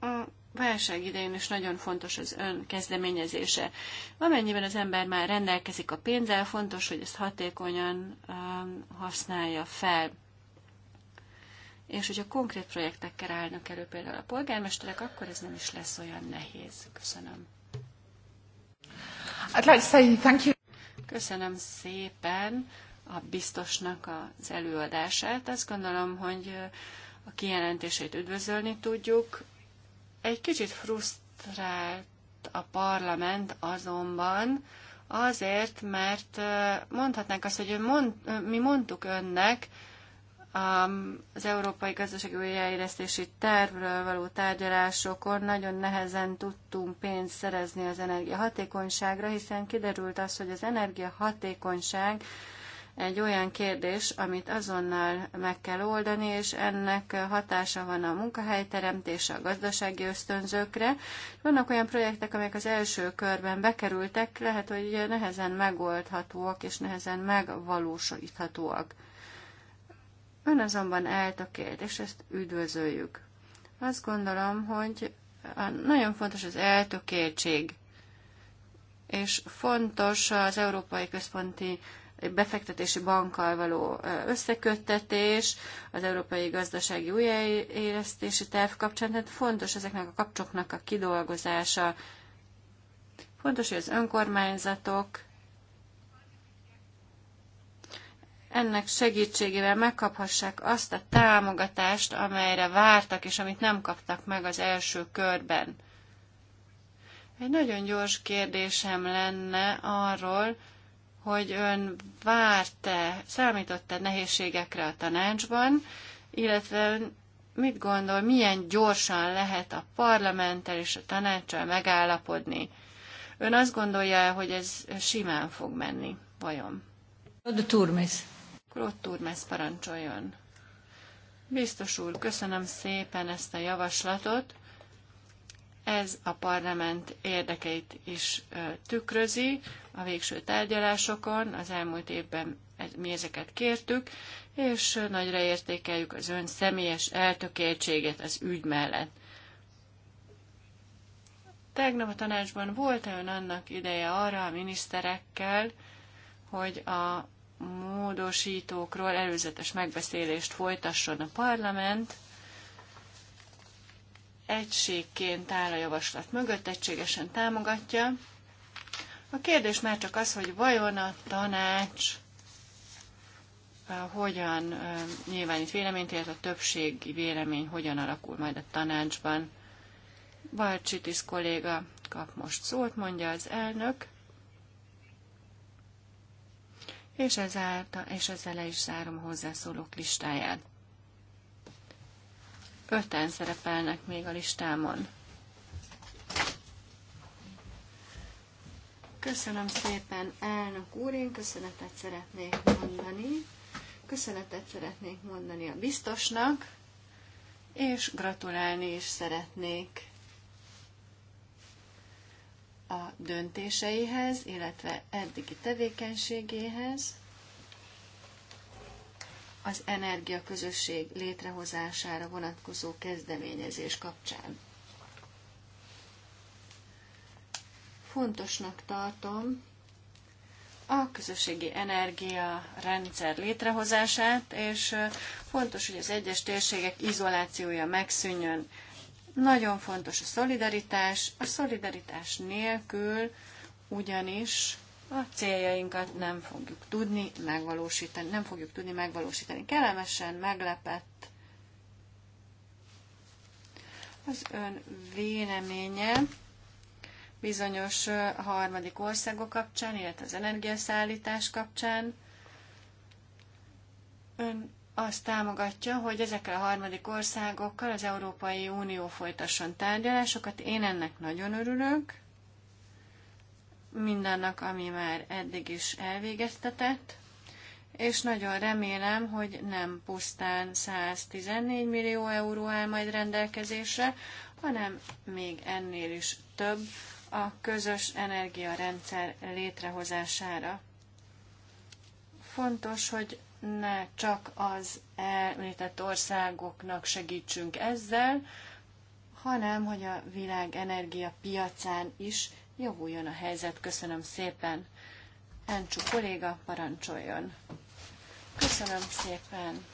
A válság idején is nagyon fontos az ön kezdeményezése. Amennyiben az ember már rendelkezik a pénzzel, fontos, hogy ezt hatékonyan um, használja fel. És hogyha konkrét projektekkel állnak elő például a polgármesterek, akkor ez nem is lesz olyan nehéz. Köszönöm. I'd like to say thank you. Köszönöm szépen a biztosnak az előadását. Azt gondolom, hogy uh, a kijelentését üdvözölni tudjuk. Egy kicsit frusztrált a parlament azonban, azért, mert mondhatnánk azt, hogy mond, mi mondtuk önnek az Európai Gazdasági Újjáéresztési Tervről való tárgyalásokon nagyon nehezen tudtunk pénzt szerezni az energiahatékonyságra, hiszen kiderült az, hogy az energiahatékonyság hatékonyság egy olyan kérdés, amit azonnal meg kell oldani, és ennek hatása van a munkahelyteremtése, a gazdasági ösztönzőkre. Vannak olyan projektek, amelyek az első körben bekerültek, lehet, hogy nehezen megoldhatóak és nehezen megvalósíthatóak. Ön azonban eltökélt, és ezt üdvözöljük. Azt gondolom, hogy nagyon fontos az eltökéltség, és fontos az Európai Központi befektetési bankkal való összeköttetés, az Európai Gazdasági Újjáélesztési Terv kapcsán, tehát fontos ezeknek a kapcsoknak a kidolgozása. Fontos, hogy az önkormányzatok ennek segítségével megkaphassák azt a támogatást, amelyre vártak, és amit nem kaptak meg az első körben. Egy nagyon gyors kérdésem lenne arról, hogy ön várte, számított-e nehézségekre a tanácsban, illetve ön mit gondol, milyen gyorsan lehet a parlamenttel és a tanácssal megállapodni? Ön azt gondolja, hogy ez simán fog menni, vajon? Claude Turmes. Claude Turmes parancsoljon. Biztos úr, köszönöm szépen ezt a javaslatot. Ez a parlament érdekeit is tükrözi a végső tárgyalásokon. Az elmúlt évben mi ezeket kértük, és nagyra értékeljük az ön személyes eltökéltségét az ügy mellett. Tegnap a tanácsban volt -e ön annak ideje arra a miniszterekkel, hogy a módosítókról előzetes megbeszélést folytasson a parlament, egységként áll a javaslat mögött, egységesen támogatja. A kérdés már csak az, hogy vajon a tanács eh, hogyan eh, nyilvánít véleményt, illetve a többségi vélemény hogyan alakul majd a tanácsban. Balcsitis kolléga kap most szót, mondja az elnök, és ezzel, és ezzel le is zárom a hozzászólók listáját. Öten szerepelnek még a listámon. Köszönöm szépen, elnök úr, én köszönetet szeretnék mondani. Köszönetet szeretnék mondani a biztosnak, és gratulálni is szeretnék a döntéseihez, illetve eddigi tevékenységéhez az energiaközösség létrehozására vonatkozó kezdeményezés kapcsán. Fontosnak tartom a közösségi energia rendszer létrehozását, és fontos, hogy az egyes térségek izolációja megszűnjön. Nagyon fontos a szolidaritás. A szolidaritás nélkül ugyanis a céljainkat nem fogjuk tudni megvalósítani. Nem fogjuk tudni megvalósítani. Kellemesen meglepett az ön véleménye bizonyos harmadik országok kapcsán, illetve az energiaszállítás kapcsán. Ön azt támogatja, hogy ezekkel a harmadik országokkal az Európai Unió folytasson tárgyalásokat. Én ennek nagyon örülök mindannak, ami már eddig is elvégeztetett, és nagyon remélem, hogy nem pusztán 114 millió euró áll majd rendelkezésre, hanem még ennél is több a közös energiarendszer létrehozására. Fontos, hogy ne csak az említett országoknak segítsünk ezzel, hanem hogy a világ energiapiacán is javuljon a helyzet. Köszönöm szépen. Encsú kolléga, parancsoljon. Köszönöm szépen,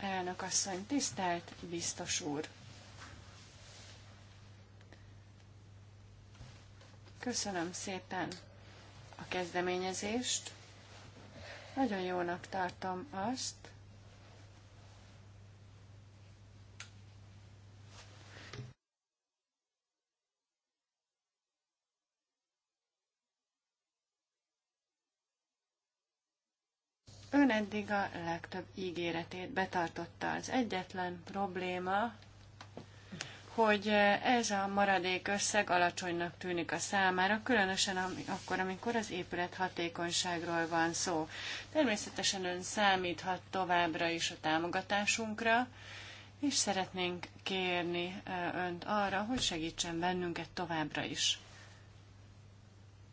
elnök asszony, tisztelt biztos úr. Köszönöm szépen a kezdeményezést. Nagyon jónak tartom azt, Ön eddig a legtöbb ígéretét betartotta. Az egyetlen probléma, hogy ez a maradék összeg alacsonynak tűnik a számára, különösen akkor, amikor az épület hatékonyságról van szó. Természetesen ön számíthat továbbra is a támogatásunkra, és szeretnénk kérni önt arra, hogy segítsen bennünket továbbra is.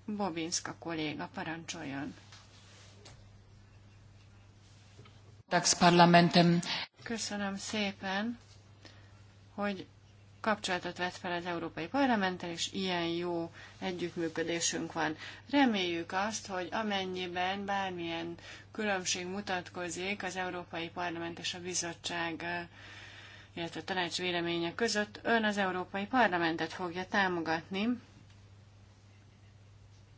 Bobinska kolléga, parancsoljon! Köszönöm szépen, hogy kapcsolatot vett fel az Európai Parlamenttel, és ilyen jó együttműködésünk van. Reméljük azt, hogy amennyiben bármilyen különbség mutatkozik az Európai Parlament és a Bizottság illetve a tanács véleménye között, ön az Európai Parlamentet fogja támogatni.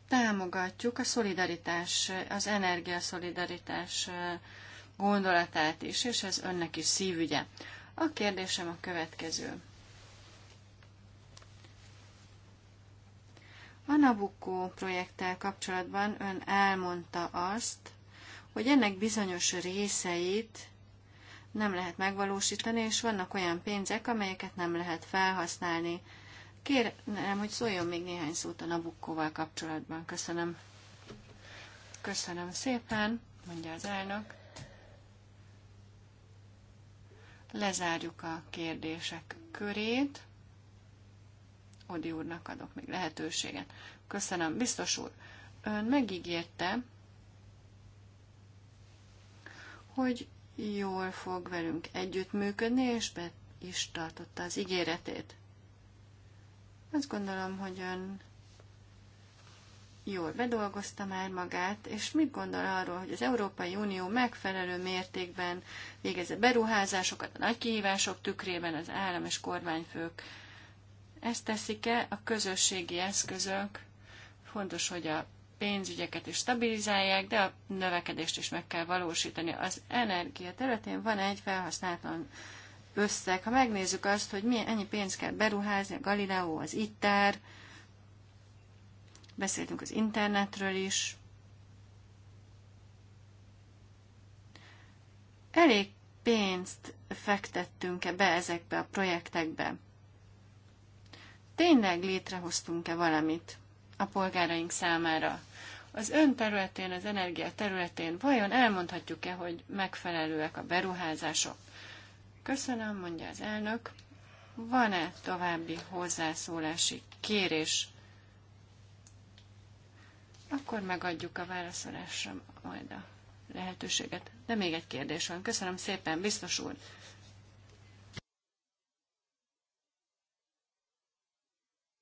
Támogatjuk a szolidaritás, az energiaszolidaritás szolidaritás gondolatát is, és ez önnek is szívügye. A kérdésem a következő. A Nabucco projekttel kapcsolatban ön elmondta azt, hogy ennek bizonyos részeit nem lehet megvalósítani, és vannak olyan pénzek, amelyeket nem lehet felhasználni. Kérem, hogy szóljon még néhány szót a Nabukkóval kapcsolatban. Köszönöm. Köszönöm szépen, mondja az elnök. Lezárjuk a kérdések körét. Odi úrnak adok még lehetőséget. Köszönöm. Biztos úr, ön megígérte, hogy jól fog velünk együttműködni, és be is tartotta az ígéretét. Azt gondolom, hogy ön jól bedolgozta már magát, és mit gondol arról, hogy az Európai Unió megfelelő mértékben végezze beruházásokat a nagy kihívások tükrében az állam és kormányfők. Ezt teszik-e a közösségi eszközök? Fontos, hogy a pénzügyeket is stabilizálják, de a növekedést is meg kell valósítani. Az energia területén van egy felhasználatlan összeg. Ha megnézzük azt, hogy milyen ennyi pénzt kell beruházni, a Galileo, az ITER, Beszéltünk az internetről is. Elég pénzt fektettünk-e be ezekbe a projektekbe? Tényleg létrehoztunk-e valamit a polgáraink számára? Az ön területén, az energia területén vajon elmondhatjuk-e, hogy megfelelőek a beruházások? Köszönöm, mondja az elnök. Van-e további hozzászólási kérés? akkor megadjuk a válaszolásra majd a lehetőséget. De még egy kérdés van. Köszönöm szépen, biztos úr.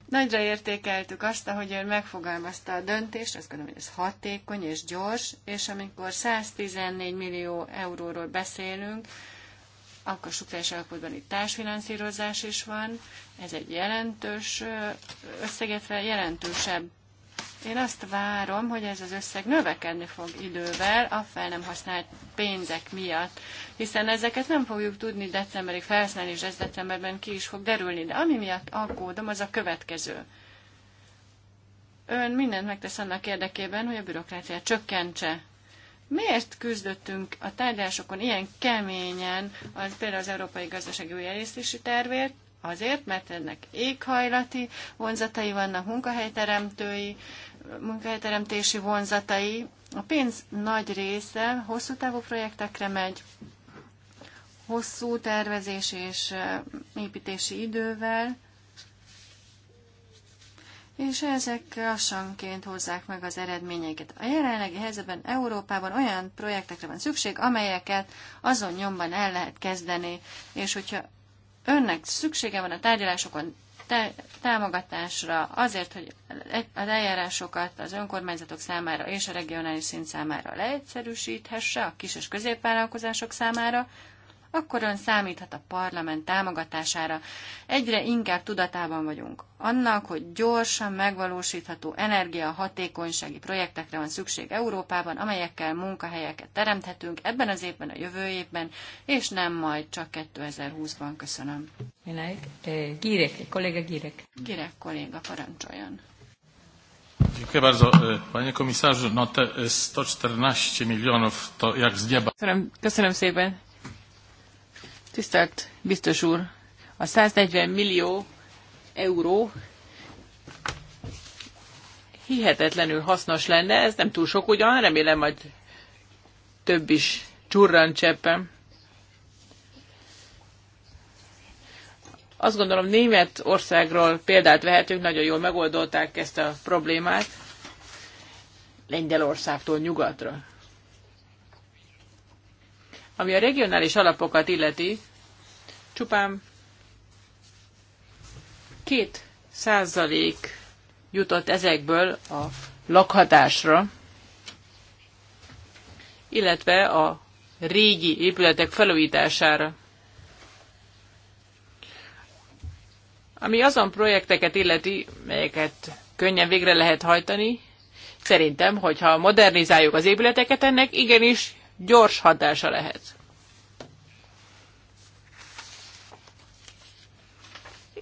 Nagyra értékeltük azt, ahogy ön megfogalmazta a döntést, azt gondolom, hogy ez hatékony és gyors, és amikor 114 millió euróról beszélünk, akkor struktúrás alapotban itt társfinanszírozás is van, ez egy jelentős összegetve jelentősebb én azt várom, hogy ez az összeg növekedni fog idővel a fel nem használt pénzek miatt, hiszen ezeket nem fogjuk tudni decemberig felhasználni, és ez decemberben ki is fog derülni. De ami miatt aggódom, az a következő. Ön mindent megtesz annak érdekében, hogy a bürokráciát csökkentse. Miért küzdöttünk a tárgyalásokon ilyen keményen, az, például az Európai Gazdasági Újjelésztési Tervért, Azért, mert ennek éghajlati vonzatai vannak, munkahelyteremtői, munkahelyteremtési vonzatai. A pénz nagy része hosszú távú projektekre megy, hosszú tervezés és építési idővel, és ezek lassanként hozzák meg az eredményeket. A jelenlegi helyzetben Európában olyan projektekre van szükség, amelyeket azon nyomban el lehet kezdeni, és hogyha önnek szüksége van a tárgyalásokon támogatásra azért, hogy az eljárásokat az önkormányzatok számára és a regionális szint számára leegyszerűsíthesse, a kis és középvállalkozások számára, akkor ön számíthat a parlament támogatására. Egyre inkább tudatában vagyunk annak, hogy gyorsan megvalósítható energiahatékonysági projektekre van szükség Európában, amelyekkel munkahelyeket teremthetünk ebben az évben, a jövő évben, és nem majd csak 2020-ban. Köszönöm. Minek? Eh, Gírek, kolléga Gírek. Gírek kolléga, parancsoljon. Dziękuję bardzo. E, panie komisarzu, no te 114 e, milionów to jak z nieba. Köszönöm, köszönöm szépen. Tisztelt biztos úr, a 140 millió euró hihetetlenül hasznos lenne, ez nem túl sok ugyan, remélem majd több is csurran cseppem. Azt gondolom Németországról példát vehetünk, nagyon jól megoldották ezt a problémát Lengyelországtól nyugatra. Ami a regionális alapokat illeti, Csupán két százalék jutott ezekből a lakhatásra, illetve a régi épületek felújítására. Ami azon projekteket illeti, melyeket könnyen végre lehet hajtani, szerintem, hogyha modernizáljuk az épületeket, ennek igenis gyors hatása lehet.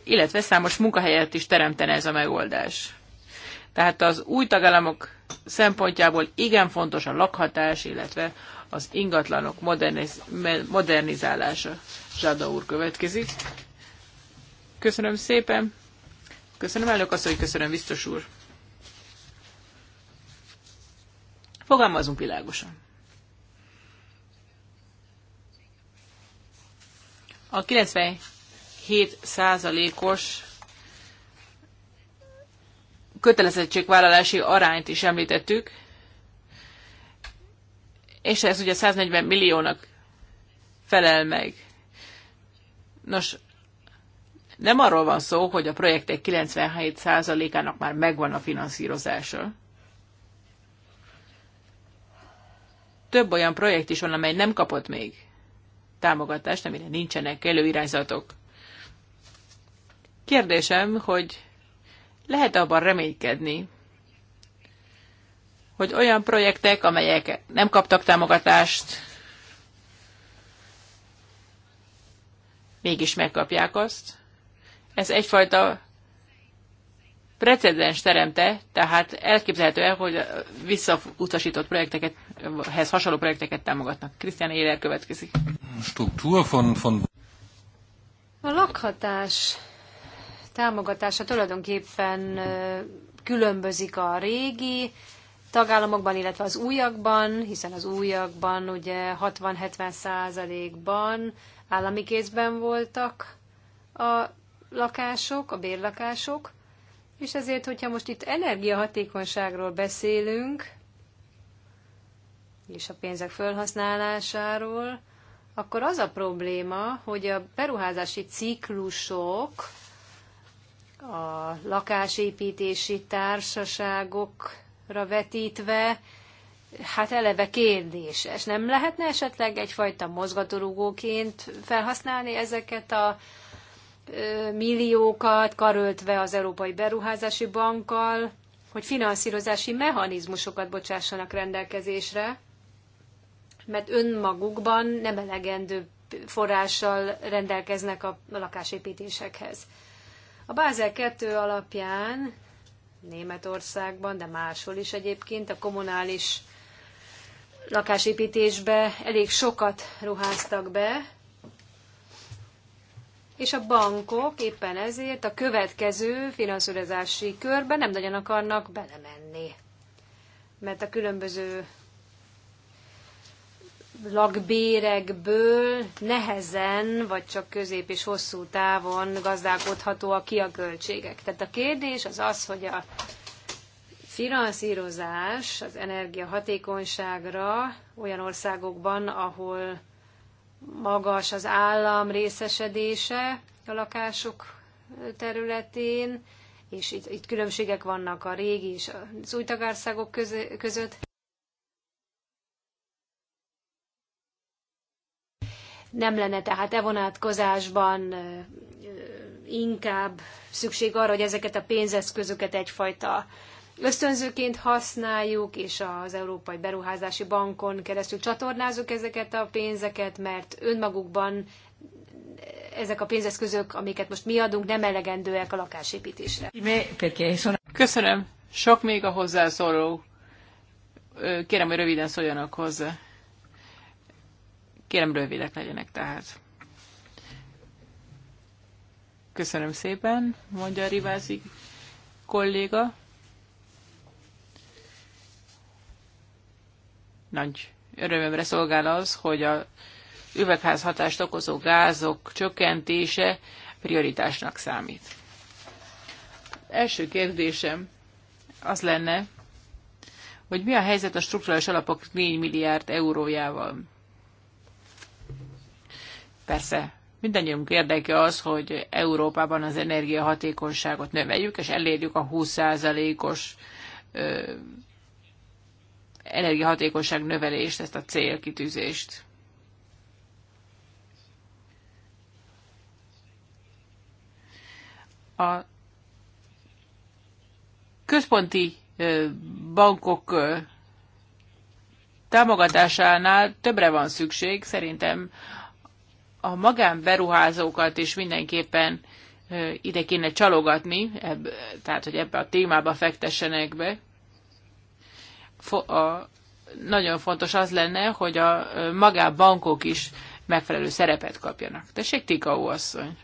illetve számos munkahelyet is teremtene ez a megoldás. Tehát az új tagállamok szempontjából igen fontos a lakhatás, illetve az ingatlanok moderniz- modernizálása. Zsada úr következik. Köszönöm szépen. Köszönöm elnök hogy köszönöm biztos úr. Fogalmazunk világosan. A 97 7%-os kötelezettségvállalási arányt is említettük, és ez ugye 140 milliónak felel meg. Nos, nem arról van szó, hogy a projektek 97%-ának már megvan a finanszírozása. Több olyan projekt is van, amely nem kapott még támogatást, amire nincsenek előirányzatok. Kérdésem, hogy lehet abban reménykedni, hogy olyan projektek, amelyek nem kaptak támogatást, mégis megkapják azt. Ez egyfajta precedens teremte, tehát elképzelhető el, hogy visszautasított projekteket, hez hasonló projekteket támogatnak. Krisztián Éler következik. Struktúra von, von... A lakhatás támogatása tulajdonképpen különbözik a régi tagállamokban, illetve az újakban, hiszen az újakban ugye 60-70 százalékban állami kézben voltak a lakások, a bérlakások, és ezért, hogyha most itt energiahatékonyságról beszélünk, és a pénzek felhasználásáról, akkor az a probléma, hogy a beruházási ciklusok a lakásépítési társaságokra vetítve, hát eleve kérdéses. Nem lehetne esetleg egyfajta mozgatórugóként felhasználni ezeket a milliókat, karöltve az Európai Beruházási Bankkal, hogy finanszírozási mechanizmusokat bocsássanak rendelkezésre, mert önmagukban nem elegendő forrással rendelkeznek a lakásépítésekhez. A Bázel 2 alapján Németországban, de máshol is egyébként a kommunális lakásépítésbe elég sokat ruháztak be, és a bankok éppen ezért a következő finanszírozási körbe nem nagyon akarnak belemenni. Mert a különböző lakbérekből nehezen, vagy csak közép és hosszú távon gazdálkodhatóak ki a költségek. Tehát a kérdés az az, hogy a finanszírozás az energiahatékonyságra olyan országokban, ahol magas az állam részesedése a lakások területén, és itt, itt különbségek vannak a régi és az új tagországok között. Nem lenne tehát e vonatkozásban inkább szükség arra, hogy ezeket a pénzeszközöket egyfajta ösztönzőként használjuk, és az Európai Beruházási Bankon keresztül csatornázunk ezeket a pénzeket, mert önmagukban ezek a pénzeszközök, amiket most mi adunk, nem elegendőek a lakásépítésre. Köszönöm. Sok még a hozzászóló. Kérem, hogy röviden szóljanak hozzá. Kérem, rövidek legyenek tehát. Köszönöm szépen, mondja a Rivázi kolléga. Nagy örömömre szolgál az, hogy a üvegházhatást okozó gázok csökkentése prioritásnak számít. Első kérdésem az lenne, hogy mi a helyzet a strukturális alapok 4 milliárd eurójával. Persze mindannyiunk érdeke az, hogy Európában az energiahatékonyságot növeljük, és elérjük a 20%-os energiahatékonyság növelést, ezt a célkitűzést. A központi bankok támogatásánál többre van szükség, szerintem a magánberuházókat is mindenképpen ide kéne csalogatni, ebb, tehát hogy ebbe a témába fektessenek be. Fo a, nagyon fontos az lenne, hogy a magánbankok is megfelelő szerepet kapjanak. Tessék, Tika asszony!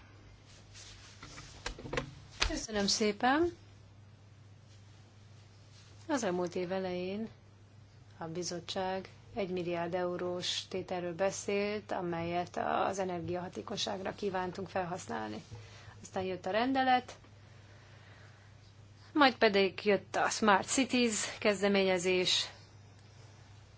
Köszönöm szépen! Az elmúlt év elején a bizottság 1 milliárd eurós tételről beszélt, amelyet az energiahatékonyságra kívántunk felhasználni. Aztán jött a rendelet, majd pedig jött a Smart Cities kezdeményezés,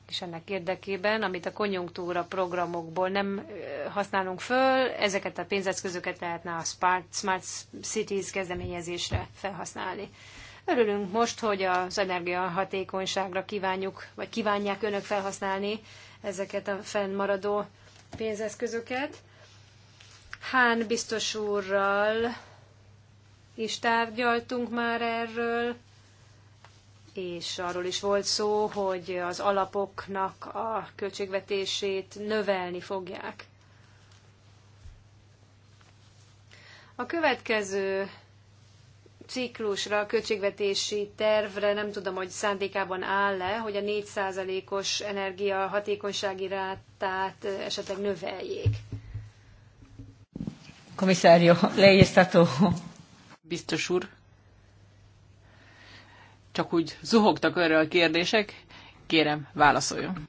és ennek érdekében, amit a konjunktúra programokból nem használunk föl, ezeket a pénzeszközöket lehetne a Smart Cities kezdeményezésre felhasználni. Örülünk most, hogy az energiahatékonyságra kívánjuk, vagy kívánják önök felhasználni ezeket a fennmaradó pénzeszközöket. Hán biztos úrral is tárgyaltunk már erről, és arról is volt szó, hogy az alapoknak a költségvetését növelni fogják. A következő ciklusra, a költségvetési tervre nem tudom, hogy szándékában áll-e, hogy a 4%-os energia hatékonysági rátát esetleg növeljék. Komisszárió, leírtató. Biztos úr. Csak úgy zuhogtak erre a kérdések. Kérem, válaszoljon.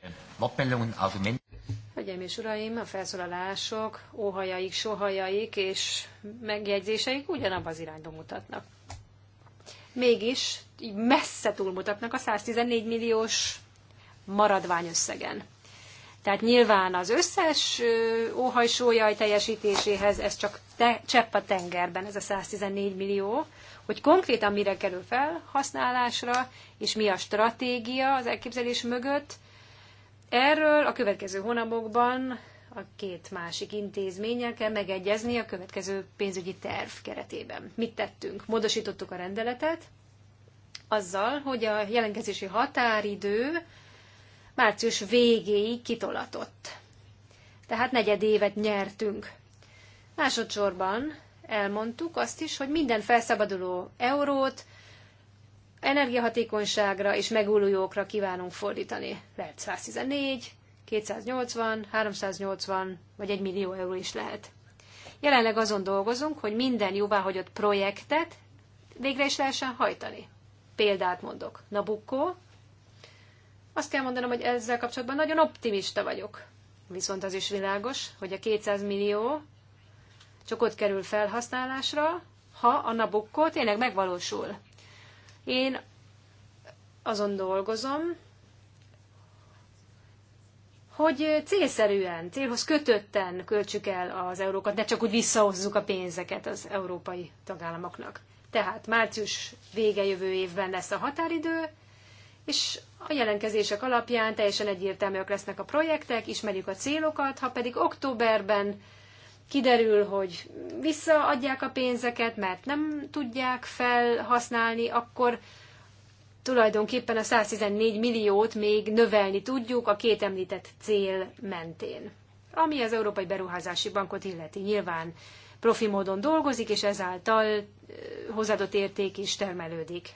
Hölgyeim és uraim, a felszólalások, óhajaik, sohajaik és megjegyzéseik ugyanabban az irányba mutatnak. Mégis így messze túlmutatnak a 114 milliós maradványösszegen. Tehát nyilván az összes óhajsójaj teljesítéséhez ez csak te, csepp a tengerben, ez a 114 millió, hogy konkrétan mire kerül felhasználásra, és mi a stratégia az elképzelés mögött, Erről a következő hónapokban a két másik intézménnyel kell megegyezni a következő pénzügyi terv keretében. Mit tettünk? Módosítottuk a rendeletet azzal, hogy a jelentkezési határidő március végéig kitolatott. Tehát negyed évet nyertünk. Másodszorban elmondtuk azt is, hogy minden felszabaduló eurót energiahatékonyságra és megújulókra kívánunk fordítani. Lehet 114, 280, 380 vagy 1 millió euró is lehet. Jelenleg azon dolgozunk, hogy minden jóváhagyott projektet végre is lehessen hajtani. Példát mondok. Nabucco. Azt kell mondanom, hogy ezzel kapcsolatban nagyon optimista vagyok. Viszont az is világos, hogy a 200 millió csak ott kerül felhasználásra, ha a Nabukko tényleg megvalósul. Én azon dolgozom, hogy célszerűen, célhoz kötötten költsük el az eurókat, ne csak úgy visszahozzuk a pénzeket az európai tagállamoknak. Tehát március vége jövő évben lesz a határidő, és a jelentkezések alapján teljesen egyértelműek lesznek a projektek, ismerjük a célokat, ha pedig októberben kiderül, hogy visszaadják a pénzeket, mert nem tudják felhasználni, akkor tulajdonképpen a 114 milliót még növelni tudjuk a két említett cél mentén. Ami az Európai Beruházási Bankot illeti, nyilván profi módon dolgozik, és ezáltal hozadott érték is termelődik.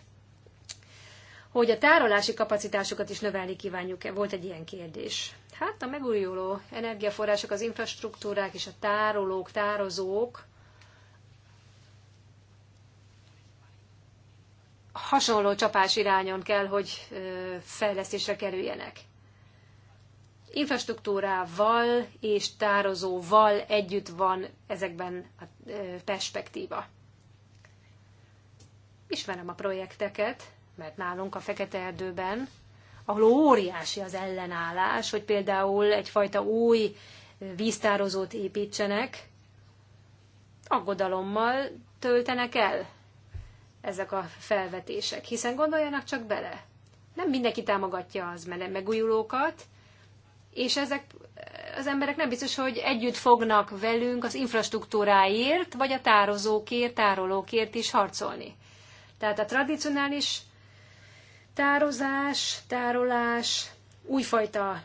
Hogy a tárolási kapacitásokat is növelni kívánjuk-e, volt egy ilyen kérdés. Hát a megújuló energiaforrások, az infrastruktúrák és a tárolók, tározók hasonló csapás irányon kell, hogy fejlesztésre kerüljenek. Infrastruktúrával és tározóval együtt van ezekben a perspektíva. Ismerem a projekteket, mert nálunk a Fekete Erdőben ahol óriási az ellenállás, hogy például egyfajta új víztározót építsenek, aggodalommal töltenek el ezek a felvetések, hiszen gondoljanak csak bele. Nem mindenki támogatja az megújulókat, és ezek az emberek nem biztos, hogy együtt fognak velünk az infrastruktúráért, vagy a tározókért, tárolókért is harcolni. Tehát a tradicionális Tározás, tárolás, újfajta,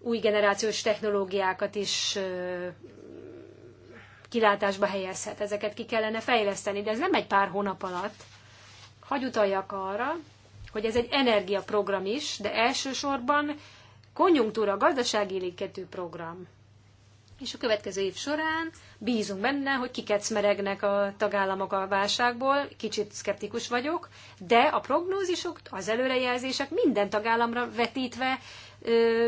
új generációs technológiákat is kilátásba helyezhet. Ezeket ki kellene fejleszteni, de ez nem egy pár hónap alatt. Hagy utaljak arra, hogy ez egy energiaprogram is, de elsősorban konjunktúra, gazdasági program és a következő év során bízunk benne, hogy kikecmeregnek a tagállamok a válságból, kicsit szkeptikus vagyok, de a prognózisok, az előrejelzések minden tagállamra vetítve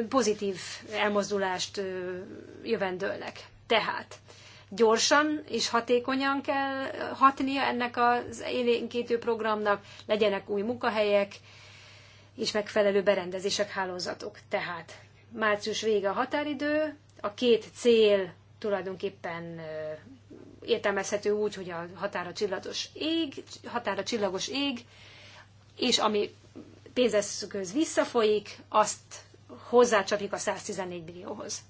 pozitív elmozdulást jövendőlnek. Tehát gyorsan és hatékonyan kell hatnia ennek az élénkítő programnak, legyenek új munkahelyek, és megfelelő berendezések, hálózatok. Tehát március vége a határidő, a két cél tulajdonképpen értelmezhető úgy, hogy a határa csillagos ég, határa csillagos ég, és ami pénzeszköz visszafolyik, azt hozzácsapjuk a 114 millióhoz.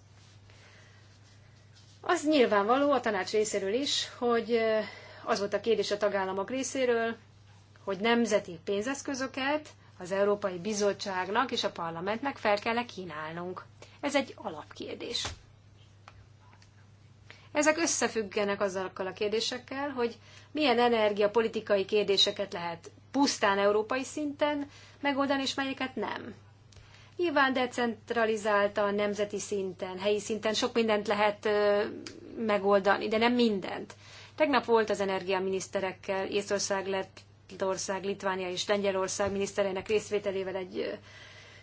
Az nyilvánvaló a tanács részéről is, hogy az volt a kérdés a tagállamok részéről, hogy nemzeti pénzeszközöket az Európai Bizottságnak és a parlamentnek fel kell kínálnunk. Ez egy alapkérdés. Ezek összefüggenek azzal a kérdésekkel, hogy milyen energiapolitikai kérdéseket lehet pusztán európai szinten megoldani, és melyeket nem. Nyilván a nemzeti szinten, helyi szinten sok mindent lehet megoldani, de nem mindent. Tegnap volt az energiaminiszterekkel, Észország, Lettország, Litvánia és Lengyelország minisztereinek részvételével egy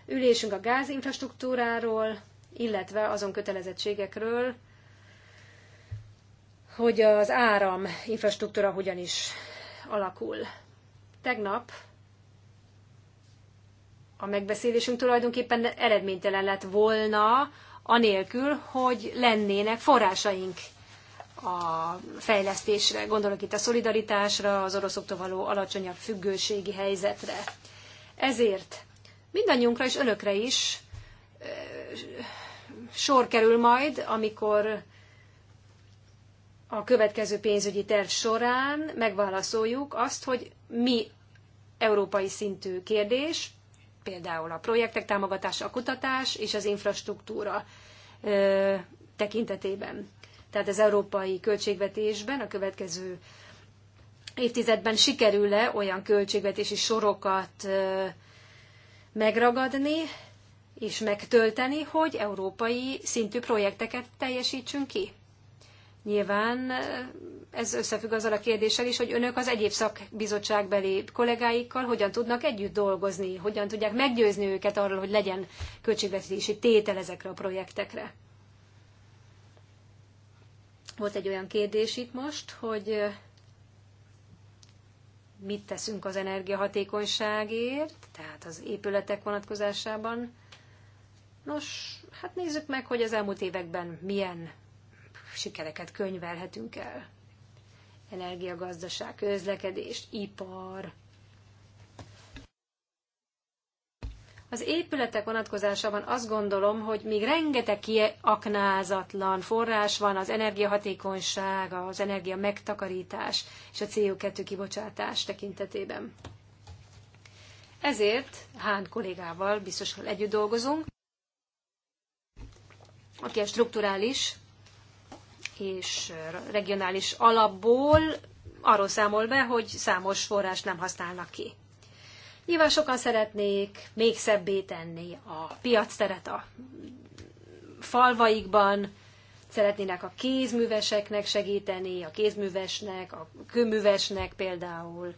ülésünk a gázinfrastruktúráról, illetve azon kötelezettségekről, hogy az áram infrastruktúra hogyan is alakul. Tegnap a megbeszélésünk tulajdonképpen eredménytelen lett volna, anélkül, hogy lennének forrásaink a fejlesztésre. Gondolok itt a szolidaritásra, az oroszoktól való alacsonyabb függőségi helyzetre. Ezért mindannyiunkra és önökre is sor kerül majd, amikor a következő pénzügyi terv során megválaszoljuk azt, hogy mi európai szintű kérdés, például a projektek támogatása, a kutatás és az infrastruktúra tekintetében. Tehát az európai költségvetésben a következő évtizedben sikerül-e olyan költségvetési sorokat ö, megragadni és megtölteni, hogy európai szintű projekteket teljesítsünk ki. Nyilván eh, ez összefügg azzal a kérdéssel is, hogy önök az egyéb szakbizottságbeli kollégáikkal hogyan tudnak együtt dolgozni, hogyan tudják meggyőzni őket arról, hogy legyen költségvetési tétel ezekre a projektekre. Volt egy olyan kérdés itt most, hogy eh, mit teszünk az energiahatékonyságért, tehát az épületek vonatkozásában. Nos, hát nézzük meg, hogy az elmúlt években milyen sikereket könyvelhetünk el. Energiagazdaság, közlekedés, ipar, Az épületek vonatkozásában azt gondolom, hogy még rengeteg kiaknázatlan forrás van az energiahatékonyság, az energia megtakarítás és a CO2 kibocsátás tekintetében. Ezért Hán kollégával biztosan együtt dolgozunk, aki a strukturális és regionális alapból arról számol be, hogy számos forrást nem használnak ki. Nyilván sokan szeretnék még szebbé tenni a piac teret a falvaikban, szeretnének a kézműveseknek segíteni, a kézművesnek, a kőművesnek például.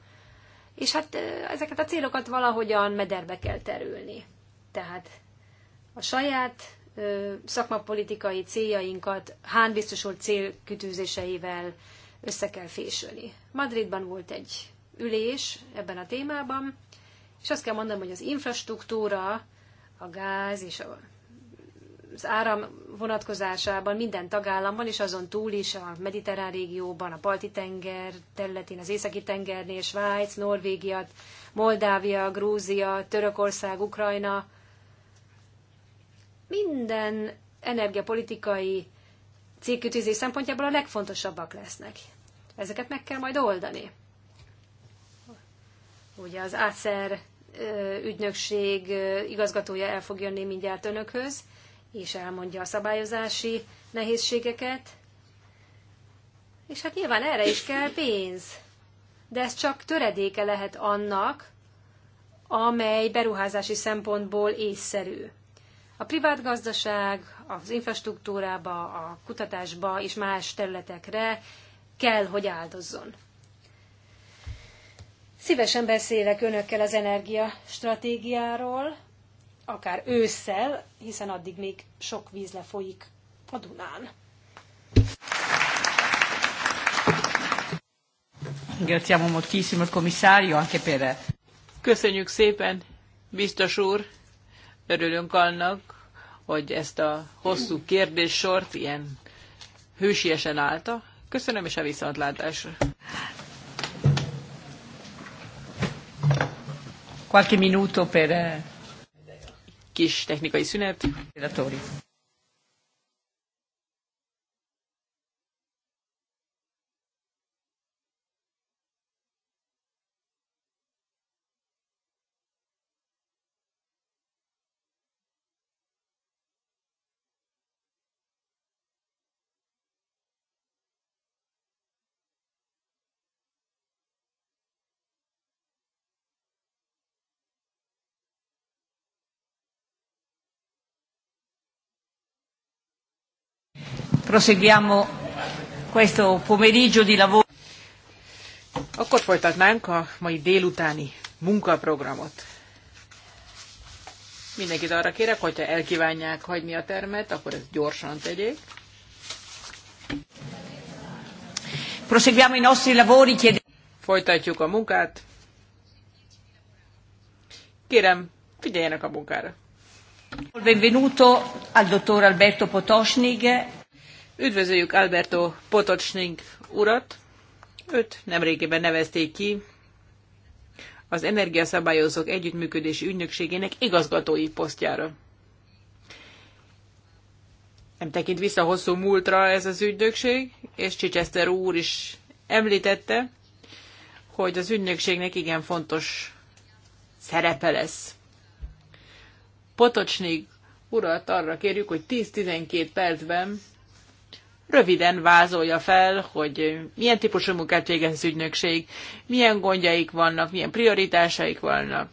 És hát ezeket a célokat valahogyan mederbe kell terülni. Tehát a saját ö, szakmapolitikai céljainkat Hán biztos célkütőzéseivel össze kell fésülni. Madridban volt egy ülés ebben a témában, és azt kell mondanom, hogy az infrastruktúra, a gáz és az áram vonatkozásában minden tagállamban, és azon túl is a mediterrán régióban, a Balti-tenger területén, az Északi-tengernél, Svájc, Norvégia, Moldávia, Grúzia, Törökország, Ukrajna, minden energiapolitikai cégkütőzés szempontjából a legfontosabbak lesznek. Ezeket meg kell majd oldani. Ugye az átszer ügynökség igazgatója el fog jönni mindjárt önökhöz, és elmondja a szabályozási nehézségeket. És hát nyilván erre is kell pénz. De ez csak töredéke lehet annak, amely beruházási szempontból észszerű. A privát gazdaság, az infrastruktúrába, a kutatásba és más területekre kell, hogy áldozzon. Szívesen beszélek önökkel az energiastratégiáról, akár ősszel, hiszen addig még sok víz lefolyik a Dunán. Ringraziamo moltissimo il commissario anche per... Köszönjük szépen, biztos úr! Örülünk annak, hogy ezt a hosszú kérdéssort ilyen hősiesen állta. Köszönöm és a viszontlátásra! qualche minuto per eh, kis technikai szünet. Proseguiamo questo pomeriggio di lavoro. Akkor folytatnánk a mai délutáni munkaprogramot. Mindenkit arra kérek, hogyha elkívánják hagyni a termet, akkor ezt gyorsan tegyék. Proseguiamo i nostri lavori. Folytatjuk a munkát. Kérem, figyeljenek a munkára. Benvenuto al dottor Alberto Potosnig, Üdvözöljük Alberto Potocsnik urat. Őt nemrégiben nevezték ki az Energiaszabályozók Együttműködési Ügynökségének igazgatói posztjára. Nem tekint vissza hosszú múltra ez az ügynökség, és Chichester úr is említette, hogy az ügynökségnek igen fontos szerepe lesz. Potocsnik urat arra kérjük, hogy 10-12 percben röviden vázolja fel, hogy milyen típusú munkát végez az ügynökség, milyen gondjaik vannak, milyen prioritásaik vannak.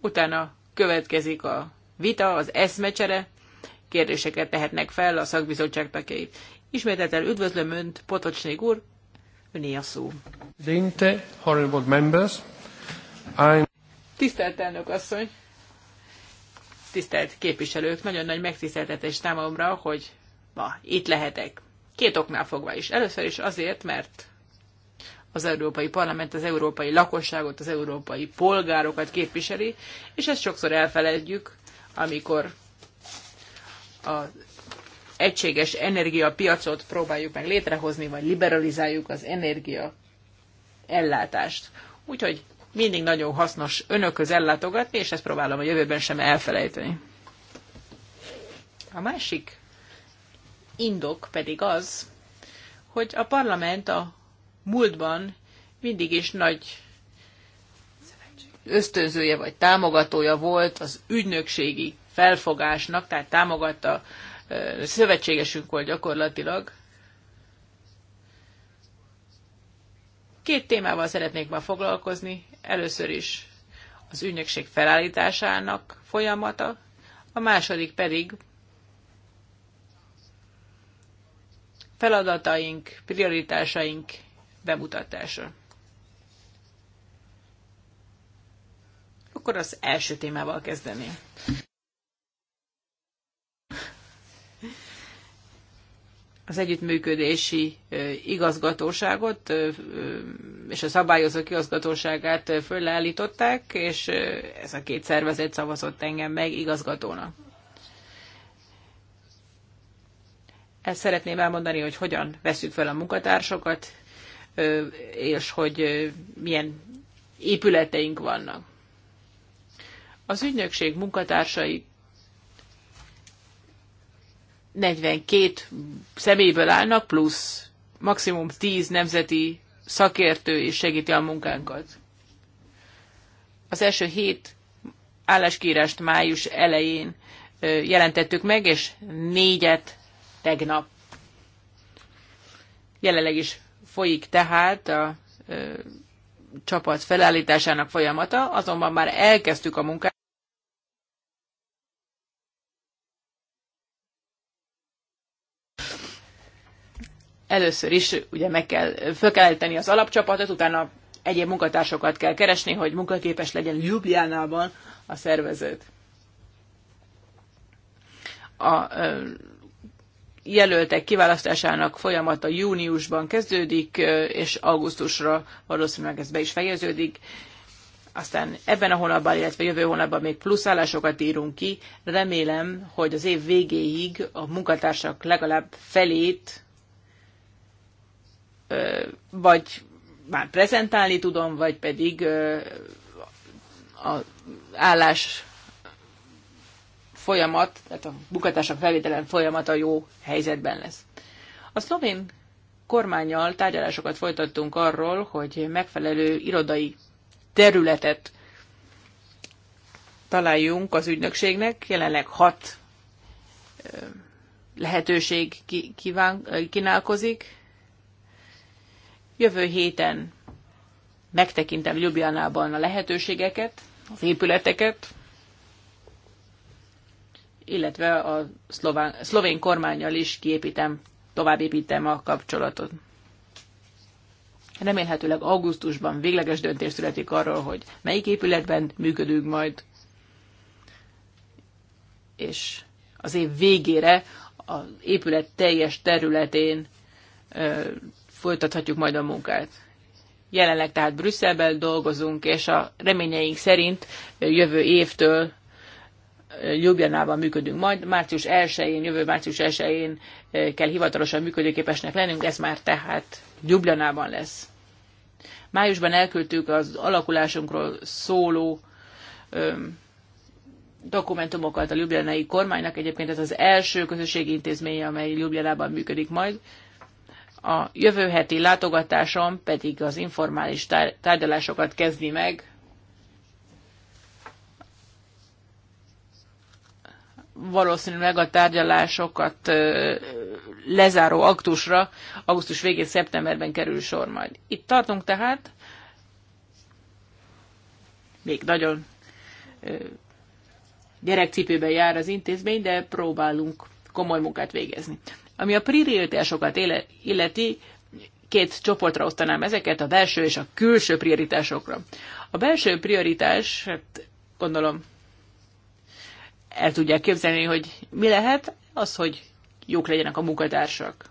Utána következik a vita, az eszmecsere, kérdéseket tehetnek fel a szakbizottság tagjai. Ismételten üdvözlöm Önt, Potocsnék úr, Öné a szó. Dinte, Horrible members, I'm... Tisztelt elnök asszony, tisztelt képviselők, nagyon nagy megtiszteltetés számomra, hogy ma itt lehetek. Két oknál fogva is. Először is azért, mert az Európai Parlament az európai lakosságot, az európai polgárokat képviseli, és ezt sokszor elfeledjük, amikor az egységes energiapiacot próbáljuk meg létrehozni, vagy liberalizáljuk az energia ellátást. Úgyhogy mindig nagyon hasznos önökhöz ellátogatni, és ezt próbálom a jövőben sem elfelejteni. A másik indok pedig az, hogy a parlament a múltban mindig is nagy ösztönzője vagy támogatója volt az ügynökségi felfogásnak, tehát támogatta, szövetségesünk volt gyakorlatilag. Két témával szeretnék ma foglalkozni. Először is az ügynökség felállításának folyamata, a második pedig feladataink, prioritásaink bemutatása. Akkor az első témával kezdeném. Az együttműködési igazgatóságot és a szabályozók igazgatóságát fölleállították, és ez a két szervezet szavazott engem meg igazgatónak. Ezt szeretném elmondani, hogy hogyan veszük fel a munkatársokat, és hogy milyen épületeink vannak. Az ügynökség munkatársai 42 személyből állnak, plusz maximum 10 nemzeti szakértő is segíti a munkánkat. Az első hét álláskírást május elején jelentettük meg, és négyet tegnap. Jelenleg is folyik tehát a ö, csapat felállításának folyamata, azonban már elkezdtük a munkát. Először is ugye meg kell, föl kell az alapcsapatot, utána egyéb munkatársokat kell keresni, hogy munkaképes legyen Ljubljánában a szervezet. A ö, jelöltek kiválasztásának folyamata júniusban kezdődik, és augusztusra valószínűleg ez be is fejeződik. Aztán ebben a hónapban, illetve jövő hónapban még plusz állásokat írunk ki. Remélem, hogy az év végéig a munkatársak legalább felét vagy már prezentálni tudom, vagy pedig az állás folyamat, tehát a bukatások felvételen folyamata jó helyzetben lesz. A szlovén kormányjal tárgyalásokat folytattunk arról, hogy megfelelő irodai területet találjunk az ügynökségnek. Jelenleg hat lehetőség kíván, kínálkozik. Jövő héten megtekintem Ljubljanában a lehetőségeket, az épületeket, illetve a szlován, szlovén kormányjal is kiépítem, továbbépítem a kapcsolatot. Remélhetőleg augusztusban végleges döntés születik arról, hogy melyik épületben működünk majd, és az év végére az épület teljes területén ö, folytathatjuk majd a munkát. Jelenleg tehát Brüsszelben dolgozunk, és a reményeink szerint jövő évtől Ljubljanában működünk majd, március 1-én, jövő március 1-én eh, kell hivatalosan működőképesnek lennünk, ez már tehát Ljubljanában lesz. Májusban elküldtük az alakulásunkról szóló öm, dokumentumokat a ljubljanai kormánynak. Egyébként ez az első közösségi intézménye, amely Ljubljanában működik majd. A jövő heti látogatásom pedig az informális tárgyalásokat kezdi meg valószínűleg a tárgyalásokat lezáró aktusra augusztus végén, szeptemberben kerül sor majd. Itt tartunk tehát, még nagyon gyerekcipőben jár az intézmény, de próbálunk komoly munkát végezni. Ami a prioritásokat illeti, két csoportra osztanám ezeket, a belső és a külső prioritásokra. A belső prioritás, hát gondolom el tudják képzelni, hogy mi lehet, az, hogy jók legyenek a munkatársak.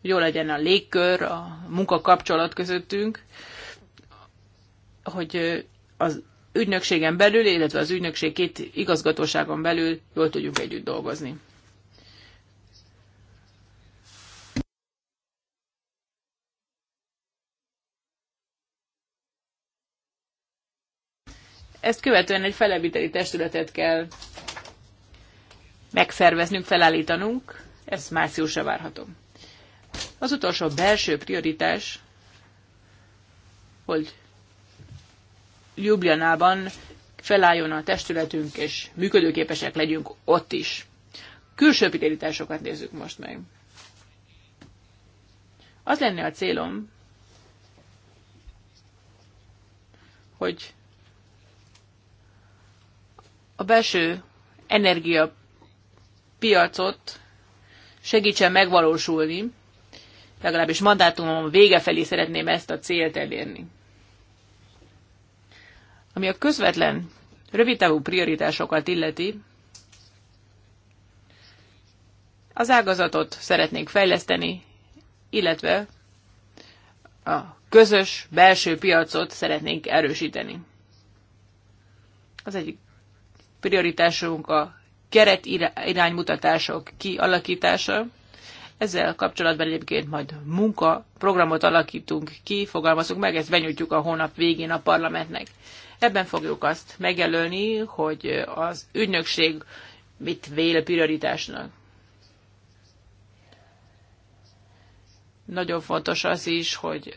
Hogy jó legyen a légkör, a munkakapcsolat közöttünk, hogy az ügynökségen belül, illetve az ügynökség két igazgatóságon belül jól tudjunk együtt dolgozni. ezt követően egy felebíteli testületet kell megszerveznünk, felállítanunk, ez márciusra várhatom. Az utolsó belső prioritás, hogy Ljubljanában felálljon a testületünk, és működőképesek legyünk ott is. Külső prioritásokat nézzük most meg. Az lenne a célom, hogy a belső energiapiacot segítsen megvalósulni, legalábbis mandátumom vége felé szeretném ezt a célt elérni. Ami a közvetlen, rövidtávú prioritásokat illeti, az ágazatot szeretnénk fejleszteni, illetve a közös belső piacot szeretnénk erősíteni. Az egyik prioritásunk a keret iránymutatások kialakítása. Ezzel kapcsolatban egyébként majd munka programot alakítunk ki, fogalmazunk meg, ezt benyújtjuk a hónap végén a parlamentnek. Ebben fogjuk azt megjelölni, hogy az ügynökség mit vél prioritásnak. Nagyon fontos az is, hogy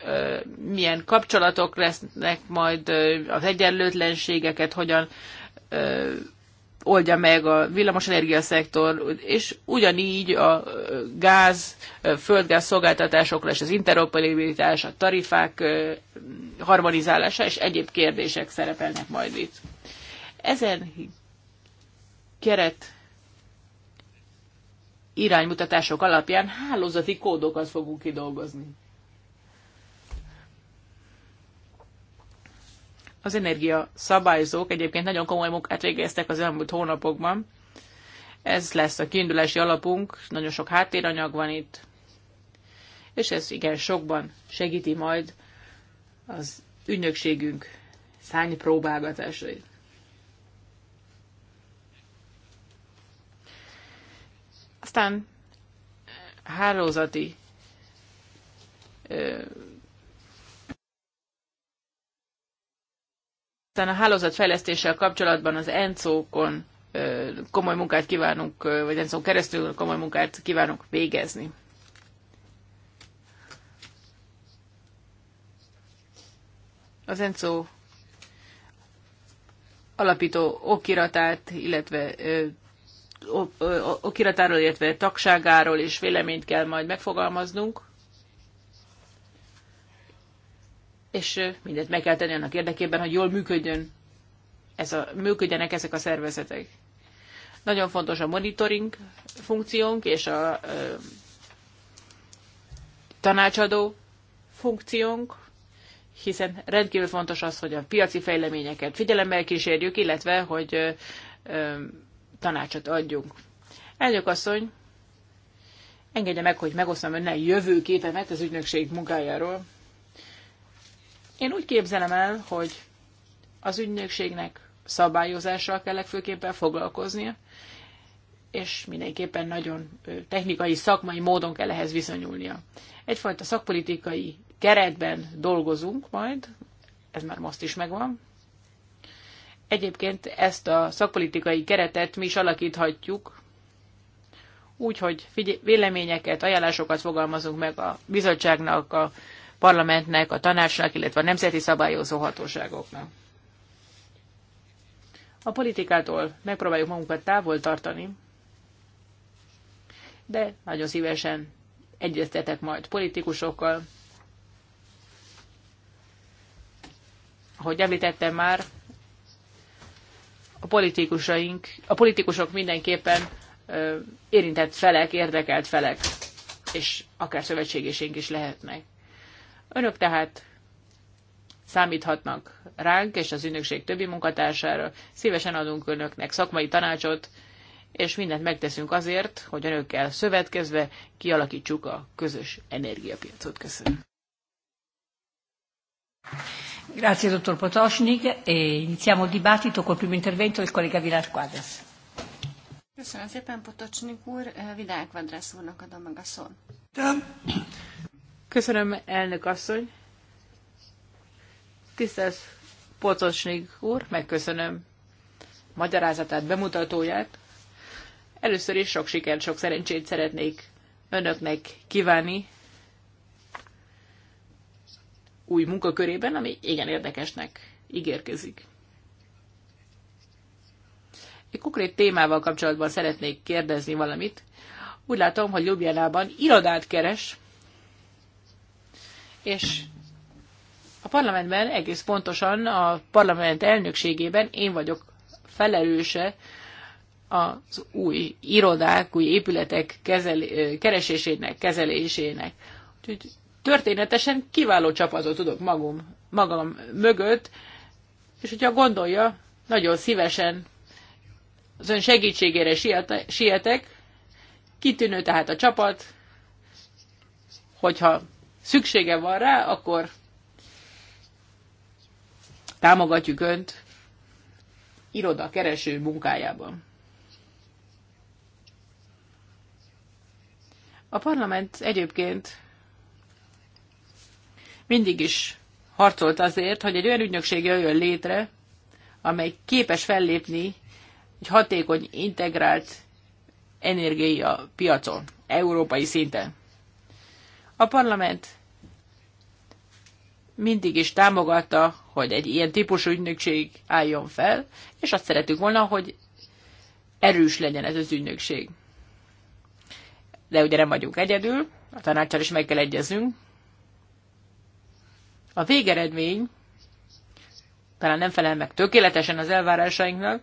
milyen kapcsolatok lesznek majd, az egyenlőtlenségeket hogyan oldja meg a villamosenergia szektor, és ugyanígy a gáz, földgáz szolgáltatásokra és az interoperabilitás, a tarifák harmonizálása és egyéb kérdések szerepelnek majd itt. Ezen keret iránymutatások alapján hálózati kódokat fogunk kidolgozni. Az energia szabályzók egyébként nagyon komoly munkát végeztek az elmúlt hónapokban. Ez lesz a kiindulási alapunk, nagyon sok háttéranyag van itt, és ez igen sokban segíti majd az ügynökségünk szány próbálgatásait. Aztán hálózati Aztán a hálózatfejlesztéssel kapcsolatban az ENCO-kon komoly munkát kívánunk, vagy enco keresztül komoly munkát kívánunk végezni. Az ENCO alapító okiratát, illetve okiratáról, illetve tagságáról is véleményt kell majd megfogalmaznunk. és mindent meg kell tenni annak érdekében, hogy jól működjön ez a, működjenek ezek a szervezetek. Nagyon fontos a monitoring funkciónk és a ö, tanácsadó funkciónk, hiszen rendkívül fontos az, hogy a piaci fejleményeket figyelemmel kísérjük, illetve, hogy ö, ö, tanácsot adjunk. Elnök asszony, engedje meg, hogy megosztom önnel jövőképemet az ügynökség munkájáról. Én úgy képzelem el, hogy az ügynökségnek szabályozással kell legfőképpen foglalkoznia, és mindenképpen nagyon technikai, szakmai módon kell ehhez viszonyulnia. Egyfajta szakpolitikai keretben dolgozunk majd, ez már most is megvan. Egyébként ezt a szakpolitikai keretet mi is alakíthatjuk, úgyhogy hogy véleményeket, ajánlásokat fogalmazunk meg a bizottságnak, a parlamentnek, a tanácsnak, illetve a nemzeti szabályozó hatóságoknak. A politikától megpróbáljuk magunkat távol tartani, de nagyon szívesen egyeztetek majd politikusokkal. Ahogy említettem már, a politikusaink, a politikusok mindenképpen ö, érintett felek, érdekelt felek, és akár szövetségesénk is lehetnek. Önök tehát számíthatnak ránk és az ügynökség többi munkatársára. Szívesen adunk önöknek szakmai tanácsot, és mindent megteszünk azért, hogy önökkel szövetkezve kialakítsuk a közös energiapiacot. Köszönöm. Grazie, dottor Potosnik. E iniziamo il dibattito col primo intervento del collega Vidal Quadras. Köszönöm szépen, Potocsnik úr. Vidal Quadras úrnak adom meg a szót. Köszönöm, elnök asszony. Tisztelt Potocsnik úr, megköszönöm magyarázatát, bemutatóját. Először is sok sikert, sok szerencsét szeretnék önöknek kívánni új munkakörében, ami igen érdekesnek ígérkezik. Egy konkrét témával kapcsolatban szeretnék kérdezni valamit. Úgy látom, hogy Ljubljanában irodát keres, és a parlamentben egész pontosan a parlament elnökségében én vagyok felelőse az új irodák, új épületek kezel- keresésének, kezelésének. Úgyhogy történetesen kiváló csapatot tudok magam, magam mögött, és hogyha gondolja, nagyon szívesen az ön segítségére sietek, kitűnő tehát a csapat, hogyha szüksége van rá, akkor támogatjuk Önt iroda kereső munkájában. A parlament egyébként mindig is harcolt azért, hogy egy olyan ügynökség jöjjön létre, amely képes fellépni egy hatékony, integrált energiapiacon, európai szinten. A parlament mindig is támogatta, hogy egy ilyen típusú ügynökség álljon fel, és azt szeretük volna, hogy erős legyen ez az ügynökség. De ugye nem vagyunk egyedül, a tanácsal is meg kell egyezünk. A végeredmény talán nem felel meg tökéletesen az elvárásainknak.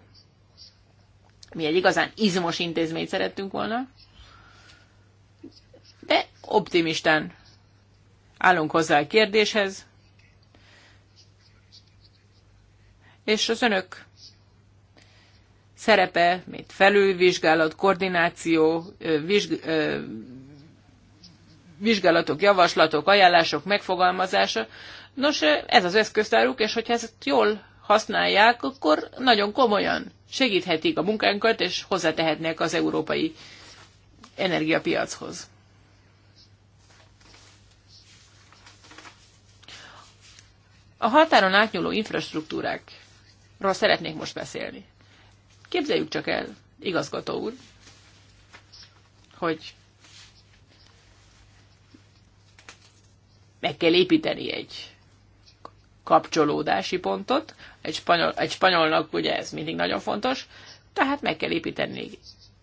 Mi egy igazán izmos intézményt szerettünk volna, optimistán állunk hozzá a kérdéshez, és az önök szerepe, mint felülvizsgálat, koordináció, vizsg, vizsgálatok, javaslatok, ajánlások megfogalmazása. Nos, ez az eszköztáruk, és hogyha ezt jól használják, akkor nagyon komolyan segíthetik a munkánkat, és hozzátehetnek az európai energiapiachoz. A határon átnyúló infrastruktúrákról szeretnék most beszélni. Képzeljük csak el, igazgató úr, hogy meg kell építeni egy kapcsolódási pontot. Egy, spanyol, egy spanyolnak ugye ez mindig nagyon fontos, tehát meg kell építeni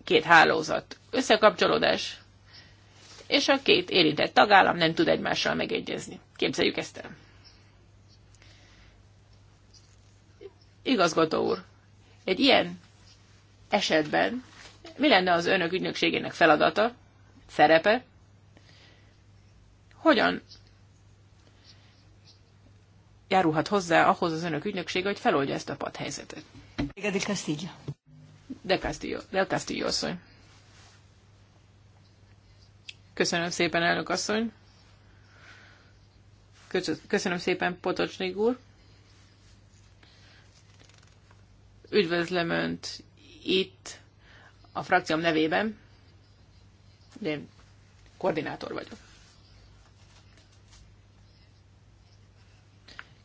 két hálózat összekapcsolódás, és a két érintett tagállam nem tud egymással megegyezni. Képzeljük ezt el. Igazgató úr, egy ilyen esetben mi lenne az önök ügynökségének feladata, szerepe? Hogyan járulhat hozzá ahhoz az önök ügynöksége, hogy feloldja ezt a padhelyzetet? De Castillo. De Castillo, de Castillo asszony. Köszönöm szépen, elnök asszony. Köszönöm szépen, Potocsnik úr. Üdvözlöm Önt itt a frakcióm nevében. Én koordinátor vagyok.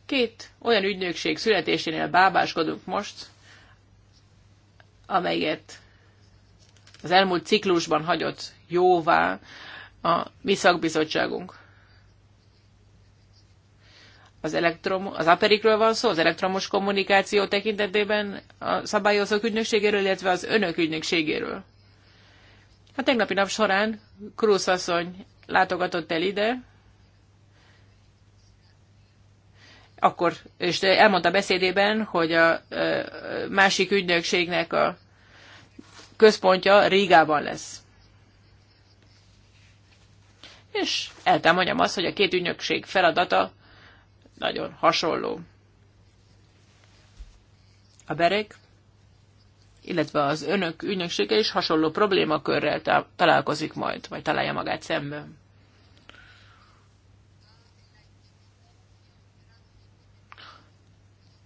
Két olyan ügynökség születésénél bábáskodunk most, amelyet az elmúlt ciklusban hagyott jóvá a mi szakbizottságunk az, elektrom, az aperikről van szó, az elektromos kommunikáció tekintetében a szabályozók ügynökségéről, illetve az önök ügynökségéről. A tegnapi nap során Krusz asszony látogatott el ide, akkor, és elmondta beszédében, hogy a másik ügynökségnek a központja Rigában lesz. És eltámadjam azt, hogy a két ügynökség feladata nagyon hasonló. A berek, illetve az önök ügynöksége is hasonló problémakörrel találkozik majd, vagy találja magát szemben.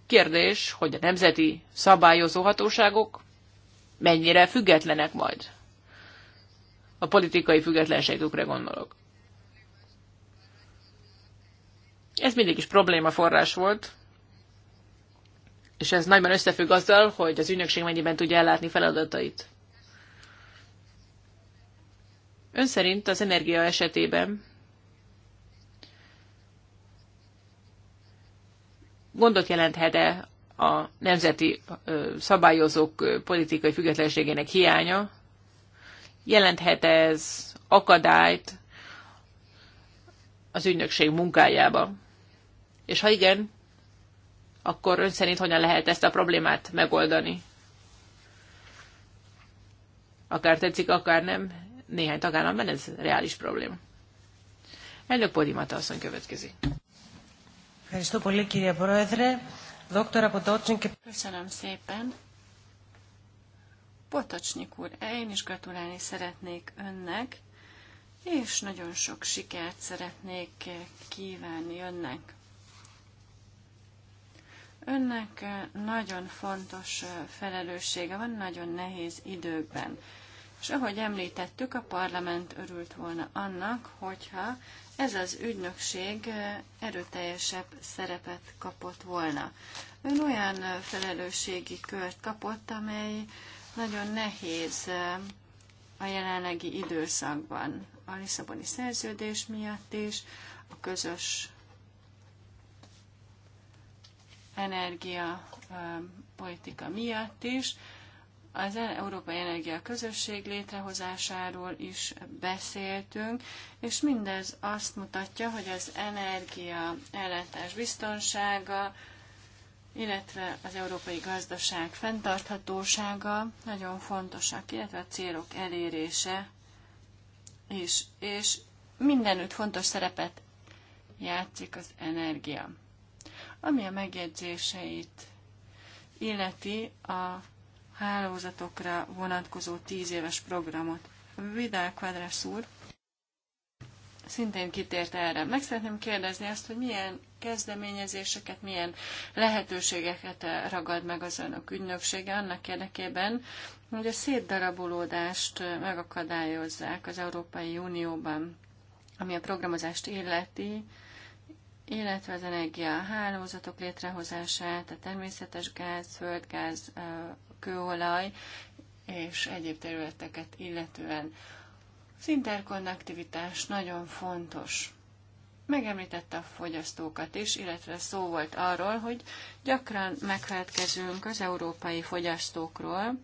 Kérdés, hogy a nemzeti szabályozó hatóságok mennyire függetlenek majd. A politikai függetlenségükre gondolok. Ez mindig is probléma forrás volt, és ez nagyban összefügg azzal, hogy az ügynökség mennyiben tudja ellátni feladatait. Ön szerint az energia esetében gondot jelenthet-e a nemzeti szabályozók politikai függetlenségének hiánya? Jelenthet ez akadályt az ügynökség munkájában. És ha igen, akkor ön szerint hogyan lehet ezt a problémát megoldani? Akár tetszik, akár nem, néhány tagállamban ez reális probléma. Elnök Podimata asszony következik. Köszönöm szépen. Potocsnyik úr, én is gratulálni szeretnék önnek, és nagyon sok sikert szeretnék kívánni önnek. Önnek eh, nagyon fontos eh, felelőssége van, nagyon nehéz időkben. És ahogy említettük, a parlament örült volna annak, hogyha ez az ügynökség eh, erőteljesebb szerepet kapott volna. Ön olyan felelősségi kört kapott, amely nagyon nehéz a jelenlegi időszakban, a Lisszaboni szerződés miatt is, a közös energia politika miatt is. Az e- Európai Energia Közösség létrehozásáról is beszéltünk, és mindez azt mutatja, hogy az energia ellátás biztonsága, illetve az európai gazdaság fenntarthatósága nagyon fontosak, illetve a célok elérése is. És mindenütt fontos szerepet játszik az energia. Ami a megjegyzéseit illeti a hálózatokra vonatkozó tíz éves programot. Vidal Quadras úr szintén kitért erre. Meg szeretném kérdezni azt, hogy milyen kezdeményezéseket, milyen lehetőségeket ragad meg az önök ügynöksége annak érdekében, hogy a szétdarabolódást megakadályozzák az Európai Unióban, ami a programozást illeti, illetve az hálózatok létrehozását, a természetes gáz, földgáz, kőolaj és egyéb területeket illetően. Az interkonnektivitás nagyon fontos. Megemlítette a fogyasztókat is, illetve szó volt arról, hogy gyakran megfelelkezünk az európai fogyasztókról,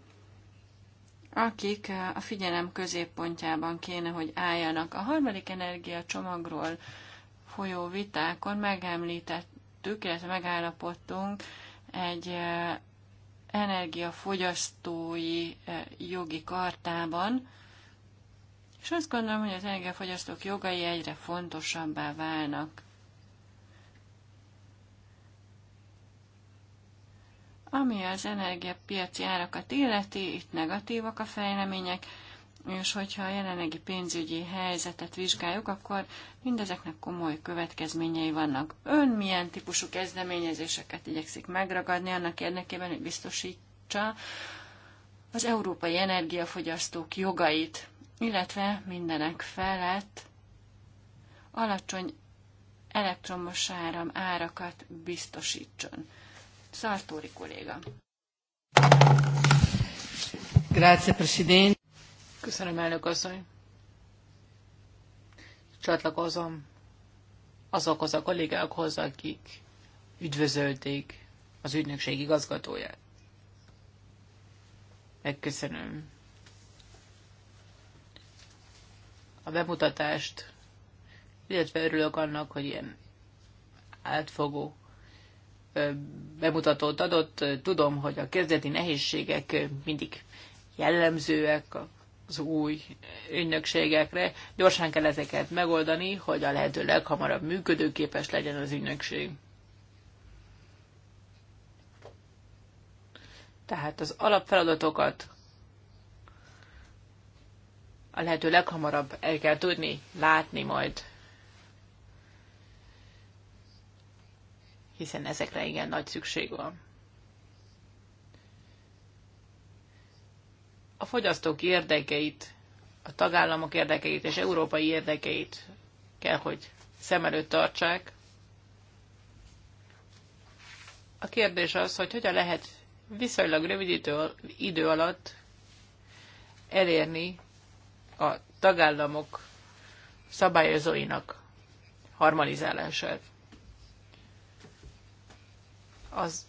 akik a figyelem középpontjában kéne, hogy álljanak. A harmadik energia csomagról folyó vitákon megemlítettük, illetve megállapodtunk egy energiafogyasztói jogi kartában, és azt gondolom, hogy az energiafogyasztók jogai egyre fontosabbá válnak. Ami az energiapiaci árakat illeti, itt negatívak a fejlemények, és hogyha a jelenlegi pénzügyi helyzetet vizsgáljuk, akkor mindezeknek komoly következményei vannak. Ön milyen típusú kezdeményezéseket igyekszik megragadni annak érdekében, hogy biztosítsa az európai energiafogyasztók jogait, illetve mindenek felett alacsony elektromos áram árakat biztosítson. Szartóri kolléga. Grazie, Presidente. Köszönöm, elnök asszony. Csatlakozom azokhoz a kollégákhoz, akik üdvözölték az ügynökség igazgatóját. Megköszönöm a bemutatást, illetve örülök annak, hogy ilyen átfogó bemutatót adott. Tudom, hogy a kezdeti nehézségek mindig jellemzőek a az új ügynökségekre. Gyorsan kell ezeket megoldani, hogy a lehető leghamarabb működőképes legyen az ügynökség. Tehát az alapfeladatokat a lehető leghamarabb el kell tudni, látni majd. Hiszen ezekre igen nagy szükség van. a fogyasztók érdekeit, a tagállamok érdekeit és európai érdekeit kell, hogy szem előtt tartsák. A kérdés az, hogy hogyan lehet viszonylag rövid idő alatt elérni a tagállamok szabályozóinak harmonizálását. Az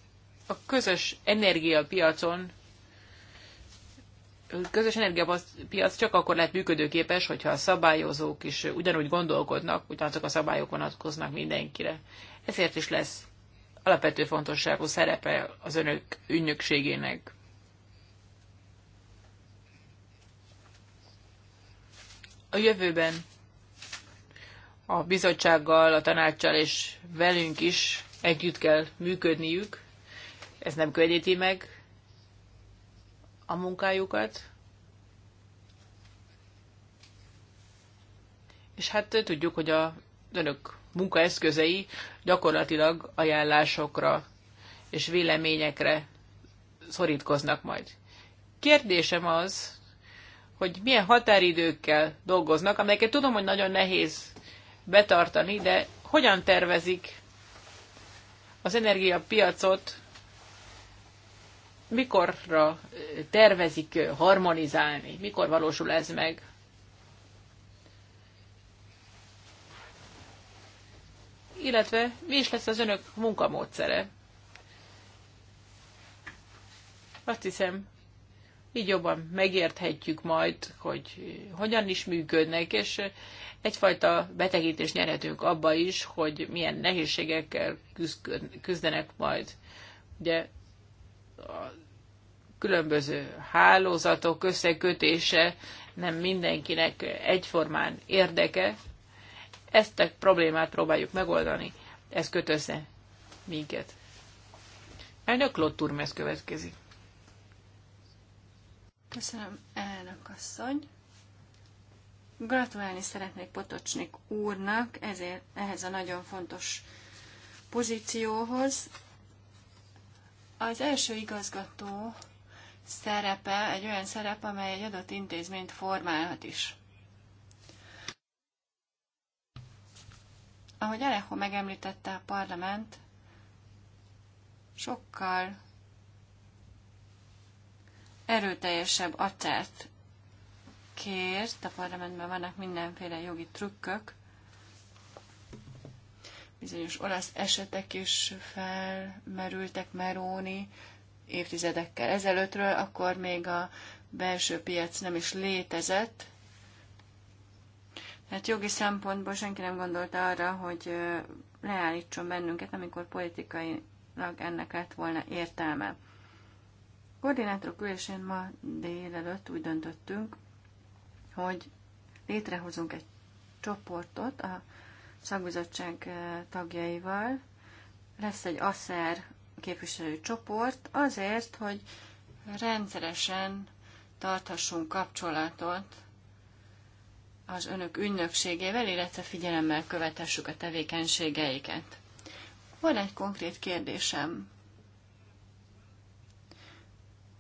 a közös energiapiacon közös energiapiac csak akkor lehet működőképes, hogyha a szabályozók is ugyanúgy gondolkodnak, ugyanazok a szabályok vonatkoznak mindenkire. Ezért is lesz alapvető fontosságú szerepe az önök ügynökségének. A jövőben a bizottsággal, a tanácssal és velünk is együtt kell működniük. Ez nem könnyíti meg a munkájukat, és hát tudjuk, hogy a önök munkaeszközei gyakorlatilag ajánlásokra és véleményekre szorítkoznak majd. Kérdésem az, hogy milyen határidőkkel dolgoznak, amelyeket tudom, hogy nagyon nehéz betartani, de hogyan tervezik az energiapiacot mikorra tervezik harmonizálni? Mikor valósul ez meg? Illetve mi is lesz az önök munkamódszere? Azt hiszem, így jobban megérthetjük majd, hogy hogyan is működnek, és egyfajta betegítést nyerhetünk abba is, hogy milyen nehézségekkel küzdenek majd. Ugye a különböző hálózatok összekötése nem mindenkinek egyformán érdeke. Ezt a problémát próbáljuk megoldani. Ez köt össze minket. Elnök Lott következik. Köszönöm, elnök asszony. Gratulálni szeretnék Potocsnik úrnak ezért, ehhez a nagyon fontos pozícióhoz. Az első igazgató szerepe egy olyan szerep, amely egy adott intézményt formálhat is. Ahogy Alejo megemlítette, a parlament sokkal erőteljesebb acert kért, a parlamentben vannak mindenféle jogi trükkök, Bizonyos olasz esetek is felmerültek Meróni évtizedekkel ezelőttről, akkor még a belső piac nem is létezett. Tehát jogi szempontból senki nem gondolta arra, hogy leállítson bennünket, amikor politikailag ennek lett volna értelme. Koordinátorok ülésén ma délelőtt úgy döntöttünk, hogy létrehozunk egy csoportot a szakbizottság tagjaival lesz egy ASZER képviselőcsoport azért, hogy rendszeresen tarthassunk kapcsolatot az önök ünnökségével, illetve figyelemmel követessük a tevékenységeiket. Van egy konkrét kérdésem.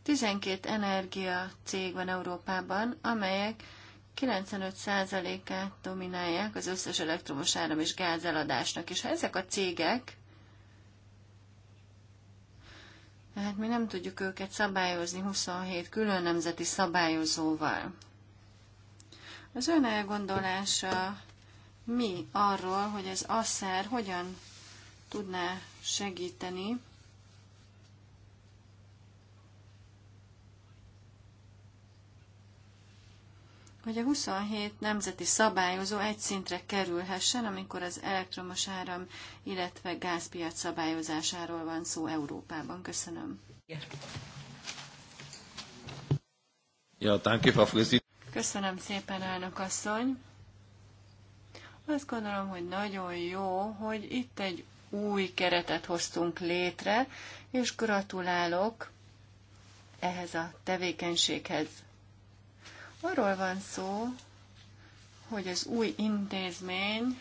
12 energia cég van Európában, amelyek 95%-át dominálják az összes elektromos áram és gáz eladásnak, és ha ezek a cégek, hát mi nem tudjuk őket szabályozni 27 külön nemzeti szabályozóval. Az ön elgondolása mi arról, hogy az aszer hogyan tudná segíteni hogy a 27 nemzeti szabályozó egy szintre kerülhessen, amikor az elektromos áram, illetve gázpiac szabályozásáról van szó Európában. Köszönöm. Ja, Köszönöm szépen, elnök asszony. Azt gondolom, hogy nagyon jó, hogy itt egy új keretet hoztunk létre, és gratulálok ehhez a tevékenységhez. Arról van szó, hogy az új intézmény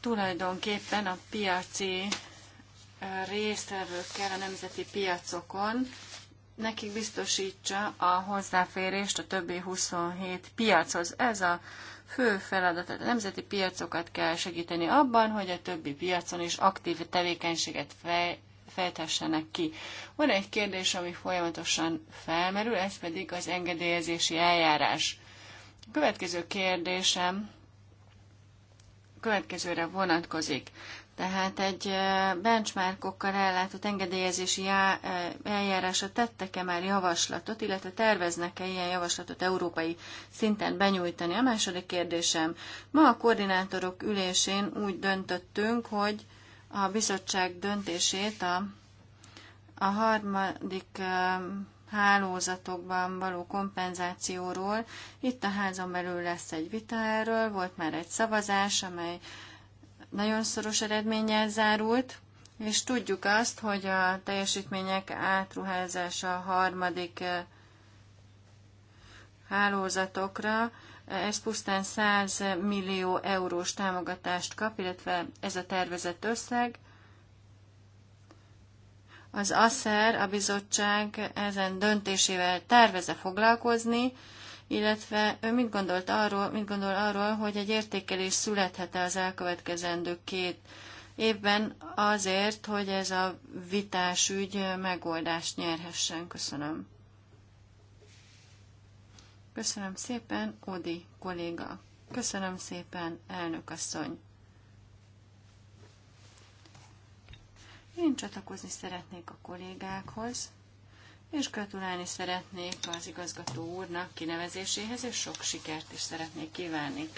tulajdonképpen a piaci résztvevőkkel a nemzeti piacokon nekik biztosítsa a hozzáférést a többi 27 piachoz. Ez a fő feladat, a nemzeti piacokat kell segíteni abban, hogy a többi piacon is aktív tevékenységet fej, fejthessenek ki. Van egy kérdés, ami folyamatosan felmerül, ez pedig az engedélyezési eljárás. A következő kérdésem következőre vonatkozik. Tehát egy benchmarkokkal ellátott engedélyezési eljárásra tettek-e már javaslatot, illetve terveznek-e ilyen javaslatot európai szinten benyújtani? A második kérdésem. Ma a koordinátorok ülésén úgy döntöttünk, hogy a bizottság döntését a, a harmadik hálózatokban való kompenzációról. Itt a házon belül lesz egy vita erről, volt már egy szavazás, amely nagyon szoros eredménnyel zárult, és tudjuk azt, hogy a teljesítmények átruházása a harmadik hálózatokra ez pusztán 100 millió eurós támogatást kap, illetve ez a tervezett összeg. Az ASZER, a bizottság ezen döntésével terveze foglalkozni, illetve ő mit, gondolt arról, mit gondol arról, hogy egy értékelés születhet-e az elkövetkezendő két évben azért, hogy ez a vitás ügy megoldást nyerhessen. Köszönöm. Köszönöm szépen, Odi kolléga. Köszönöm szépen, elnök asszony. Én csatlakozni szeretnék a kollégákhoz, és gratulálni szeretnék az igazgató úrnak kinevezéséhez, és sok sikert is szeretnék kívánni.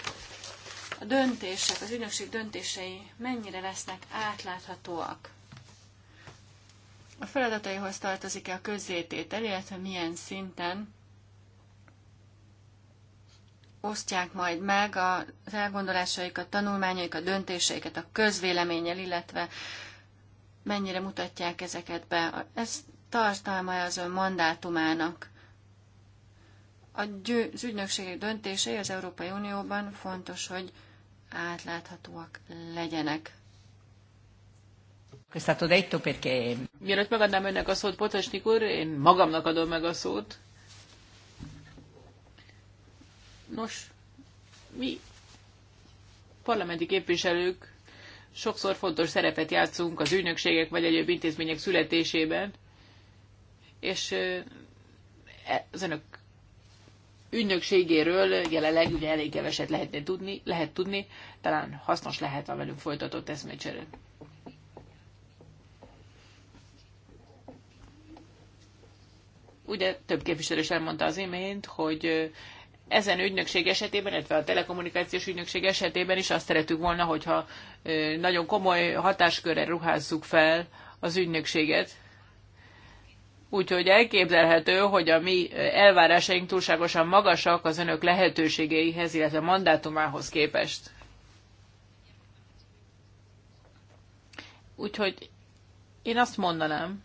A döntések, az ügynökség döntései mennyire lesznek átláthatóak? A feladataihoz tartozik-e a közzététel, illetve milyen szinten? osztják majd meg az elgondolásaikat, tanulmányaikat, döntéseiket a közvéleménnyel, illetve mennyire mutatják ezeket be. Ez tartalma az ön mandátumának. A az ügynökségek döntései az Európai Unióban fontos, hogy átláthatóak legyenek. detto Mielőtt megadnám önnek a szót, Potosnik úr, én magamnak adom meg a szót, Nos, mi parlamenti képviselők sokszor fontos szerepet játszunk az ügynökségek vagy egyéb intézmények születésében, és e, az önök ügynökségéről jelenleg ugye elég keveset lehetne tudni, lehet tudni, talán hasznos lehet a velünk folytatott eszmecsere. Ugye több képviselő is elmondta az imént, hogy ezen ügynökség esetében, illetve a telekommunikációs ügynökség esetében is azt szeretük volna, hogyha nagyon komoly hatáskörre ruházzuk fel az ügynökséget. Úgyhogy elképzelhető, hogy a mi elvárásaink túlságosan magasak az önök lehetőségeihez, illetve mandátumához képest. Úgyhogy én azt mondanám,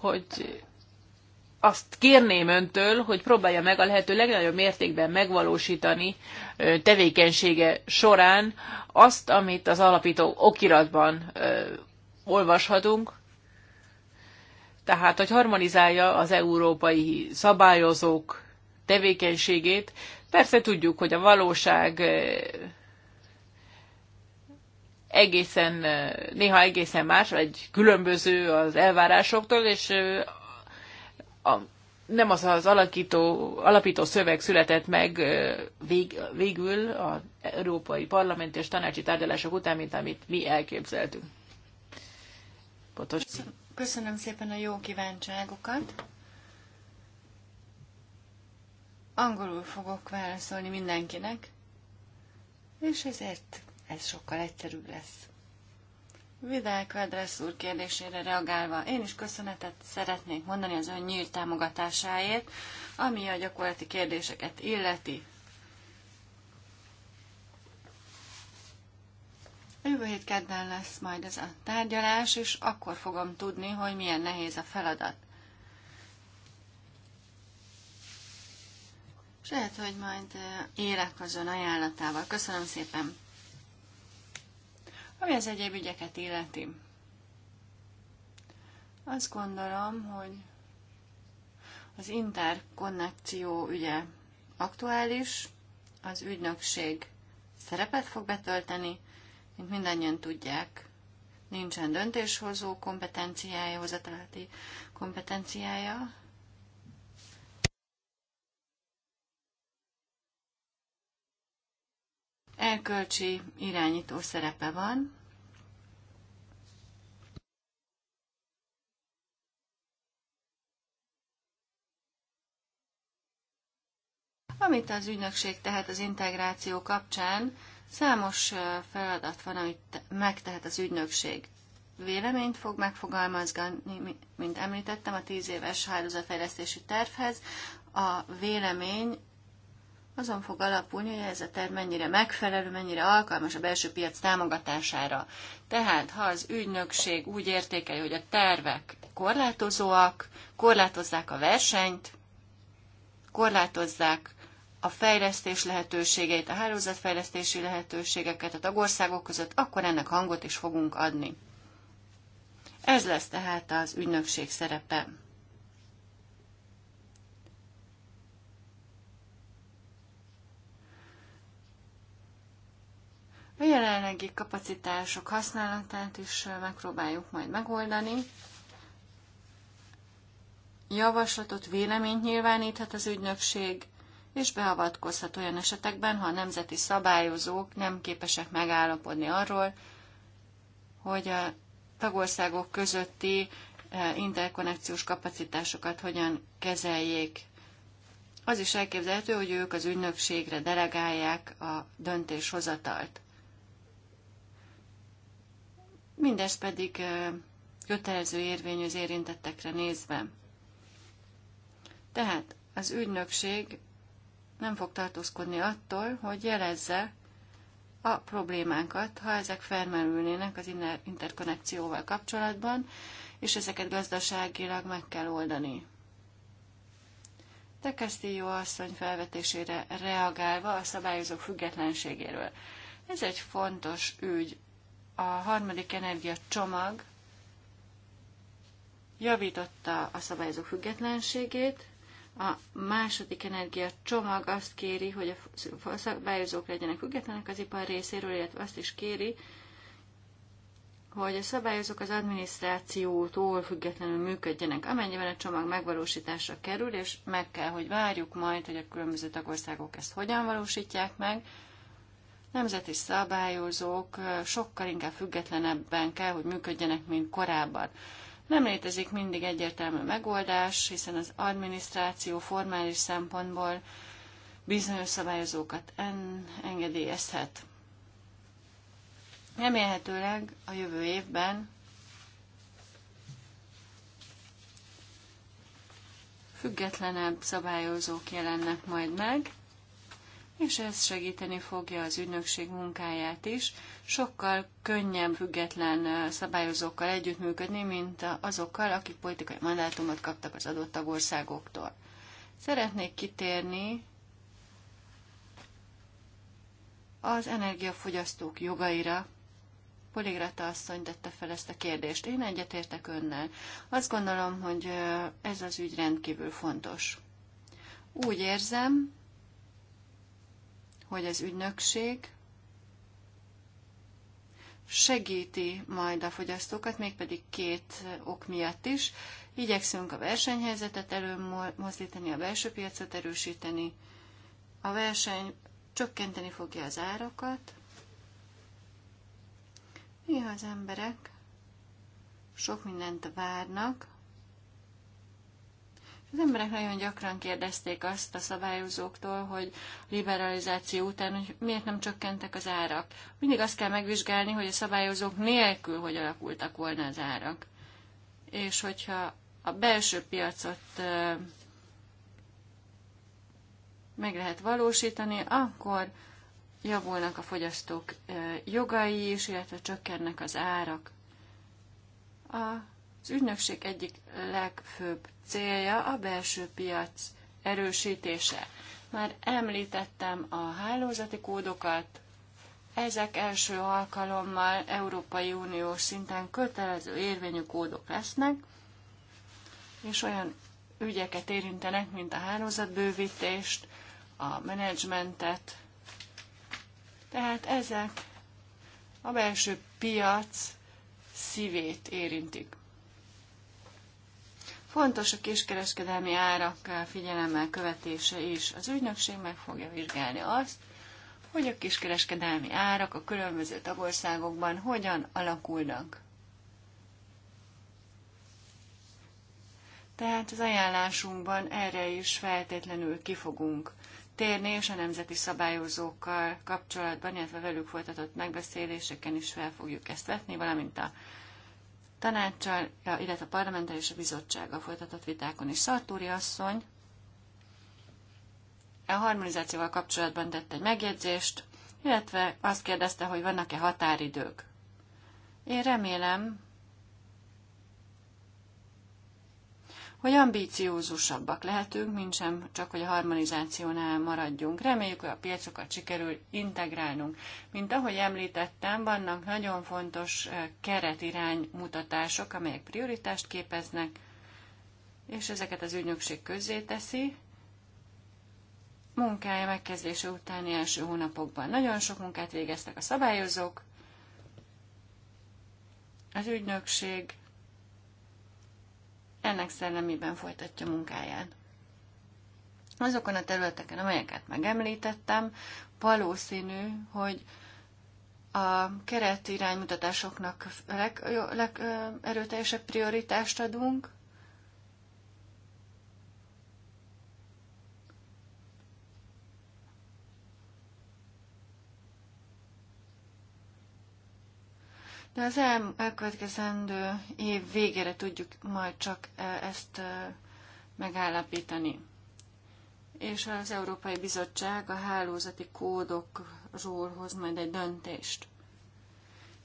hogy azt kérném öntől, hogy próbálja meg a lehető legnagyobb mértékben megvalósítani tevékenysége során azt, amit az alapító okiratban olvashatunk, tehát, hogy harmonizálja az európai szabályozók tevékenységét. Persze tudjuk, hogy a valóság egészen, néha egészen más, vagy különböző az elvárásoktól, és a, nem az az alakító, alapító szöveg született meg vég, végül az Európai Parlament és tanácsi tárgyalások után, mint amit mi elképzeltünk. Potos. Köszönöm szépen a jó kíváncságokat. Angolul fogok válaszolni mindenkinek, és ezért ez sokkal egyszerűbb lesz. Vidál Kadrász úr kérdésére reagálva, én is köszönetet szeretnék mondani az ön nyílt támogatásáért, ami a gyakorlati kérdéseket illeti. Jövő hét kedden lesz majd ez a tárgyalás, és akkor fogom tudni, hogy milyen nehéz a feladat. És lehet, hogy majd eh, élek az ön ajánlatával. Köszönöm szépen! Ami az egyéb ügyeket illeti. Azt gondolom, hogy az interkonnekció ügye aktuális, az ügynökség szerepet fog betölteni, mint mindannyian tudják, nincsen döntéshozó kompetenciája, hozatalati kompetenciája, elkölcsi irányító szerepe van. Amit az ügynökség tehet az integráció kapcsán, számos feladat van, amit megtehet az ügynökség. Véleményt fog megfogalmazgatni, mint említettem, a tíz éves hálózatfejlesztési tervhez. A vélemény azon fog alapulni, hogy ez a terv mennyire megfelelő, mennyire alkalmas a belső piac támogatására. Tehát, ha az ügynökség úgy értékeli, hogy a tervek korlátozóak, korlátozzák a versenyt, korlátozzák a fejlesztés lehetőségeit, a hálózatfejlesztési lehetőségeket a tagországok között, akkor ennek hangot is fogunk adni. Ez lesz tehát az ügynökség szerepe. A jelenlegi kapacitások használatát is megpróbáljuk majd megoldani. Javaslatot, véleményt nyilváníthat az ügynökség, és beavatkozhat olyan esetekben, ha a nemzeti szabályozók nem képesek megállapodni arról, hogy a tagországok közötti eh, interkonnekciós kapacitásokat hogyan kezeljék. Az is elképzelhető, hogy ők az ügynökségre delegálják a döntéshozatalt. Mindez pedig kötelező érvényű az érintettekre nézve. Tehát az ügynökség nem fog tartózkodni attól, hogy jelezze a problémánkat, ha ezek felmerülnének az interkonnekcióval kapcsolatban, és ezeket gazdaságilag meg kell oldani. De Castillo asszony felvetésére reagálva a szabályozók függetlenségéről. Ez egy fontos ügy a harmadik energia csomag javította a szabályozó függetlenségét, a második energia csomag azt kéri, hogy a szabályozók legyenek függetlenek az ipar részéről, illetve azt is kéri, hogy a szabályozók az adminisztrációtól függetlenül működjenek, amennyiben a csomag megvalósításra kerül, és meg kell, hogy várjuk majd, hogy a különböző tagországok ezt hogyan valósítják meg, nemzeti szabályozók sokkal inkább függetlenebben kell, hogy működjenek, mint korábban. Nem létezik mindig egyértelmű megoldás, hiszen az adminisztráció formális szempontból bizonyos szabályozókat en engedélyezhet. Remélhetőleg a jövő évben függetlenebb szabályozók jelennek majd meg, és ez segíteni fogja az ügynökség munkáját is. Sokkal könnyebb független szabályozókkal együttműködni, mint azokkal, akik politikai mandátumot kaptak az adott tagországoktól. Szeretnék kitérni az energiafogyasztók jogaira. Poligrata asszony tette fel ezt a kérdést. Én egyetértek önnel. Azt gondolom, hogy ez az ügy rendkívül fontos. Úgy érzem, hogy az ügynökség segíti majd a fogyasztókat, mégpedig két ok miatt is. Igyekszünk a versenyhelyzetet előmozdítani, a belső piacot erősíteni. A verseny csökkenteni fogja az árakat. Néha az emberek sok mindent várnak, az emberek nagyon gyakran kérdezték azt a szabályozóktól, hogy liberalizáció után, hogy miért nem csökkentek az árak. Mindig azt kell megvizsgálni, hogy a szabályozók nélkül hogy alakultak volna az árak. És hogyha a belső piacot meg lehet valósítani, akkor javulnak a fogyasztók jogai is, illetve csökkennek az árak. A az ügynökség egyik legfőbb célja a belső piac erősítése. Már említettem a hálózati kódokat, ezek első alkalommal Európai Uniós szinten kötelező érvényű kódok lesznek, és olyan ügyeket érintenek, mint a hálózatbővítést, a menedzsmentet. Tehát ezek a belső piac szívét érintik. Fontos a kiskereskedelmi árak figyelemmel követése is. Az ügynökség meg fogja vizsgálni azt, hogy a kiskereskedelmi árak a különböző tagországokban hogyan alakulnak. Tehát az ajánlásunkban erre is feltétlenül kifogunk térni, és a nemzeti szabályozókkal kapcsolatban, illetve velük folytatott megbeszéléseken is fel fogjuk ezt vetni, valamint a tanácssal, illetve a parlamenttel és a bizottsággal folytatott vitákon is. Szartúri asszony a harmonizációval kapcsolatban tett egy megjegyzést, illetve azt kérdezte, hogy vannak-e határidők. Én remélem, hogy ambíciózusabbak lehetünk, mint sem csak, hogy a harmonizációnál maradjunk. Reméljük, hogy a piacokat sikerül integrálnunk. Mint ahogy említettem, vannak nagyon fontos eh, keretiránymutatások, amelyek prioritást képeznek, és ezeket az ügynökség közzé teszi, munkája megkezdése utáni első hónapokban. Nagyon sok munkát végeztek a szabályozók, az ügynökség ennek szellemében folytatja munkáját. Azokon a területeken, amelyeket megemlítettem, valószínű, hogy a keret iránymutatásoknak legerőteljesebb leg, prioritást adunk, De az el, elkövetkezendő év végére tudjuk majd csak e, ezt e, megállapítani. És az Európai Bizottság a hálózati kódokról hoz majd egy döntést.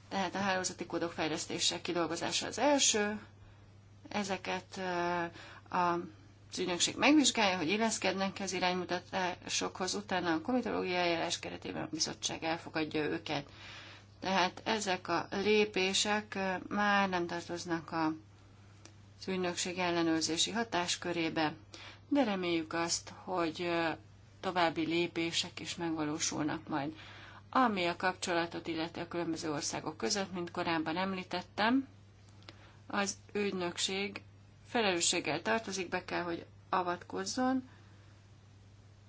Tehát a hálózati kódok fejlesztése, kidolgozása az első, ezeket e, a az ügynökség megvizsgálja, hogy illeszkednek az iránymutatásokhoz, utána a komitológiai eljárás keretében a bizottság elfogadja őket. Tehát ezek a lépések már nem tartoznak a ügynökség ellenőrzési hatáskörébe, de reméljük azt, hogy további lépések is megvalósulnak majd. Ami a kapcsolatot illeti a különböző országok között, mint korábban említettem, az ügynökség felelősséggel tartozik, be kell, hogy avatkozzon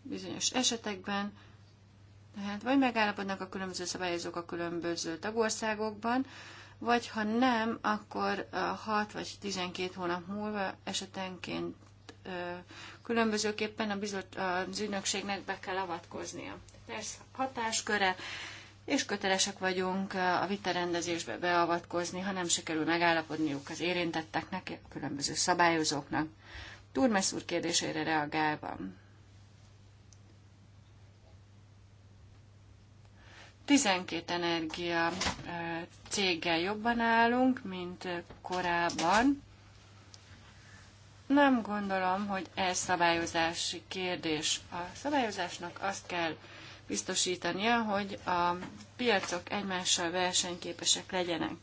bizonyos esetekben, tehát vagy megállapodnak a különböző szabályozók a különböző tagországokban, vagy ha nem, akkor 6 vagy 12 hónap múlva esetenként különbözőképpen a bizot, az ügynökségnek be kell avatkoznia. Lesz hatásköre, és kötelesek vagyunk a vitarendezésbe beavatkozni, ha nem sikerül megállapodniuk az érintetteknek, a különböző szabályozóknak. Turmes úr kérdésére reagálva. 12 energia céggel jobban állunk, mint korábban. Nem gondolom, hogy ez szabályozási kérdés. A szabályozásnak azt kell biztosítania, hogy a piacok egymással versenyképesek legyenek.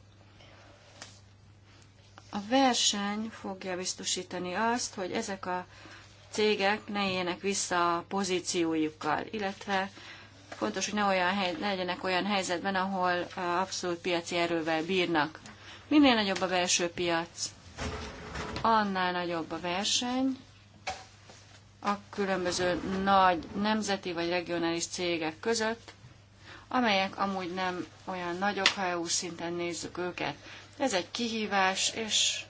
A verseny fogja biztosítani azt, hogy ezek a cégek ne éljenek vissza a pozíciójukkal, illetve Fontos, hogy ne, olyan hely, ne legyenek olyan helyzetben, ahol eh, abszolút piaci erővel bírnak. Minél nagyobb a belső piac, annál nagyobb a verseny a különböző nagy nemzeti vagy regionális cégek között, amelyek amúgy nem olyan nagyok, ha EU szinten nézzük őket. Ez egy kihívás, és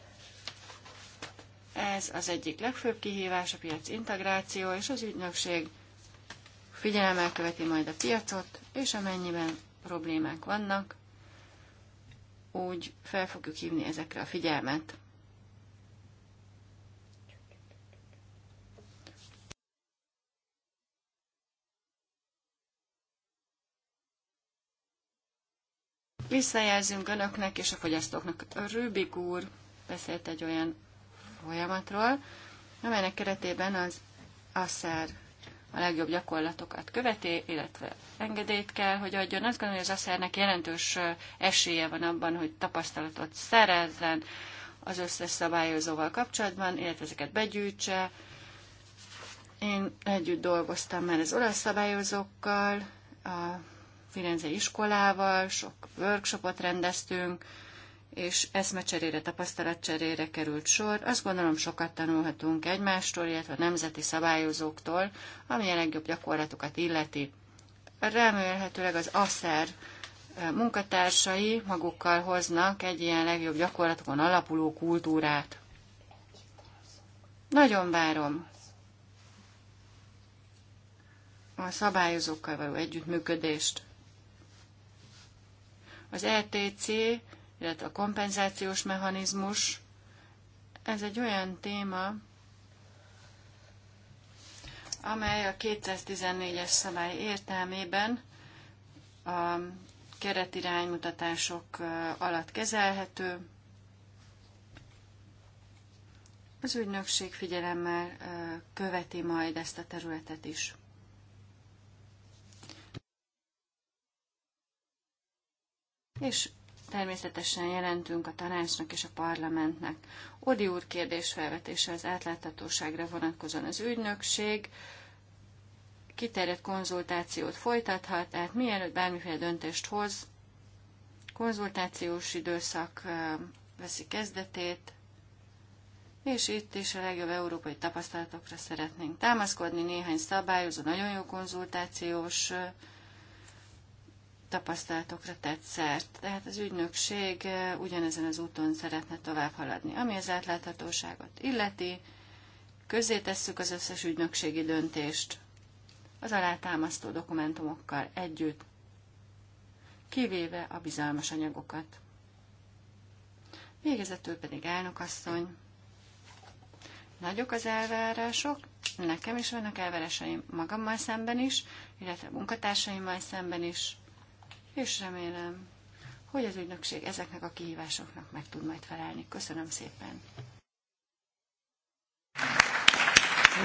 ez az egyik legfőbb kihívás, a piac integráció és az ügynökség figyelemmel követi majd a piacot, és amennyiben problémák vannak, úgy fel fogjuk hívni ezekre a figyelmet. Visszajelzünk önöknek és a fogyasztóknak. Rubik úr beszélt egy olyan folyamatról, amelynek keretében az ASZER a legjobb gyakorlatokat követi, illetve engedélyt kell, hogy adjon. Azt gondolom, hogy az asszernek jelentős esélye van abban, hogy tapasztalatot szerezzen az összes szabályozóval kapcsolatban, illetve ezeket begyűjtse. Én együtt dolgoztam már az olasz szabályozókkal, a Firenze iskolával, sok workshopot rendeztünk, és eszmecserére, tapasztalatcserére került sor. Azt gondolom, sokat tanulhatunk egymástól, illetve a nemzeti szabályozóktól, ami a legjobb gyakorlatokat illeti. Remélhetőleg az ASZER eh, munkatársai magukkal hoznak egy ilyen legjobb gyakorlatokon alapuló kultúrát. Nagyon várom a szabályozókkal való együttműködést. Az RTC e illetve a kompenzációs mechanizmus. Ez egy olyan téma, amely a 214-es szabály értelmében a keretiránymutatások alatt kezelhető. Az ügynökség figyelemmel követi majd ezt a területet is. És természetesen jelentünk a tanácsnak és a parlamentnek. Odi úr kérdésfelvetése az átláthatóságra vonatkozóan az ügynökség kiterjedt konzultációt folytathat, tehát mielőtt bármiféle döntést hoz, konzultációs időszak veszi kezdetét, és itt is a legjobb európai tapasztalatokra szeretnénk támaszkodni. Néhány szabályozó, nagyon jó konzultációs tapasztalatokra tett szert. Tehát az ügynökség ugyanezen az úton szeretne tovább haladni. Ami az átláthatóságot illeti, közé tesszük az összes ügynökségi döntést az alátámasztó dokumentumokkal együtt, kivéve a bizalmas anyagokat. Végezetül pedig elnökasszony. Nagyok az elvárások, nekem is vannak elvárásaim magammal szemben is, illetve munkatársaimmal szemben is és remélem, hogy az ügynökség ezeknek a kihívásoknak meg tud majd felelni. Köszönöm szépen!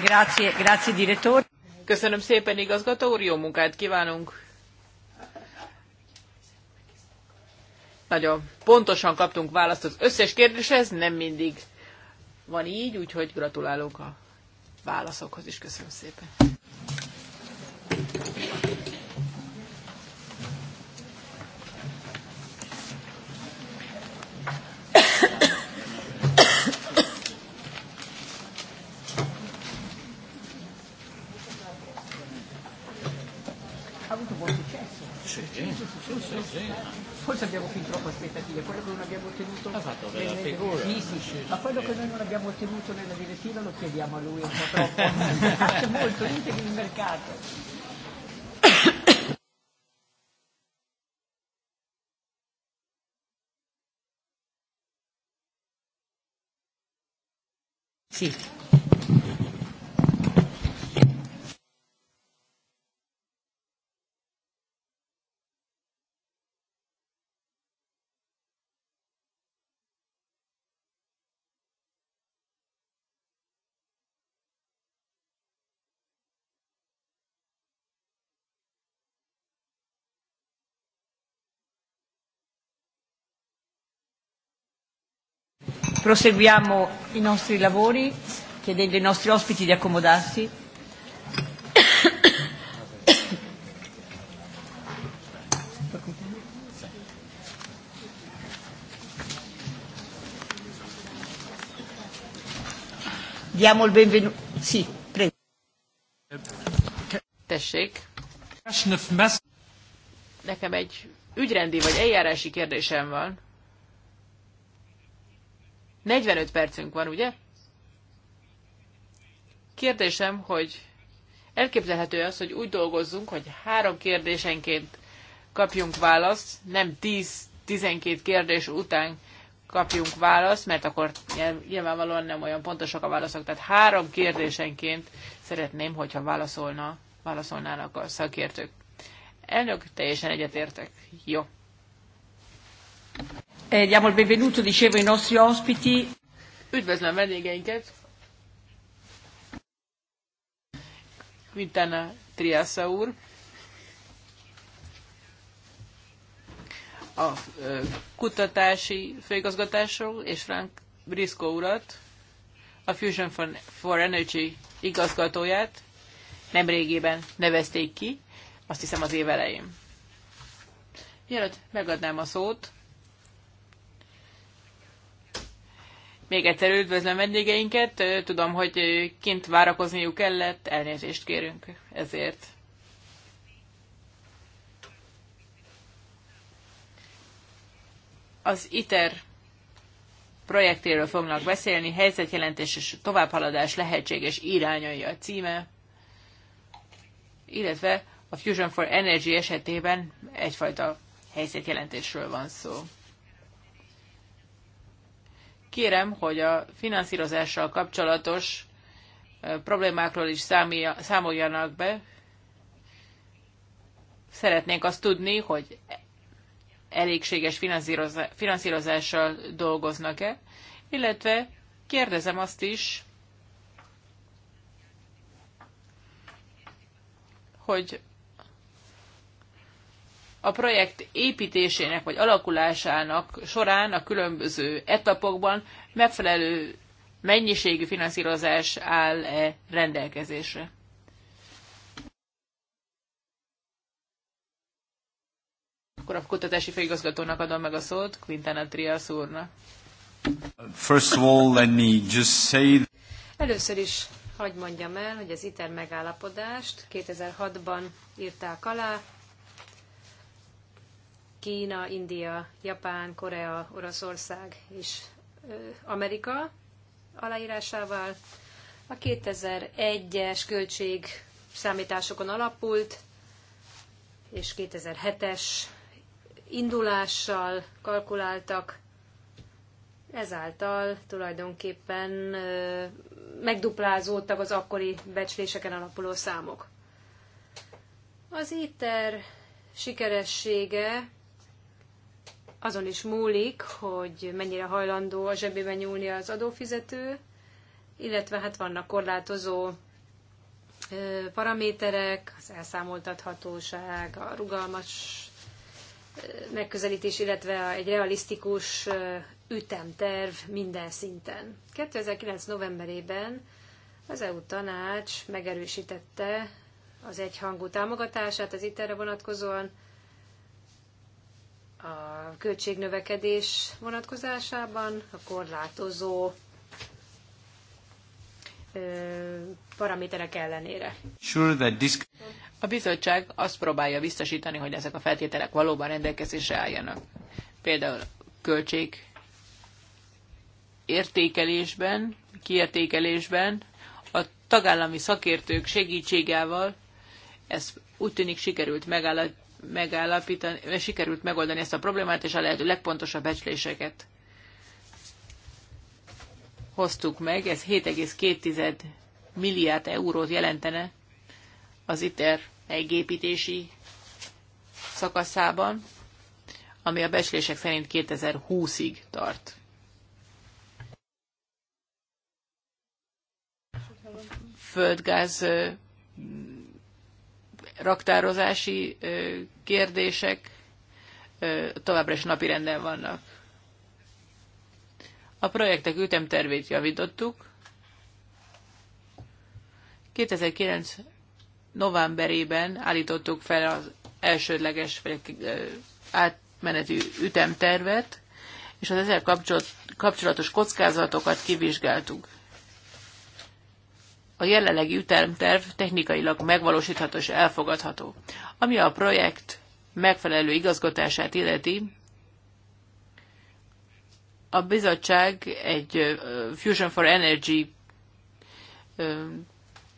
Grazie, grazie direttore. Köszönöm szépen, igazgató úr, jó munkát kívánunk! Nagyon pontosan kaptunk választ az összes kérdéshez, nem mindig van így, úgyhogy gratulálok a válaszokhoz is. Köszönöm szépen! perfino lo chiediamo a lui un po' troppo, è molto integri il mercato. Sì. Proseguiamo i nostri lavori chiedendo ai nostri ospiti di accomodarsi. Diamo il benvenuto. Sì, prego. Tessék. Nekem egy ügyrendi vagy eljárási kérdésem van. 45 percünk van, ugye? Kérdésem, hogy elképzelhető az, hogy úgy dolgozzunk, hogy három kérdésenként kapjunk választ, nem 10-12 kérdés után kapjunk választ, mert akkor nyilvánvalóan nem olyan pontosak a válaszok. Tehát három kérdésenként szeretném, hogyha válaszolna, válaszolnának a szakértők. Elnök, teljesen egyetértek. Jó. Eh, diamo il benvenuto, dicevo, ai nostri ospiti. Üdvözlöm vendégeinket! Quintana Triassa úr. A kutatási főigazgatásról és Frank Brisco urat, a Fusion for Energy igazgatóját nemrégiben nevezték ki, azt hiszem az év elején. Mielőtt megadnám a szót, Még egyszer üdvözlöm vendégeinket, tudom, hogy kint várakozniuk kellett, elnézést kérünk ezért. Az ITER projektéről fognak beszélni, helyzetjelentés és továbbhaladás lehetséges irányai a címe, illetve a Fusion for Energy esetében egyfajta helyzetjelentésről van szó. Kérem, hogy a finanszírozással kapcsolatos problémákról is számoljanak be. Szeretnénk azt tudni, hogy elégséges finanszírozással dolgoznak-e, illetve kérdezem azt is, hogy a projekt építésének vagy alakulásának során a különböző etapokban megfelelő mennyiségű finanszírozás áll -e rendelkezésre. Akkor a kutatási főigazgatónak adom meg a szót, Quintana Trias úrnak. First of all, let me just say... Először is hagyd mondjam el, hogy az ITER megállapodást 2006-ban írták alá, Kína, India, Japán, Korea, Oroszország és Amerika aláírásával. A 2001-es költség számításokon alapult, és 2007-es indulással kalkuláltak, ezáltal tulajdonképpen megduplázódtak az akkori becsléseken alapuló számok. Az ITER sikeressége azon is múlik, hogy mennyire hajlandó a zsebében nyúlni az adófizető, illetve hát vannak korlátozó paraméterek, az elszámoltathatóság, a rugalmas megközelítés, illetve egy realisztikus ütemterv minden szinten. 2009. novemberében az EU tanács megerősítette az egyhangú támogatását az ITER-re vonatkozóan, a költségnövekedés vonatkozásában a korlátozó paraméterek ellenére. A bizottság azt próbálja biztosítani, hogy ezek a feltételek valóban rendelkezésre álljanak. Például költség értékelésben, kiértékelésben, a tagállami szakértők segítségával, ez úgy tűnik sikerült megállapítani, megállapítani, sikerült megoldani ezt a problémát, és a lehető legpontosabb becsléseket hoztuk meg. Ez 7,2 milliárd eurót jelentene az ITER megépítési szakaszában, ami a becslések szerint 2020-ig tart. Földgáz raktározási kérdések továbbra is napirenden vannak. A projektek ütemtervét javítottuk. 2009 novemberében állítottuk fel az elsődleges átmeneti ütemtervet, és az ezzel kapcsolatos kockázatokat kivizsgáltuk a jelenlegi ütemterv technikailag megvalósítható és elfogadható. Ami a projekt megfelelő igazgatását illeti, a bizottság egy Fusion for Energy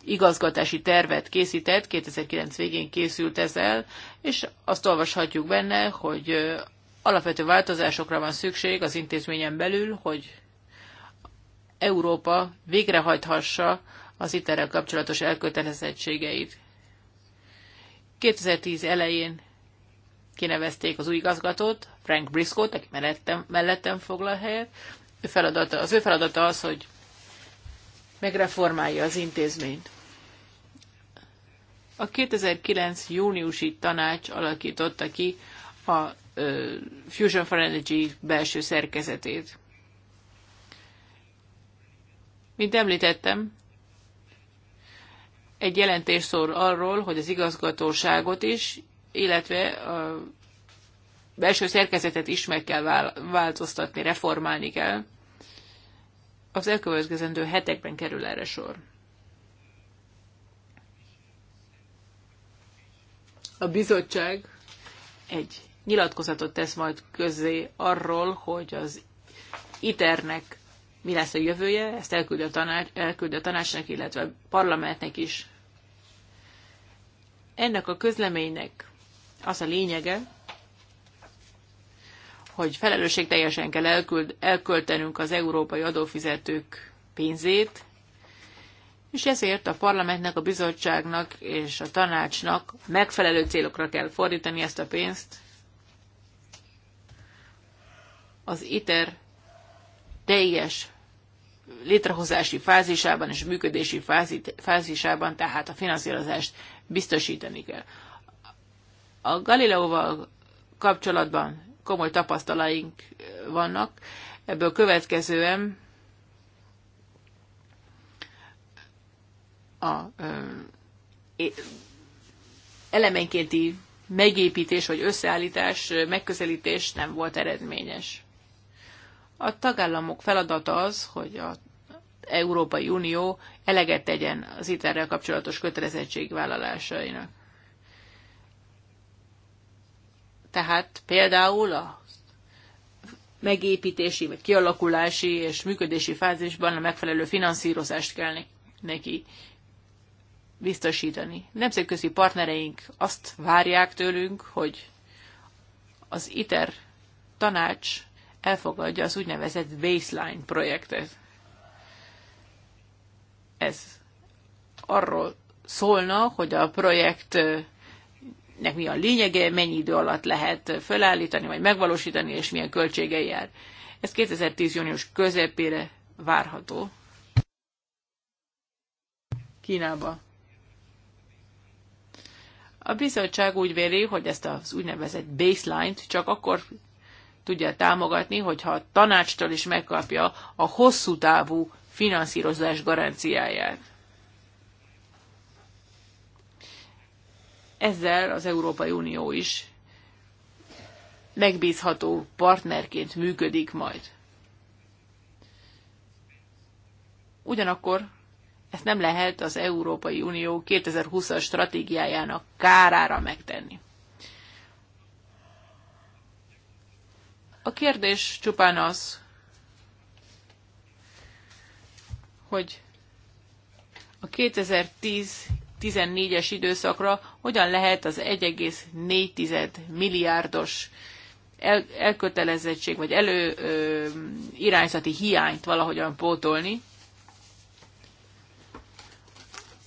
igazgatási tervet készített, 2009 végén készült ez el, és azt olvashatjuk benne, hogy alapvető változásokra van szükség az intézményen belül, hogy Európa végrehajthassa az iterrel kapcsolatos elkötelezettségeit. 2010 elején kinevezték az új igazgatót, Frank Briscoe-t, aki mellettem, mellettem foglal helyet. Ő feladata, az ő feladata az, hogy megreformálja az intézményt. A 2009. júniusi tanács alakította ki a ö, Fusion for Energy belső szerkezetét. Mint említettem, egy jelentés szól arról, hogy az igazgatóságot is, illetve a belső szerkezetet is meg kell változtatni, reformálni kell. Az elkövetkezendő hetekben kerül erre sor. A bizottság egy nyilatkozatot tesz majd közé arról, hogy az iternek mi lesz a jövője, ezt elküldi a, tanács, elküldi a tanácsnak, illetve a parlamentnek is. Ennek a közleménynek az a lényege, hogy felelősség teljesen kell elküld, elköltenünk az európai adófizetők pénzét, és ezért a parlamentnek, a bizottságnak és a tanácsnak megfelelő célokra kell fordítani ezt a pénzt. Az ITER teljes létrehozási fázisában és működési fázisában, tehát a finanszírozást biztosítani kell. A Galileóval kapcsolatban komoly tapasztalaink vannak, ebből következően a elemenkénti megépítés vagy összeállítás, megközelítés nem volt eredményes. A tagállamok feladata az, hogy a Európai Unió eleget tegyen az iter kapcsolatos kötelezettségvállalásainak. Tehát például a megépítési, vagy kialakulási és működési fázisban a megfelelő finanszírozást kell neki biztosítani. Nemzetközi partnereink azt várják tőlünk, hogy az ITER tanács elfogadja az úgynevezett baseline projektet. Ez arról szólna, hogy a projektnek mi a lényege, mennyi idő alatt lehet felállítani, vagy megvalósítani, és milyen költségei jár. Ez 2010. június közepére várható. Kínába. A bizottság úgy véli, hogy ezt az úgynevezett baseline-t csak akkor tudja támogatni, hogyha a tanácstól is megkapja a hosszú távú finanszírozás garanciáját. Ezzel az Európai Unió is megbízható partnerként működik majd. Ugyanakkor ezt nem lehet az Európai Unió 2020-as stratégiájának kárára megtenni. A kérdés csupán az, hogy a 2010-14-es időszakra hogyan lehet az 1,4 milliárdos el, elkötelezettség vagy elő ö, irányzati hiányt valahogyan pótolni.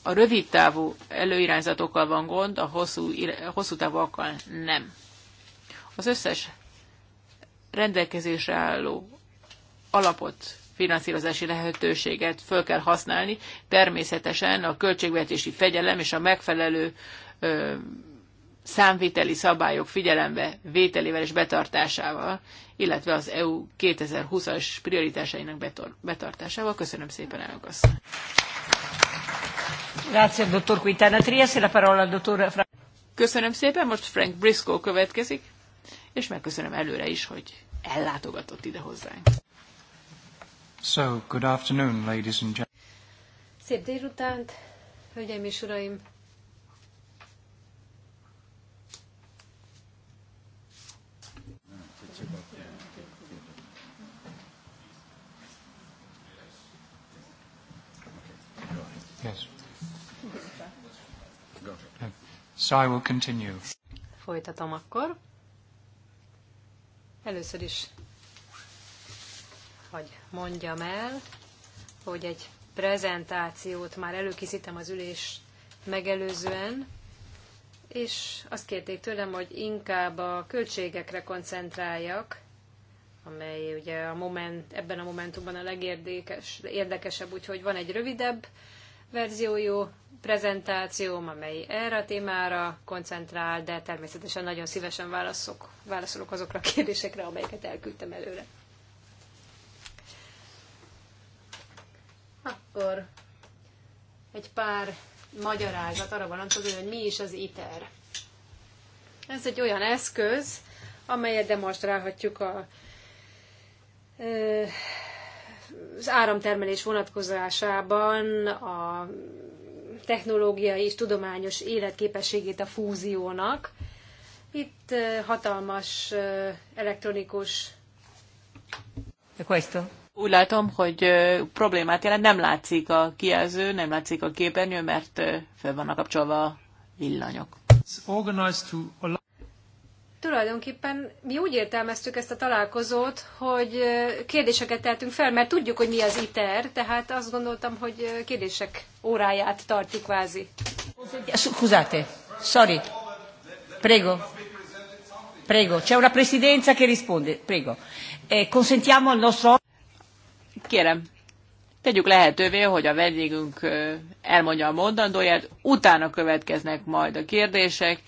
A rövid távú előirányzatokkal van gond, a hosszú, a hosszú távúakkal nem. Az összes rendelkezésre álló alapot finanszírozási lehetőséget föl kell használni. Természetesen a költségvetési fegyelem és a megfelelő ö, számviteli szabályok figyelembe vételével és betartásával, illetve az EU 2020-as prioritásainak betor- betartásával. Köszönöm szépen, elnök asszony! Köszönöm szépen, most Frank Briscoe következik, és megköszönöm előre is, hogy ellátogatott ide hozzánk. So, good afternoon, ladies and gentlemen. Szép délutánt, hölgyeim és uraim! Yes. So I will continue. Folytatom akkor. Először is hogy mondjam el, hogy egy prezentációt már előkészítem az ülés megelőzően, és azt kérték tőlem, hogy inkább a költségekre koncentráljak, amely ugye a moment, ebben a momentumban a legérdekesebb, úgyhogy van egy rövidebb verziójú prezentációm, amely erre a témára koncentrál, de természetesen nagyon szívesen válaszok, válaszolok azokra a kérdésekre, amelyeket elküldtem előre. akkor egy pár magyarázat arra van hogy mi is az ITER. Ez egy olyan eszköz, amelyet demonstrálhatjuk a, az áramtermelés vonatkozásában a technológiai és tudományos életképességét a fúziónak. Itt hatalmas elektronikus. Questo. Úgy látom, hogy problémát jelent, nem látszik a kijelző, nem látszik a képernyő, mert fel vannak kapcsolva a villanyok. Tulajdonképpen mi úgy értelmeztük ezt a találkozót, hogy kérdéseket tehetünk fel, mert tudjuk, hogy mi az ITER, tehát azt gondoltam, hogy kérdések óráját tartjuk kvázi. Scusate, sorry. Prego. Prego, c'è una presidenza che risponde. Prego. Eh, consentiamo al nostro kérem, tegyük lehetővé, hogy a vendégünk elmondja a mondandóját, utána következnek majd a kérdések,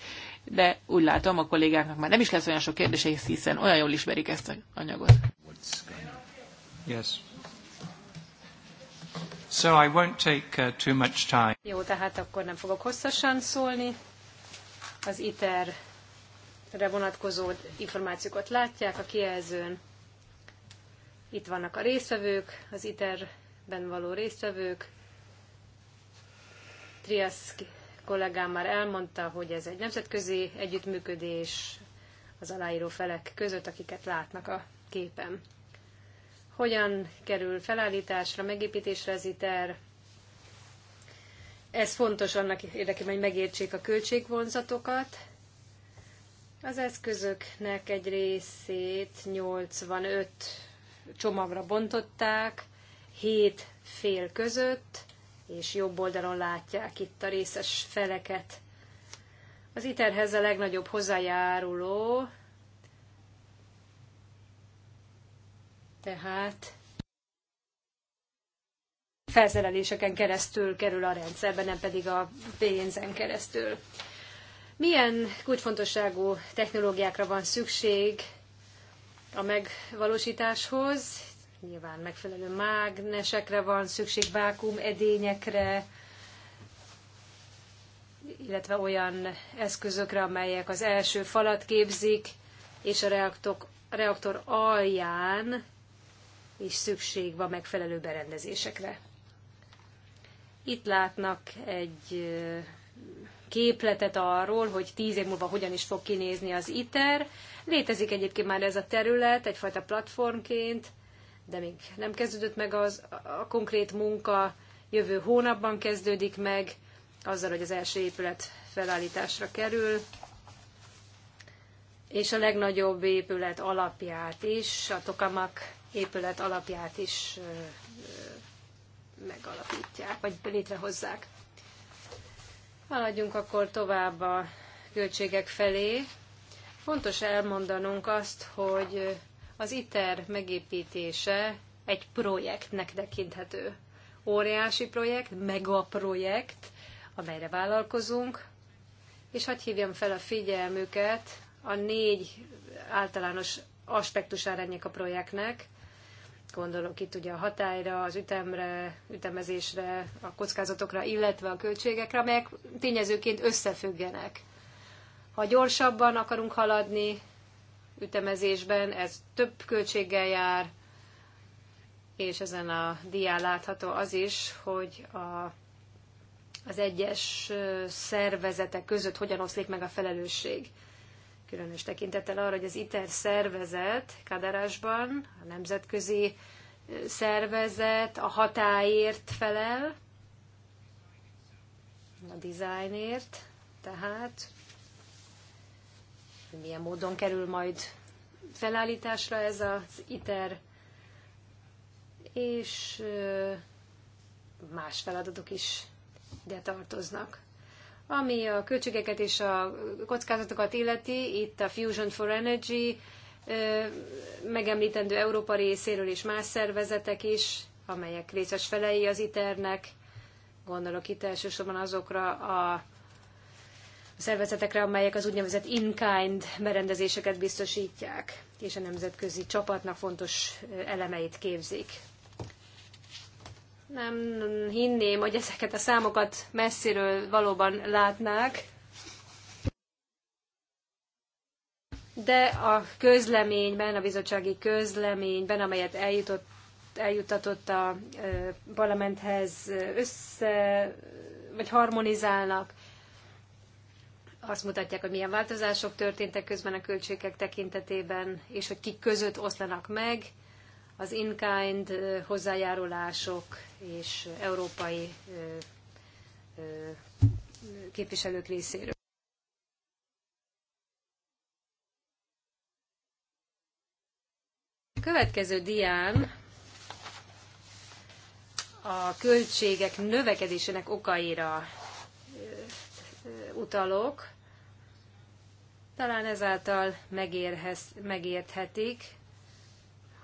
de úgy látom, a kollégáknak már nem is lesz olyan sok kérdése, hiszen olyan jól ismerik ezt az anyagot. Yes. So I won't take uh, too much time. Jó, tehát akkor nem fogok hosszasan szólni. Az ITER-re vonatkozó információkat látják a kijelzőn. Itt vannak a résztvevők, az ITER-ben való résztvevők. Trias kollégám már elmondta, hogy ez egy nemzetközi együttműködés az aláíró felek között, akiket látnak a képen. Hogyan kerül felállításra, megépítésre az ITER? Ez fontos annak érdekében, hogy megértsék a költségvonzatokat, az eszközöknek egy részét 85 csomagra bontották, hét fél között, és jobb oldalon látják itt a részes feleket. Az iterhez a legnagyobb hozzájáruló, tehát felszereléseken keresztül kerül a rendszerbe, nem pedig a pénzen keresztül. Milyen kulcsfontosságú technológiákra van szükség a megvalósításhoz. Nyilván megfelelő mágnesekre van szükség, vákum edényekre, illetve olyan eszközökre, amelyek az első falat képzik, és a reaktor, a reaktor alján is szükség van megfelelő berendezésekre. Itt látnak egy képletet arról, hogy tíz év múlva hogyan is fog kinézni az ITER. Létezik egyébként már ez a terület egyfajta platformként, de még nem kezdődött meg az, a konkrét munka, jövő hónapban kezdődik meg, azzal, hogy az első épület felállításra kerül, és a legnagyobb épület alapját is, a Tokamak épület alapját is megalapítják, vagy létrehozzák. Haladjunk akkor tovább a költségek felé. Fontos elmondanunk azt, hogy az ITER megépítése egy projektnek tekinthető. Óriási projekt, megaprojekt, amelyre vállalkozunk, és hadd hívjam fel a figyelmüket a négy általános aspektusára ennek a projektnek, Gondolok itt ugye a hatályra, az ütemre, ütemezésre, a kockázatokra, illetve a költségekre, amelyek tényezőként összefüggenek. Ha gyorsabban akarunk haladni ütemezésben, ez több költséggel jár, és ezen a dián látható az is, hogy a, az egyes szervezetek között hogyan oszlik meg a felelősség különös tekintettel arra, hogy az ITER szervezet Kadarásban, a nemzetközi szervezet a hatáért felel, a dizájnért, tehát milyen módon kerül majd felállításra ez az ITER, és más feladatok is ide tartoznak. Ami a költségeket és a kockázatokat illeti, itt a Fusion for Energy megemlítendő Európa részéről és más szervezetek is, amelyek részes felei az ITER-nek. Gondolok itt elsősorban azokra a szervezetekre, amelyek az úgynevezett in-kind berendezéseket biztosítják, és a nemzetközi csapatnak fontos elemeit képzik nem hinném, hogy ezeket a számokat messziről valóban látnák. De a közleményben, a bizottsági közleményben, amelyet eljutott, eljutatott a parlamenthez össze, vagy harmonizálnak, azt mutatják, hogy milyen változások történtek közben a költségek tekintetében, és hogy kik között oszlanak meg, az in-kind hozzájárulások és európai képviselők részéről. Következő dián a költségek növekedésének okaira utalok. Talán ezáltal megérhez, megérthetik,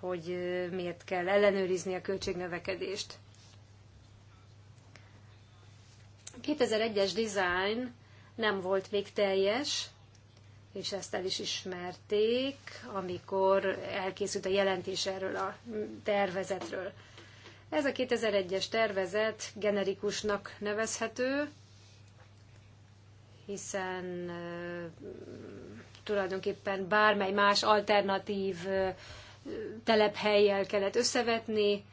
hogy miért kell ellenőrizni a költségnövekedést. 2001-es design nem volt még teljes, és ezt el is ismerték, amikor elkészült a jelentés erről a tervezetről. Ez a 2001-es tervezet generikusnak nevezhető, hiszen uh, tulajdonképpen bármely más alternatív uh, telephelyjel kellett összevetni,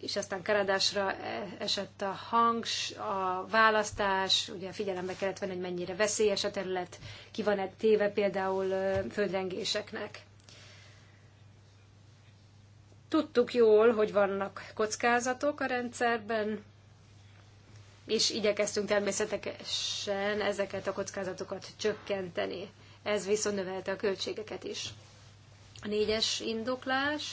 és aztán karadásra e, esett a hangs, a választás, ugye figyelembe kellett venni, hogy mennyire veszélyes a terület, ki van -e téve például földrengéseknek. Tudtuk jól, hogy vannak kockázatok a rendszerben, és igyekeztünk természetesen ezeket a kockázatokat csökkenteni. Ez viszont növelte a költségeket is. A négyes indoklás.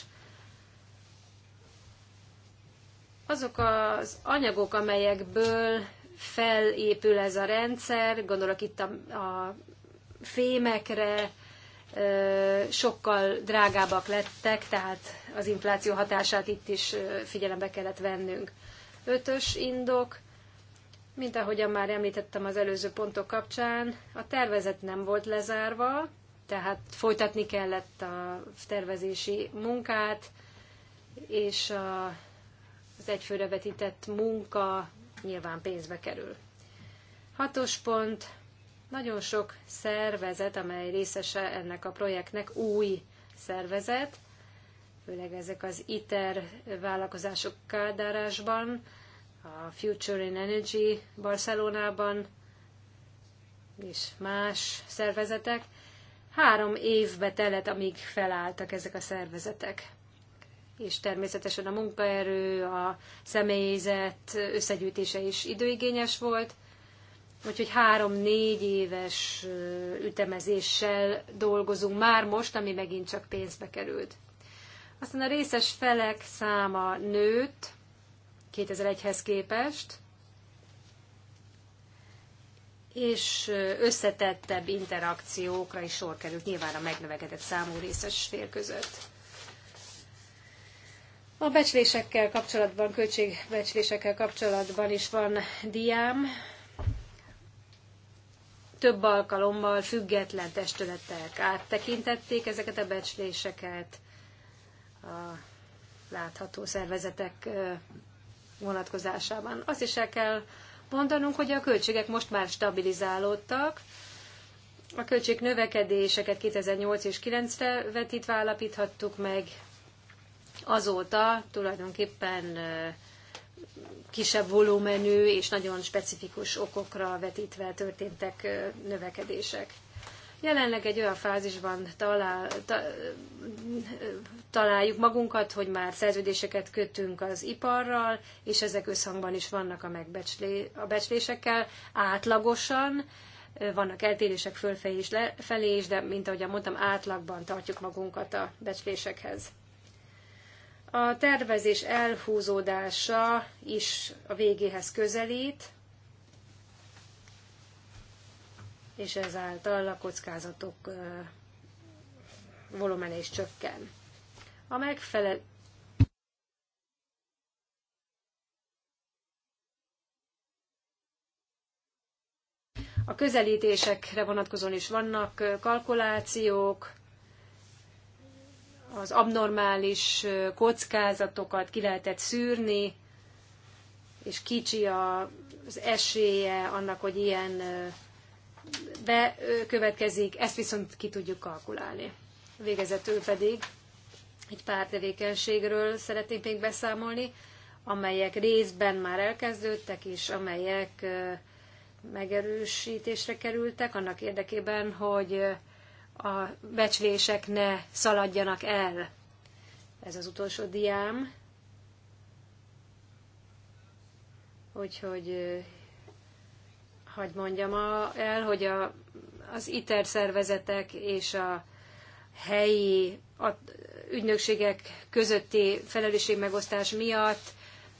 Azok az anyagok, amelyekből felépül ez a rendszer, gondolok itt a, a fémekre, sokkal drágábbak lettek, tehát az infláció hatását itt is figyelembe kellett vennünk. Ötös indok, mint ahogyan már említettem az előző pontok kapcsán, a tervezet nem volt lezárva, tehát folytatni kellett a tervezési munkát, és a, az egyfőre vetített munka nyilván pénzbe kerül. Hatos pont, nagyon sok szervezet, amely részese ennek a projektnek, új szervezet, főleg ezek az ITER vállalkozások Kádárásban, a Future in Energy Barcelonában és más szervezetek, Három évbe telett, amíg felálltak ezek a szervezetek. És természetesen a munkaerő, a személyzet összegyűjtése is időigényes volt, úgyhogy három-négy éves ütemezéssel dolgozunk már most, ami megint csak pénzbe került. Aztán a részes felek száma nőtt 2001-hez képest, és összetettebb interakciókra is sor került nyilván a megnövekedett számú részes fél között. A becslésekkel kapcsolatban, költségbecslésekkel kapcsolatban is van diám. Több alkalommal független testületek áttekintették ezeket a becsléseket. A látható szervezetek vonatkozásában. Azt is el kell mondanunk, hogy a költségek most már stabilizálódtak, a költség növekedéseket 2008 és 2009-re vetítve állapíthattuk meg. Azóta tulajdonképpen kisebb volumenű és nagyon specifikus okokra vetítve történtek növekedések. Jelenleg egy olyan fázisban talál, ta, találjuk magunkat, hogy már szerződéseket kötünk az iparral, és ezek összhangban is vannak a, a becslésekkel átlagosan. Vannak eltérések fölfelé és lefelé is, de mint ahogy mondtam, átlagban tartjuk magunkat a becslésekhez. A tervezés elhúzódása is a végéhez közelít, és ezáltal a kockázatok volumen is csökken. A megfelelő A közelítésekre vonatkozóan is vannak kalkulációk, az abnormális kockázatokat ki lehetett szűrni, és kicsi az esélye annak, hogy ilyen bekövetkezik, ezt viszont ki tudjuk kalkulálni. Végezetül pedig egy pár tevékenységről szeretnénk még beszámolni, amelyek részben már elkezdődtek, és amelyek megerősítésre kerültek, annak érdekében, hogy a becslések ne szaladjanak el. Ez az utolsó diám. Úgyhogy hogy mondjam a, el, hogy a, az ITER szervezetek és a helyi a, ügynökségek közötti felelősségmegosztás miatt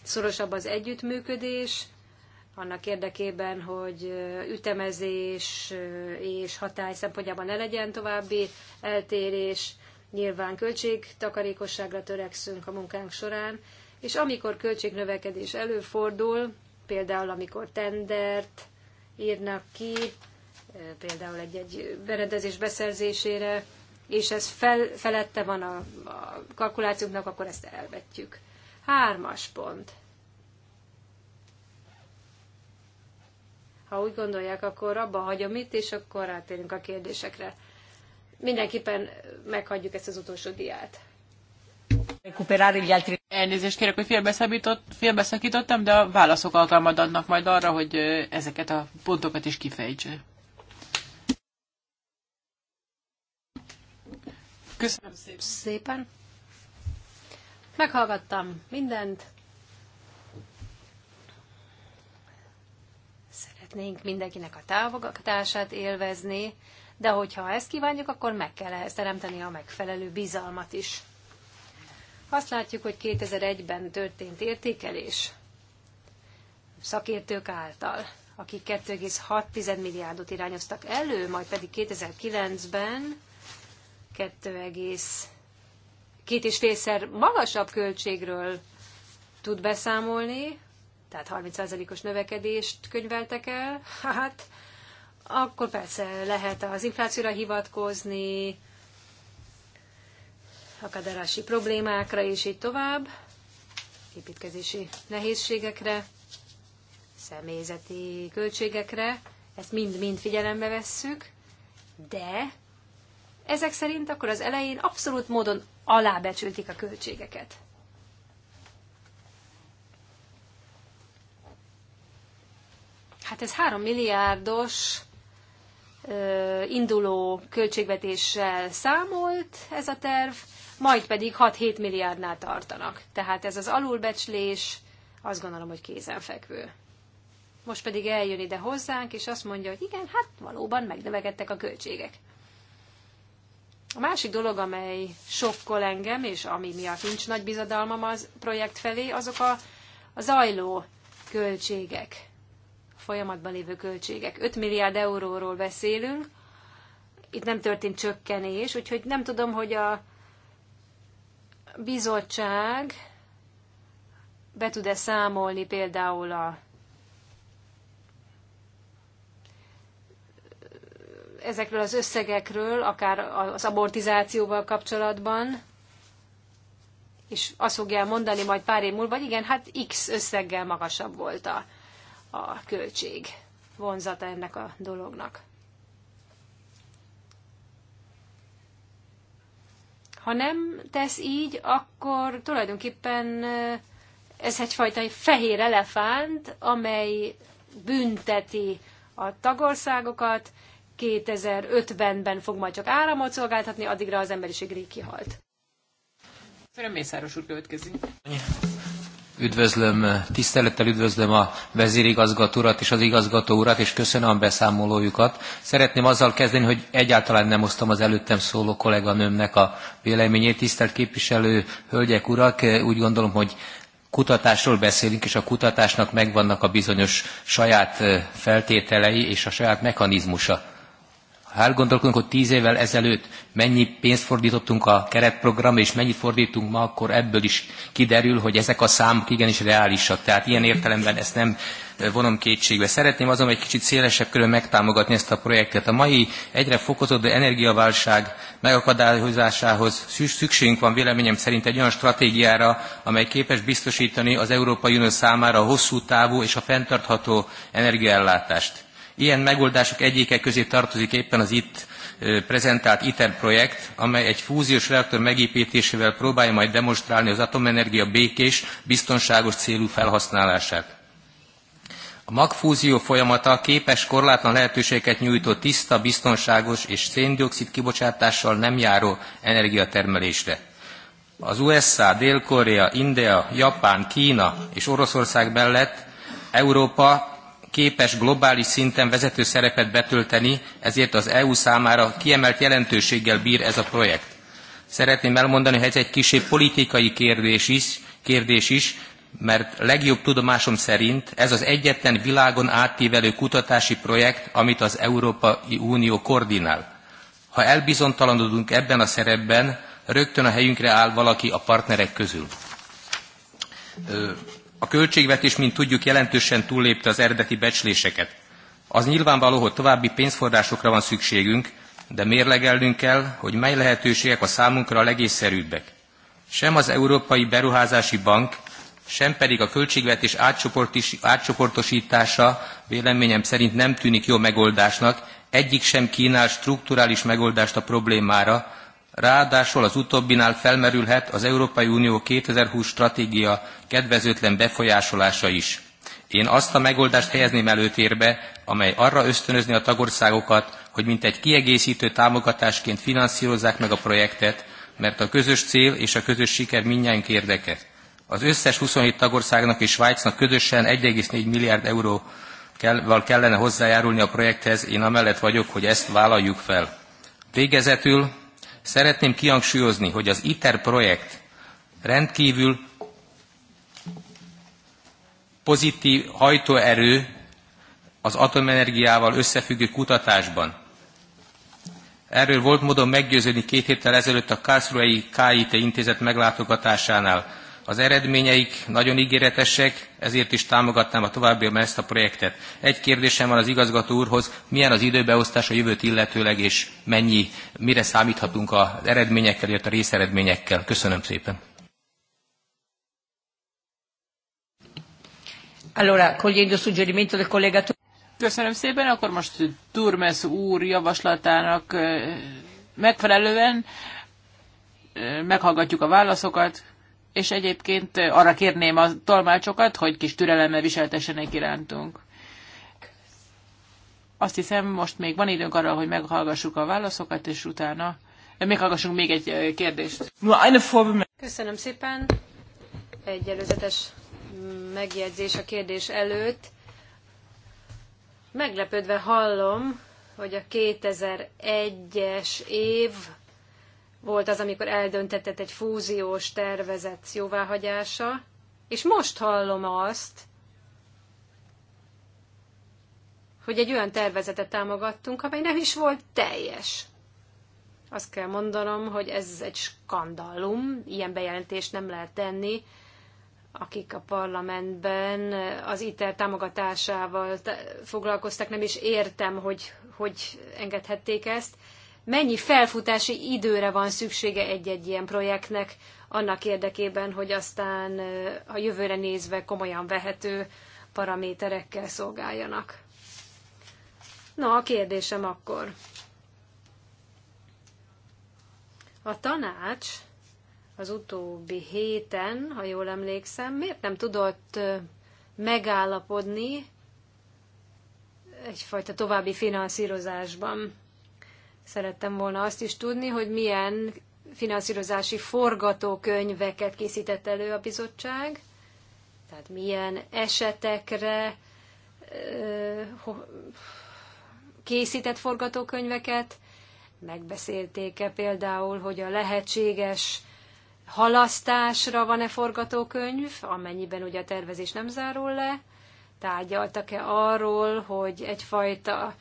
szorosabb az együttműködés, annak érdekében, hogy ütemezés és hatály szempontjában ne legyen további eltérés. Nyilván költségtakarékosságra törekszünk a munkánk során, és amikor költségnövekedés előfordul, például amikor tendert írnak ki, eh, például egy, egy berendezés beszerzésére, és ez fel, felette van a, a kalkulációknak, akkor ezt elvetjük. Hármas pont. Ha úgy gondolják, akkor abba hagyom itt, és akkor rátérünk a kérdésekre. Mindenképpen meghagyjuk ezt az utolsó diát. Elnézést kérek, hogy félbeszakítottam, de a válaszok alkalmad adnak majd arra, hogy ezeket a pontokat is kifejtse. Köszönöm szépen. Meghallgattam mindent. Szeretnénk mindenkinek a távogatását élvezni, de hogyha ezt kívánjuk, akkor meg kell ehhez teremteni a megfelelő bizalmat is. Azt látjuk, hogy 2001-ben történt értékelés szakértők által, akik 2,6 milliárdot irányoztak elő, majd pedig 2009-ben 2,5-szer magasabb költségről tud beszámolni, tehát 30%-os növekedést könyveltek el, hát akkor persze lehet az inflációra hivatkozni, akadárási problémákra, és így tovább, építkezési nehézségekre, személyzeti költségekre, ezt mind-mind figyelembe vesszük, de ezek szerint akkor az elején abszolút módon alábecsültik a költségeket. Hát ez három milliárdos induló költségvetéssel számolt ez a terv, majd pedig 6-7 milliárdnál tartanak. Tehát ez az alulbecslés azt gondolom, hogy kézenfekvő. Most pedig eljön ide hozzánk, és azt mondja, hogy igen, hát valóban megnövekedtek a költségek. A másik dolog, amely sokkol engem, és ami miatt nincs nagy bizadalmam az projekt felé, azok a, a zajló költségek, a folyamatban lévő költségek. 5 milliárd euróról beszélünk, itt nem történt csökkenés, úgyhogy nem tudom, hogy a bizottság be tud-e számolni például a ezekről az összegekről, akár az abortizációval kapcsolatban, és azt fogja mondani majd pár év múlva, hogy igen, hát X összeggel magasabb volt a, a költség vonzata ennek a dolognak. Ha nem tesz így, akkor tulajdonképpen ez egyfajta fehér elefánt, amely bünteti a tagországokat, 2050-ben fog majd csak áramot szolgáltatni, addigra az emberiség rég kihalt. Köszönöm, Mészáros úr következik üdvözlöm, eh, tisztelettel üdvözlöm a vezérigazgató urat és az igazgató urat, és köszönöm a beszámolójukat. Szeretném azzal kezdeni, hogy egyáltalán nem osztom az előttem szóló kolléganőmnek a véleményét. Tisztelt képviselő, hölgyek, urak, eh, úgy gondolom, hogy kutatásról beszélünk, és a kutatásnak megvannak a bizonyos saját eh, feltételei és a saját mechanizmusa ha elgondolkodunk, hogy tíz évvel ezelőtt mennyi pénzt fordítottunk a keretprogramra, és mennyit fordítunk ma, akkor ebből is kiderül, hogy ezek a számok igenis reálisak. Tehát ilyen értelemben ezt nem vonom kétségbe. Szeretném azon egy kicsit szélesebb körül megtámogatni ezt a projektet. A mai egyre fokozódó energiaválság megakadályozásához szükségünk van véleményem szerint egy olyan stratégiára, amely képes biztosítani az Európai Unió számára a hosszú távú és a fenntartható energiaellátást. Ilyen megoldások egyike közé tartozik éppen az itt prezentált ITER projekt, amely egy fúziós reaktor megépítésével próbálja majd demonstrálni az atomenergia békés, biztonságos célú felhasználását. A magfúzió folyamata képes korlátlan lehetőséget nyújtó tiszta, biztonságos és széndiokszid kibocsátással nem járó energiatermelésre. Az USA, Dél-Korea, India, Japán, Kína és Oroszország mellett Európa képes globális szinten vezető szerepet betölteni, ezért az EU számára kiemelt jelentőséggel bír ez a projekt. Szeretném elmondani, hogy ez egy kisé politikai kérdés is, kérdés is, mert legjobb tudomásom szerint ez az egyetlen világon átívelő kutatási projekt, amit az Európai Unió koordinál. Ha elbizontalanodunk ebben a szerepben, rögtön a helyünkre áll valaki a partnerek közül. A költségvetés, mint tudjuk, jelentősen túllépte az eredeti becsléseket. Az nyilvánvaló, hogy további pénzforrásokra van szükségünk, de mérlegelnünk kell, hogy mely lehetőségek a számunkra a legészszerűbbek. Sem az Európai Beruházási Bank, sem pedig a költségvetés átcsoportosítása véleményem szerint nem tűnik jó megoldásnak, egyik sem kínál strukturális megoldást a problémára, Ráadásul az utóbbinál felmerülhet az Európai Unió 2020 stratégia kedvezőtlen befolyásolása is. Én azt a megoldást helyezném előtérbe, amely arra ösztönözni a tagországokat, hogy mintegy kiegészítő támogatásként finanszírozzák meg a projektet, mert a közös cél és a közös siker mindjárt érdeke. Az összes 27 tagországnak és Svájcnak közösen 1,4 milliárd euró kell, kellene hozzájárulni a projekthez, én amellett vagyok, hogy ezt vállaljuk fel. Végezetül Szeretném kihangsúlyozni, hogy az ITER projekt rendkívül pozitív hajtóerő az atomenergiával összefüggő kutatásban. Erről volt módon meggyőződni két héttel ezelőtt a Karlsruhei KIT intézet meglátogatásánál, az eredményeik nagyon ígéretesek, ezért is támogatnám a továbbiakban ezt a projektet. Egy kérdésem van az igazgató úrhoz, milyen az időbeosztás a jövőt illetőleg, és mennyi, mire számíthatunk az eredményekkel, illetve a részeredményekkel. Köszönöm szépen. Allora, del Köszönöm szépen, akkor most Turmes úr javaslatának eh, megfelelően eh, meghallgatjuk a válaszokat és egyébként arra kérném a tolmácsokat, hogy kis türelemmel viseltessenek irántunk. Azt hiszem, most még van időnk arra, hogy meghallgassuk a válaszokat, és utána még hallgassunk még egy kérdést. Köszönöm szépen. Egy előzetes megjegyzés a kérdés előtt. Meglepődve hallom, hogy a 2001-es év volt az, amikor eldöntetett egy fúziós tervezet jóváhagyása, és most hallom azt, hogy egy olyan tervezetet támogattunk, amely nem is volt teljes. Azt kell mondanom, hogy ez egy skandalum, ilyen bejelentést nem lehet tenni, akik a parlamentben az ITER támogatásával foglalkoztak, nem is értem, hogy hogy engedhették ezt mennyi felfutási időre van szüksége egy-egy ilyen projektnek, annak érdekében, hogy aztán a jövőre nézve komolyan vehető paraméterekkel szolgáljanak. Na, a kérdésem akkor. A tanács az utóbbi héten, ha jól emlékszem, miért nem tudott megállapodni egyfajta további finanszírozásban Szerettem volna azt is tudni, hogy milyen finanszírozási forgatókönyveket készített elő a bizottság, tehát milyen esetekre készített forgatókönyveket, megbeszélték-e például, hogy a lehetséges halasztásra van-e forgatókönyv, amennyiben ugye a tervezés nem zárul le, tárgyaltak-e arról, hogy egyfajta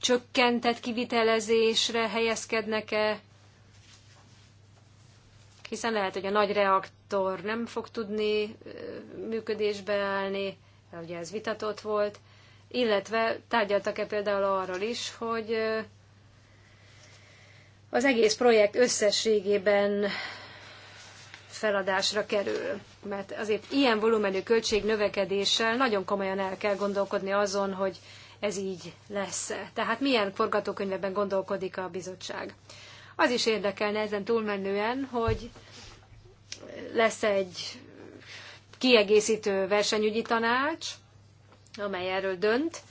csökkentett kivitelezésre helyezkednek-e, hiszen lehet, hogy a nagy reaktor nem fog tudni működésbe állni, ugye ez vitatott volt, illetve tárgyaltak-e például arról is, hogy az egész projekt összességében feladásra kerül. Mert azért ilyen volumenű költség növekedéssel nagyon komolyan el kell gondolkodni azon, hogy ez így lesz. Tehát milyen forgatókönyvben gondolkodik a bizottság. Az is érdekelne ezen túlmenően, hogy lesz egy kiegészítő versenyügyi tanács, amely erről dönt,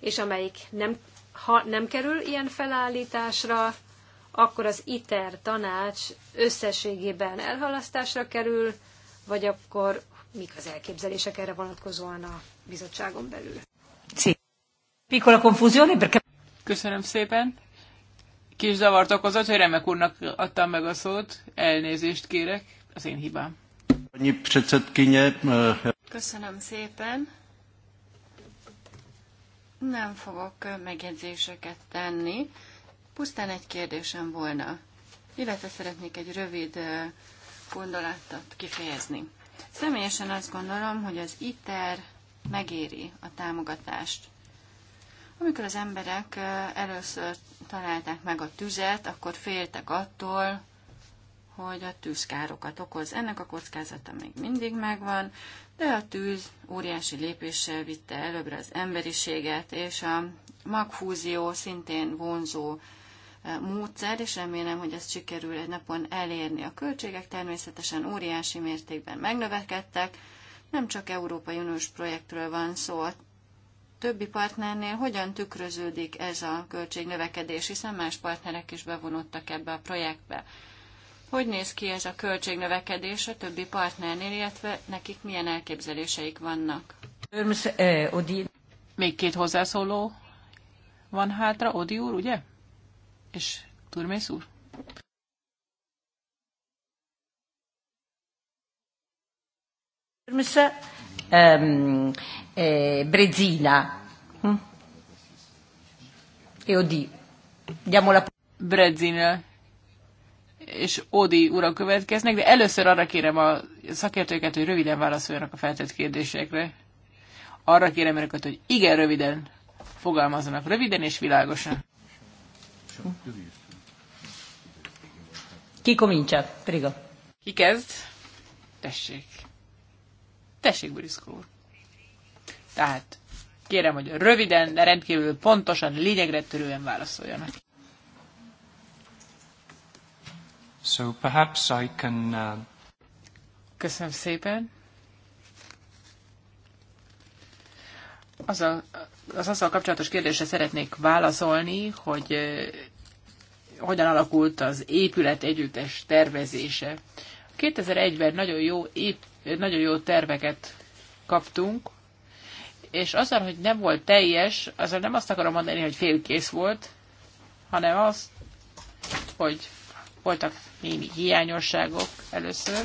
és amelyik nem, ha nem kerül ilyen felállításra, akkor az ITER tanács összességében elhalasztásra kerül, vagy akkor mik az elképzelések erre vonatkozóan a bizottságon belül? Sí. Piccola confusione perché... Köszönöm szépen. Kis zavart okozott, hogy remek úrnak adtam meg a szót. Elnézést kérek, az én hibám. Eh, Köszönöm szépen. Nem fogok megjegyzéseket tenni. Pusztán egy kérdésem volna, illetve szeretnék egy rövid eh, gondolatot kifejezni. Személyesen azt gondolom, hogy az ITER megéri a támogatást. Amikor az emberek először találták meg a tüzet, akkor féltek attól, hogy a tűz károkat okoz. Ennek a kockázata még mindig megvan, de a tűz óriási lépéssel vitte előbbre az emberiséget, és a magfúzió szintén vonzó módszer, és remélem, hogy ezt sikerül egy napon elérni. A költségek természetesen óriási mértékben megnövekedtek, nem csak Európai Uniós projektről van szó, a többi partnernél hogyan tükröződik ez a költségnövekedés, hiszen más partnerek is bevonottak ebbe a projektbe. Hogy néz ki ez a költségnövekedés a többi partnernél, illetve nekik milyen elképzeléseik vannak? Még két hozzászóló van hátra, Odi úr, ugye? És Turmész úr? ehm, eh, Brezina hm? e Odi. Diamo la... Brezina és Odi ura következnek, de először arra kérem a szakértőket, hogy röviden válaszoljanak a feltett kérdésekre. Arra kérem önöket, hogy igen röviden fogalmazzanak, röviden és világosan. Ki comincia? Prigo. Ki kezd? Tessék. Tessék, Briszkó úr. Tehát kérem, hogy röviden, de rendkívül pontosan, lényegre törően válaszoljanak. So perhaps I can, uh... Köszönöm szépen. Azzal, az azzal kapcsolatos kérdésre szeretnék válaszolni, hogy uh, hogyan alakult az épület együttes tervezése. 2001-ben nagyon jó ép, nagyon jó terveket kaptunk, és azzal, hogy nem volt teljes, azzal nem azt akarom mondani, hogy félkész volt, hanem az, hogy voltak némi hiányosságok először,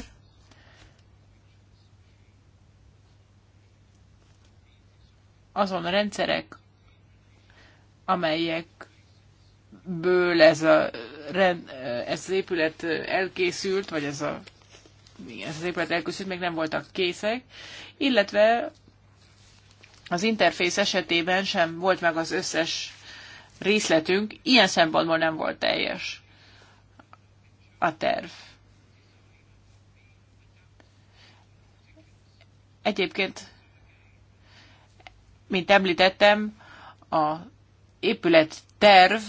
azon a rendszerek, amelyekből ez, a, rend ez az épület elkészült, vagy ez a ez az épület elkészült, még nem voltak készek, illetve az interfész esetében sem volt meg az összes részletünk, ilyen szempontból nem volt teljes a terv. Egyébként, mint említettem, a épület terv,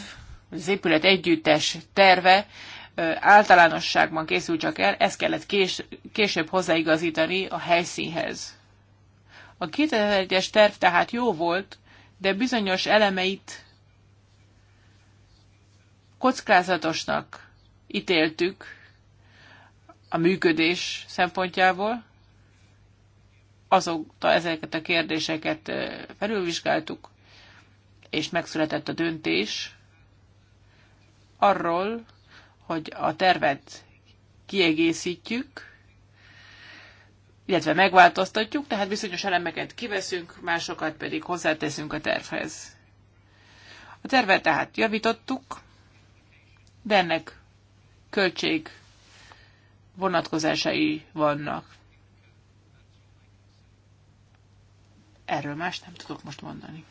az épület együttes terve általánosságban készült, csak el, ezt kellett kés, később hozzáigazítani a helyszínhez. A 2001-es terv tehát jó volt, de bizonyos elemeit kockázatosnak ítéltük a működés szempontjából. Azóta ezeket a kérdéseket felülvizsgáltuk, és megszületett a döntés arról, hogy a tervet kiegészítjük, illetve megváltoztatjuk, tehát bizonyos elemeket kiveszünk, másokat pedig hozzáteszünk a tervhez. A tervet tehát javítottuk, de ennek költség vonatkozásai vannak. Erről más nem tudok most mondani.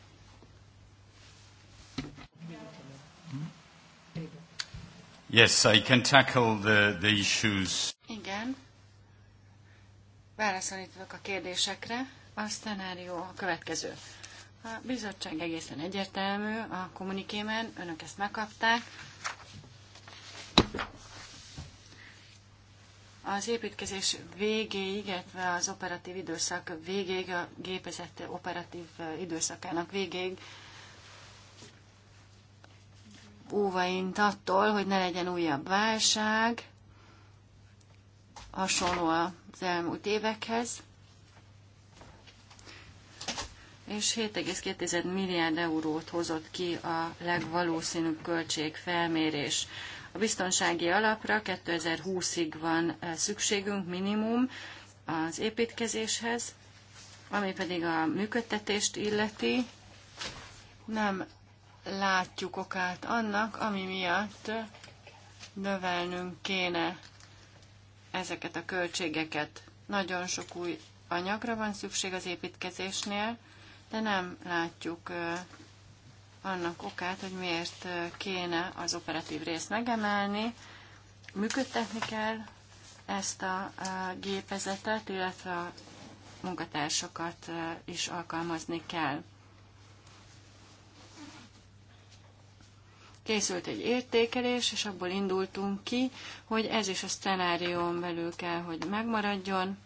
Yes, I can tackle the, the issues. Igen. Válaszolni tudok a kérdésekre. A szenárió a következő. A bizottság egészen egyértelmű a kommunikémen, önök ezt megkapták. Az építkezés végéig, illetve az operatív időszak végéig, a gépezett operatív időszakának végéig óvaint attól, hogy ne legyen újabb válság, hasonló az elmúlt évekhez, és 7,2 milliárd eurót hozott ki a legvalószínűbb költségfelmérés. A biztonsági alapra 2020-ig van eh, szükségünk minimum az építkezéshez, ami pedig a működtetést illeti, nem látjuk okát annak, ami miatt növelnünk kéne ezeket a költségeket. Nagyon sok új anyagra van szükség az építkezésnél, de nem látjuk annak okát, hogy miért kéne az operatív részt megemelni. Működtetni kell ezt a gépezetet, illetve a munkatársokat is alkalmazni kell. Készült egy értékelés, és abból indultunk ki, hogy ez is a szenárión belül kell, hogy megmaradjon.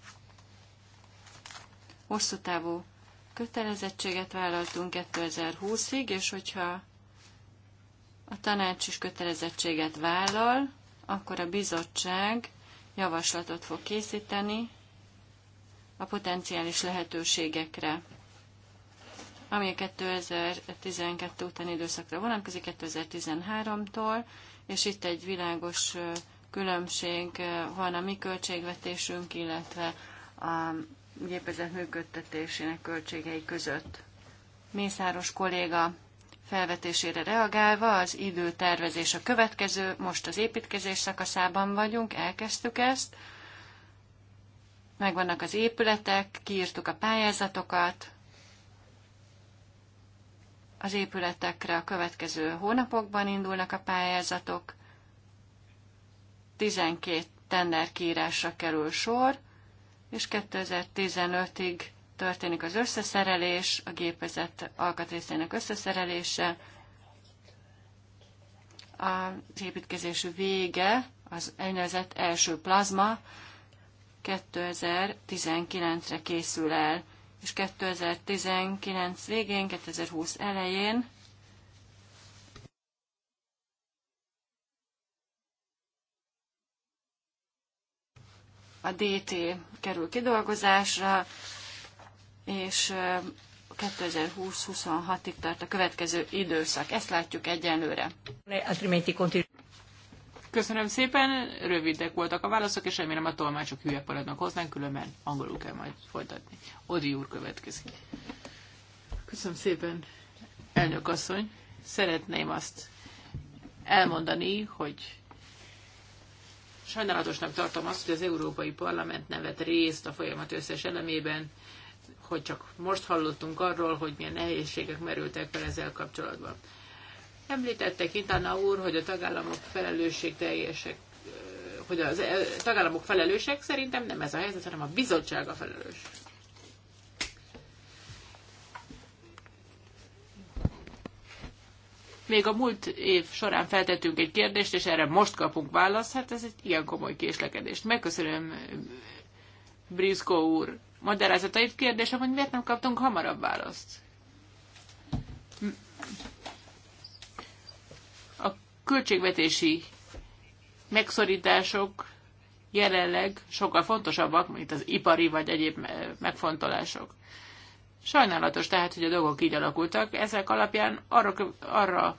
Hosszú távú kötelezettséget vállaltunk 2020-ig, és hogyha a tanács is kötelezettséget vállal, akkor a bizottság javaslatot fog készíteni a potenciális lehetőségekre ami a 2012 utáni időszakra vonatkozik 2013-tól, és itt egy világos különbség van a mi költségvetésünk, illetve a gépezet működtetésének költségei között. Mészáros kolléga felvetésére reagálva az időtervezés a következő, most az építkezés szakaszában vagyunk, elkezdtük ezt, megvannak az épületek, kiírtuk a pályázatokat, az épületekre a következő hónapokban indulnak a pályázatok, 12 kiírásra kerül sor, és 2015-ig történik az összeszerelés, a gépezet alkatrészének összeszerelése, az építkezés vége, az elnevezett első plazma 2019-re készül el és 2019 végén, 2020 elején a DT kerül kidolgozásra, és 2020-26-ig tart a következő időszak. Ezt látjuk egyenlőre. Köszönöm szépen, rövidek voltak a válaszok, és remélem a tolmácsok hülye paradnak hozzánk, különben angolul kell majd folytatni. Odi úr következik. Köszönöm szépen, elnök asszony. Szeretném azt elmondani, hogy sajnálatosnak tartom azt, hogy az Európai Parlament nem vett részt a folyamat összes elemében, hogy csak most hallottunk arról, hogy milyen nehézségek merültek fel ezzel kapcsolatban. Említette Kintana úr, hogy a tagállamok teljesek, eh, hogy a eh, tagállamok felelősek, szerintem nem ez a helyzet, hanem a bizottság a felelős. Még a múlt év során feltettünk egy kérdést, és erre most kapunk választ, hát ez egy ilyen komoly késlekedést. Megköszönöm eh, Brisco úr magyarázatait kérdésem, hogy miért nem kaptunk hamarabb választ költségvetési megszorítások jelenleg sokkal fontosabbak, mint az ipari vagy egyéb megfontolások. Sajnálatos tehát, hogy a dolgok így alakultak. Ezek alapján arra, arra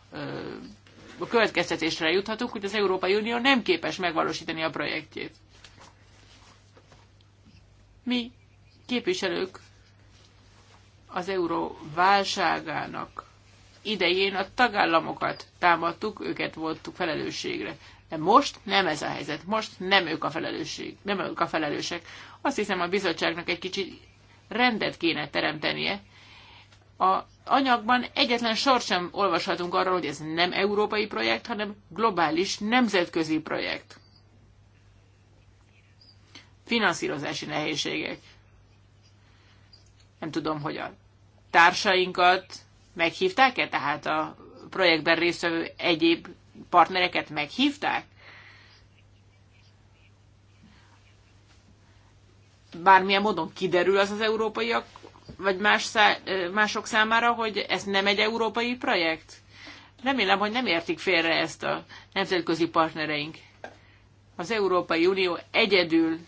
a következtetésre juthatunk, hogy az Európai Unió nem képes megvalósítani a projektjét. Mi képviselők az euró válságának idején a tagállamokat támadtuk, őket voltuk felelősségre. De most nem ez a helyzet, most nem ők a felelősség, nem ők a felelősek. Azt hiszem a bizottságnak egy kicsit rendet kéne teremtenie. A anyagban egyetlen sor sem olvashatunk arról, hogy ez nem európai projekt, hanem globális, nemzetközi projekt. Finanszírozási nehézségek. Nem tudom, hogy a társainkat Meghívták-e tehát a projektben résztvevő egyéb partnereket meghívták? Bármilyen módon kiderül az az európaiak, vagy más szá- mások számára, hogy ez nem egy európai projekt? Remélem, hogy nem értik félre ezt a nemzetközi partnereink. Az Európai Unió egyedül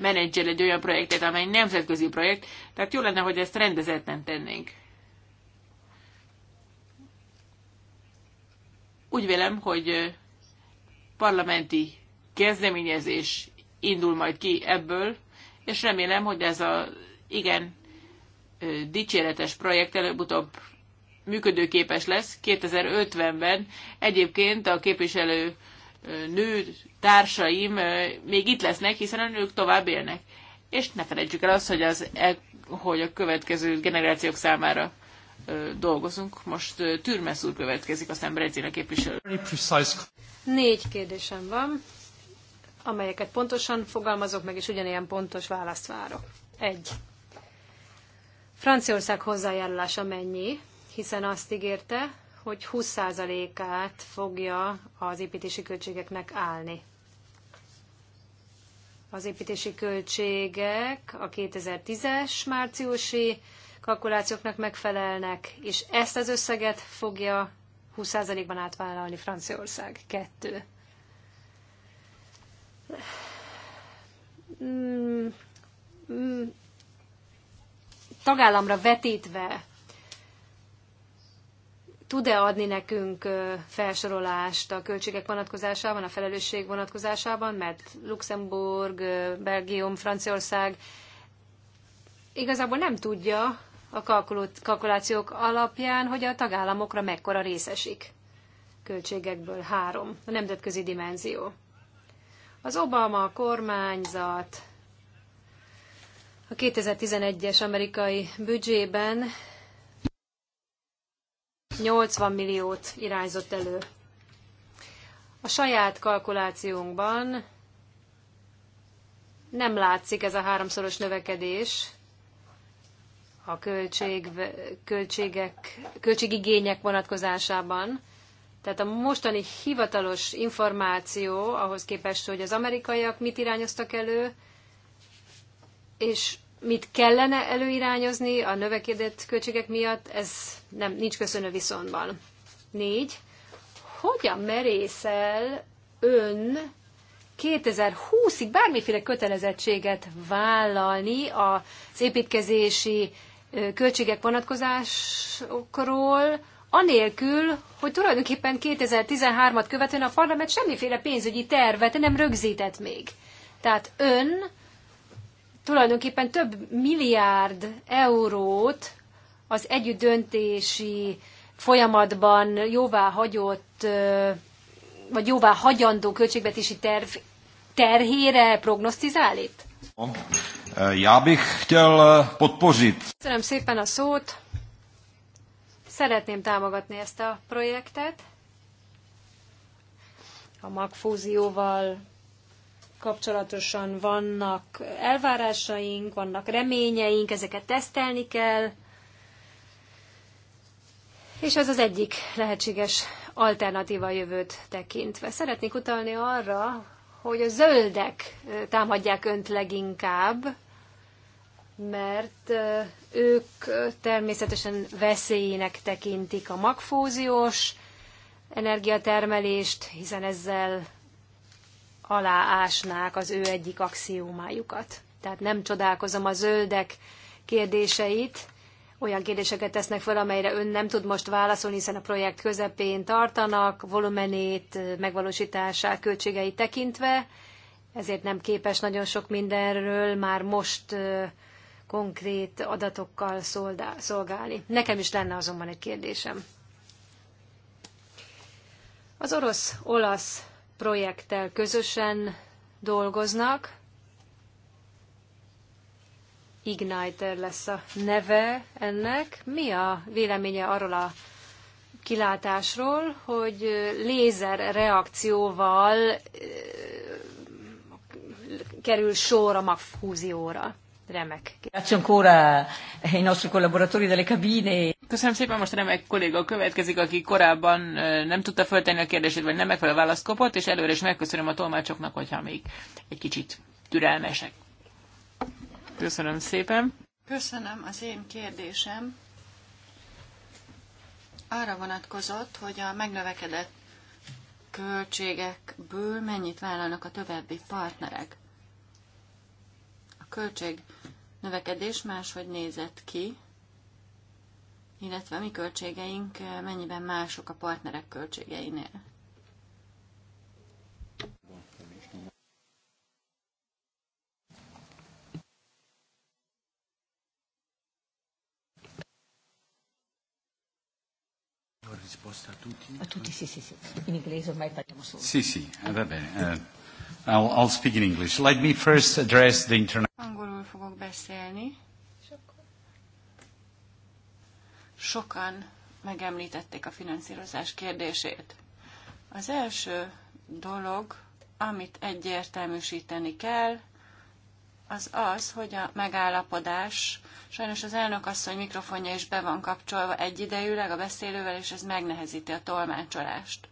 menedzsel egy olyan projektet, amely nemzetközi projekt, tehát jó lenne, hogy ezt rendezetten tennénk. Úgy vélem, hogy parlamenti kezdeményezés indul majd ki ebből, és remélem, hogy ez a igen dicséretes projekt előbb-utóbb működőképes lesz 2050-ben. Egyébként a képviselő nő társaim még itt lesznek, hiszen ők tovább élnek. És ne felejtsük el azt, hogy, az, e- hogy a következő generációk számára dolgozunk. Most Türmes úr következik, aztán Brezina képviselő. Négy kérdésem van, amelyeket pontosan fogalmazok meg, és ugyanilyen pontos választ várok. Egy. Franciaország hozzájárulása mennyi, hiszen azt ígérte, hogy 20%-át fogja az építési költségeknek állni. Az építési költségek a 2010-es márciusi kalkulációknak megfelelnek, és ezt az összeget fogja 20%-ban átvállalni Franciaország. Kettő. Tagállamra vetítve tud-e adni nekünk felsorolást a költségek vonatkozásában, a felelősség vonatkozásában, mert Luxemburg, Belgium, Franciaország igazából nem tudja, a kalkulációk alapján, hogy a tagállamokra mekkora részesik költségekből három, a nemzetközi dimenzió. Az Obama kormányzat a 2011-es amerikai büdzsében 80 milliót irányzott elő. A saját kalkulációnkban nem látszik ez a háromszoros növekedés, a költség, költségek, költségigények vonatkozásában. Tehát a mostani hivatalos információ ahhoz képest, hogy az amerikaiak mit irányoztak elő, és mit kellene előirányozni a növekedett költségek miatt, ez nem, nincs köszönő viszonyban. Négy. Hogyan merészel ön 2020-ig bármiféle kötelezettséget vállalni az építkezési költségek vonatkozásokról, anélkül, hogy tulajdonképpen 2013-at követően a parlament semmiféle pénzügyi tervet nem rögzített még. Tehát ön tulajdonképpen több milliárd eurót az együttdöntési folyamatban jóvá hagyott, vagy jóvá hagyandó költségvetési terv terhére prognosztizál itt? Eh, já bych chtěl eh, podpořit. Köszönöm szépen a szót. Szeretném támogatni ezt a projektet. A magfúzióval kapcsolatosan vannak elvárásaink, vannak reményeink, ezeket tesztelni kell. És ez az egyik lehetséges alternatíva a jövőt tekintve. Szeretnék utalni arra, hogy a zöldek eh, támadják önt leginkább, mert ők természetesen veszélyének tekintik a magfúziós energiatermelést, hiszen ezzel aláásnák az ő egyik axiómájukat. Tehát nem csodálkozom a zöldek kérdéseit, olyan kérdéseket tesznek fel, amelyre ön nem tud most válaszolni, hiszen a projekt közepén tartanak, volumenét, megvalósítását, költségeit tekintve, ezért nem képes nagyon sok mindenről már most konkrét adatokkal szolgálni. Nekem is lenne azonban egy kérdésem. Az orosz-olasz projekttel közösen dolgoznak. Igniter lesz a neve ennek. Mi a véleménye arról a kilátásról, hogy lézer reakcióval eh, kerül sor a magfúzióra? Remek. Eh, Köszönöm szépen, most remek kolléga következik, aki korábban eh, nem tudta föltenni a kérdését, vagy nem megfelelő választ kapott, és előre is megköszönöm a tolmácsoknak, hogyha még egy kicsit türelmesek. Köszönöm szépen. Köszönöm az én kérdésem. Arra vonatkozott, hogy a megnövekedett költségekből mennyit vállalnak a további partnerek. A költség növekedés máshogy nézett ki, illetve a mi költségeink eh, mennyiben mások a partnerek költségeinél. a A tutti, sì, sì, sì. In inglese ormai parliamo solo. Sì, sì, va bene. Eh. I'll, I'll speak in English. Let me first address the international... Angolul fogok beszélni. Sokan megemlítették a finanszírozás kérdését. Az első dolog, amit egyértelműsíteni kell, az az, hogy a megállapodás, sajnos az elnök asszony mikrofonja is be van kapcsolva egyidejűleg a beszélővel, és ez megnehezíti a tolmácsolást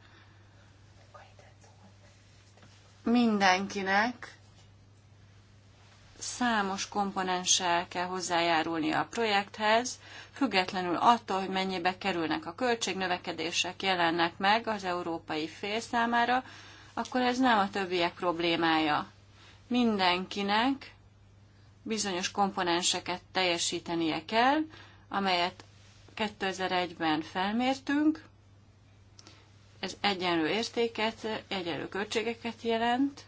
mindenkinek számos komponenssel kell hozzájárulnia a projekthez, függetlenül attól, hogy mennyibe kerülnek a költségnövekedések, jelennek meg az európai fél számára, akkor ez nem a többiek problémája. Mindenkinek bizonyos komponenseket teljesítenie kell, amelyet 2001-ben felmértünk, ez egyenlő értéket, egyenlő költségeket jelent,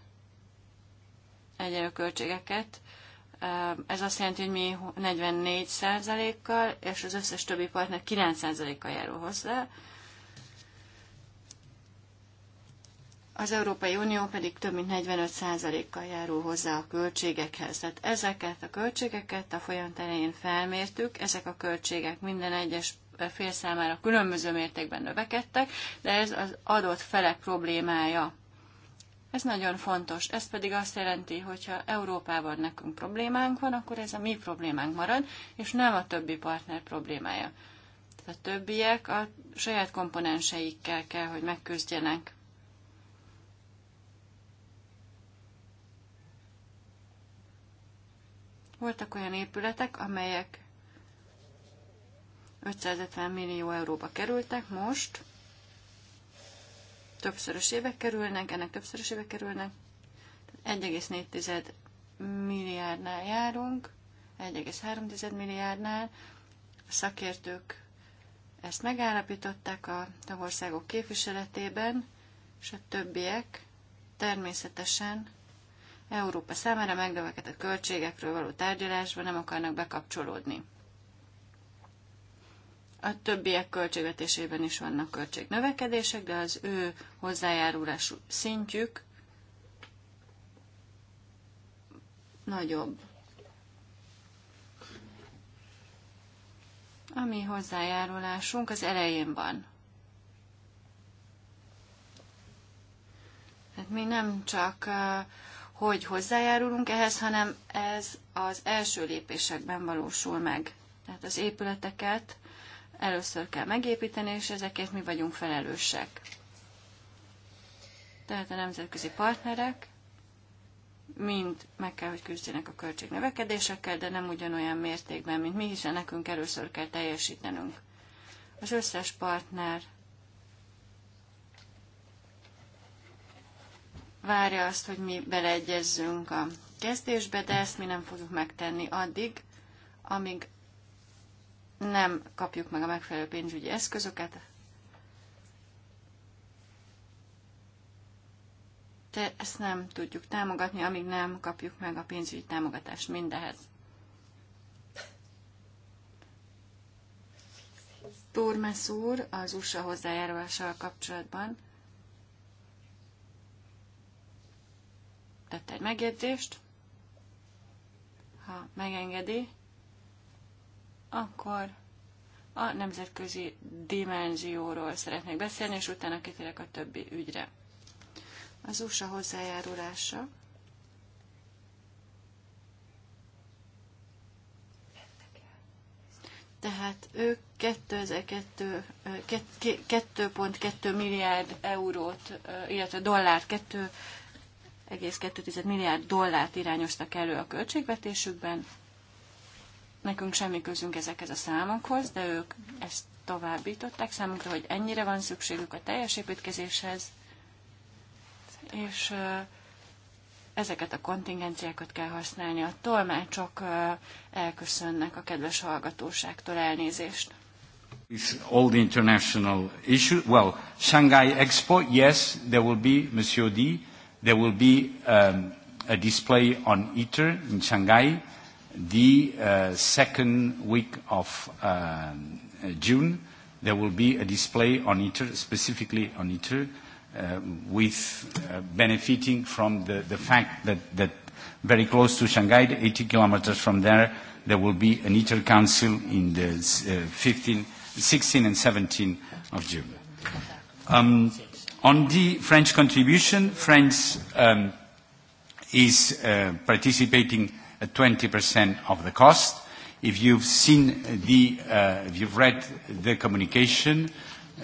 egyenlő költségeket. Ez azt jelenti, hogy mi 44%-kal, és az összes többi partner 9%-kal járul hozzá. Az Európai Unió pedig több mint 45%-kal járul hozzá a költségekhez. Tehát ezeket a költségeket a folyamat elején felmértük, ezek a költségek minden egyes fél számára különböző mértékben növekedtek, de ez az adott felek problémája. Ez nagyon fontos. Ez pedig azt jelenti, hogyha Európában nekünk problémánk van, akkor ez a mi problémánk marad, és nem a többi partner problémája. Tehát a többiek a saját komponenseikkel kell, hogy megküzdjenek. Voltak olyan épületek, amelyek 550 millió euróba kerültek most, többszörös évek kerülnek, ennek többszörös évek kerülnek, 1,4 milliárdnál járunk, 1,3 milliárdnál, a szakértők ezt megállapították a tagországok képviseletében, és a többiek természetesen Európa számára megnövekedett költségekről való tárgyalásban nem akarnak bekapcsolódni. A többiek költségvetésében is vannak költségnövekedések, de az ő hozzájárulású szintjük nagyobb. A mi hozzájárulásunk az elején van. Tehát mi nem csak uh, hogy hozzájárulunk ehhez, hanem ez az első lépésekben valósul meg. Tehát az épületeket először kell megépíteni, és ezekért mi vagyunk felelősek. Tehát a nemzetközi partnerek mind meg kell, hogy küzdjenek a költségnövekedésekkel, de nem ugyanolyan mértékben, mint mi, hiszen nekünk először kell teljesítenünk. Az összes partner várja azt, hogy mi beleegyezzünk a kezdésbe, de ezt mi nem fogjuk megtenni addig, amíg nem kapjuk meg a megfelelő pénzügyi eszközöket, de ezt nem tudjuk támogatni, amíg nem kapjuk meg a pénzügyi támogatást mindehez. Turmes úr az USA hozzájárulással kapcsolatban tett egy megjegyzést, ha megengedi akkor a nemzetközi dimenzióról szeretnék beszélni, és utána kitérek a többi ügyre. Az USA hozzájárulása. Tehát ők 2,2 milliárd eurót, illetve dollárt, 2,2 milliárd dollárt irányoztak elő a költségvetésükben, Nekünk semmi közünk ezekhez a számokhoz, de ők ezt továbbították számunkra, hogy ennyire van szükségük a teljes építkezéshez, és ezeket a kontingenciákat kell használni. A csak elköszönnek a kedves hallgatóságtól elnézést. With all the international issues, well, Shanghai Expo, yes, there will be Monsieur D. There will be um, a display on ITER in Shanghai the uh, second week of uh, June, there will be a display on ITER, specifically on ITER, uh, with uh, benefiting from the, the fact that, that very close to Shanghai, 80 kilometers from there, there will be an ITER Council in the uh, 15, 16 and 17 of June. Um, on the French contribution, France um, is uh, participating 20% uh, of the cost. If you've seen the, uh, if you've read the communication,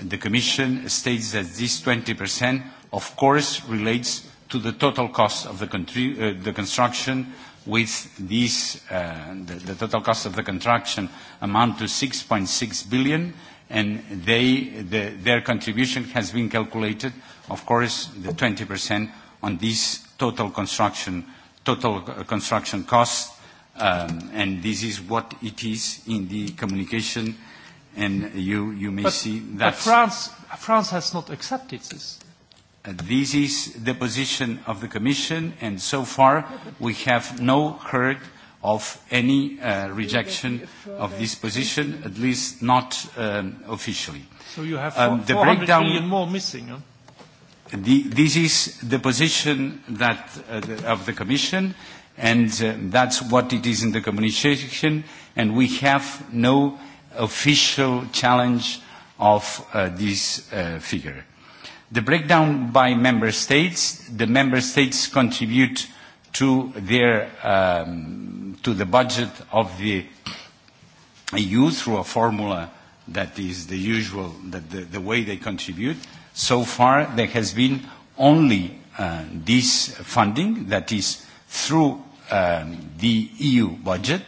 the Commission states that this 20% of course relates to the total cost of the, uh, the construction with these, uh, the, the total cost of the contraction amount to 6.6 billion and they, the, their contribution has been calculated, of course, the 20% on this total construction total construction costs, um, and this is what it is in the communication, and you, you may see that... But France, France has not accepted this. Uh, this is the position of the Commission, and so far we have no heard of any uh, rejection of this position, at least not um, officially. So you have 400 um, million more missing, huh? The, this is the position that, uh, the, of the Commission, and uh, that's what it is in the communication, and we have no official challenge of uh, this uh, figure. The breakdown by member states, the member states contribute to their um, to the budget of the EU through a formula that is the usual, that the, the way they contribute so far there has been only uh, this funding that is through um, the EU budget.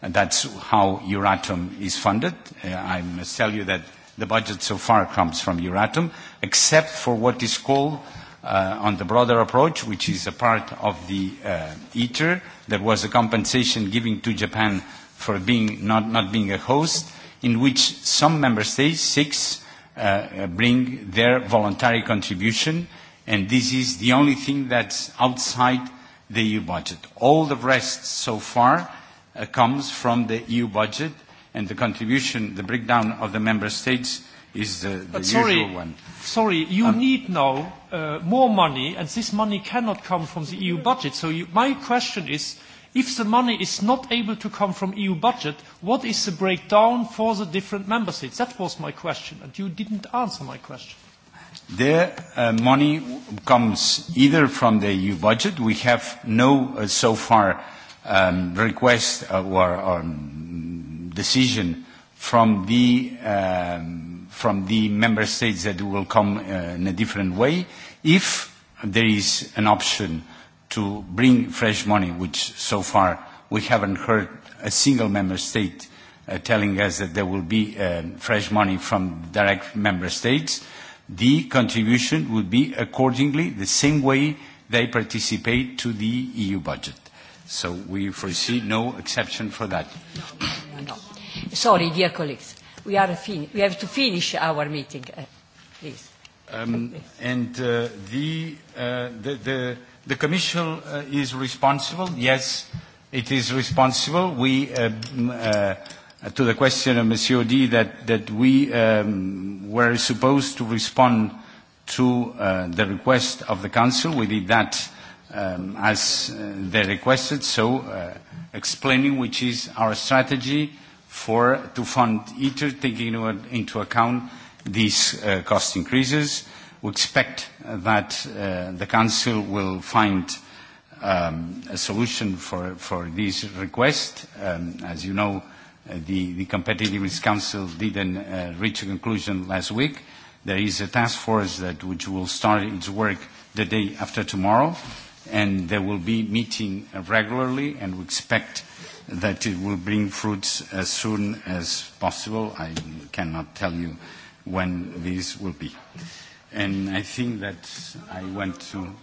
And that's how Euratom is funded. Uh, I must tell you that the budget so far comes from Euratom, except for what is called uh, on the broader approach, which is a part of the uh, ITER. There was a compensation given to Japan for being not, not being a host, in which some member states, six, Uh, bring their voluntary contribution, and this is the only thing that's outside the EU budget. All the rest so far uh, comes from the EU budget, and the contribution, the breakdown of the member states is the, the but sorry, usual one. Sorry, you um, need now uh, more money, and this money cannot come from the EU budget. So you, my question is, If the money is not able to come from EU budget, what is the breakdown for the different member states? That was my question, and you didn't answer my question. The uh, money comes either from the EU budget. We have no, uh, so far, um, request uh, or, or um, decision from the, um, from the member states that will come uh, in a different way. If there is an option to bring fresh money, which so far we haven't heard a single member state uh, telling us that there will be uh, fresh money from direct member states, the contribution would be accordingly the same way they participate to the EU budget. So we foresee no exception for that. No, no, no. Sorry, dear colleagues. We, are fin we have to finish our meeting, uh, please. Um, and uh, the, uh, the, the The Commission uh, is responsible. Yes, it is responsible. We, uh, uh, to the question of Monsieur D, that, that we um, were supposed to respond to uh, the request of the Council. We did that um, as uh, they requested, so uh, explaining which is our strategy for to fund ITER, taking into account these uh, cost increases would expect uh, that uh, the Council will find um, a solution for, for this request. Um, as you know, uh, the, the Competitiveness Council didn't uh, reach a conclusion last week. There is a task force that which will start its work the day after tomorrow, and they will be meeting regularly, and we expect that it will bring fruits as soon as possible. I cannot tell you when this will be. Uh, And I think that I went to.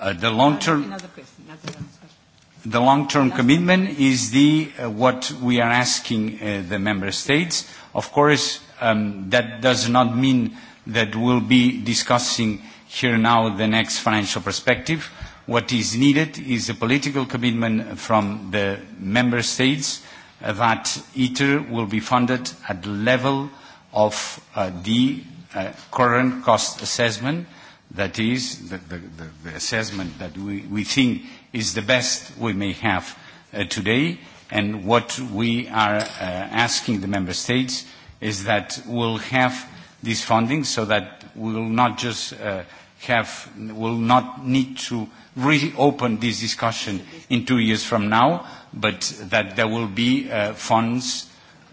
Uh, the long term. The long term commitment is the uh, what we are asking uh, the member states. Of course, um, that does not mean that we'll be discussing here now the next financial perspective. What is needed is a political commitment from the member states that ITER will be funded at the level uh, of uh, the uh, current cost assessment, that is, the, the, the assessment that we, we think is the best we may have uh, today, and what we are uh, asking the Member States is that we'll have this funding so that we will not just uh, have, we'll not need to reopen this discussion in two years from now, but that there will be uh, funds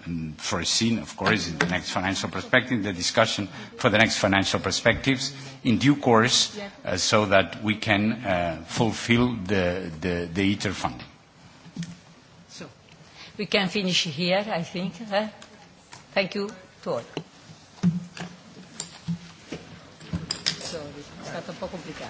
Mm, foreseen, of course, in the next financial perspective, the discussion for the next financial perspectives in due course uh, so that we can uh, fulfill the, the, the ITER funding. So, we can finish here, I think. Huh? Thank you to all. Sorry, it's a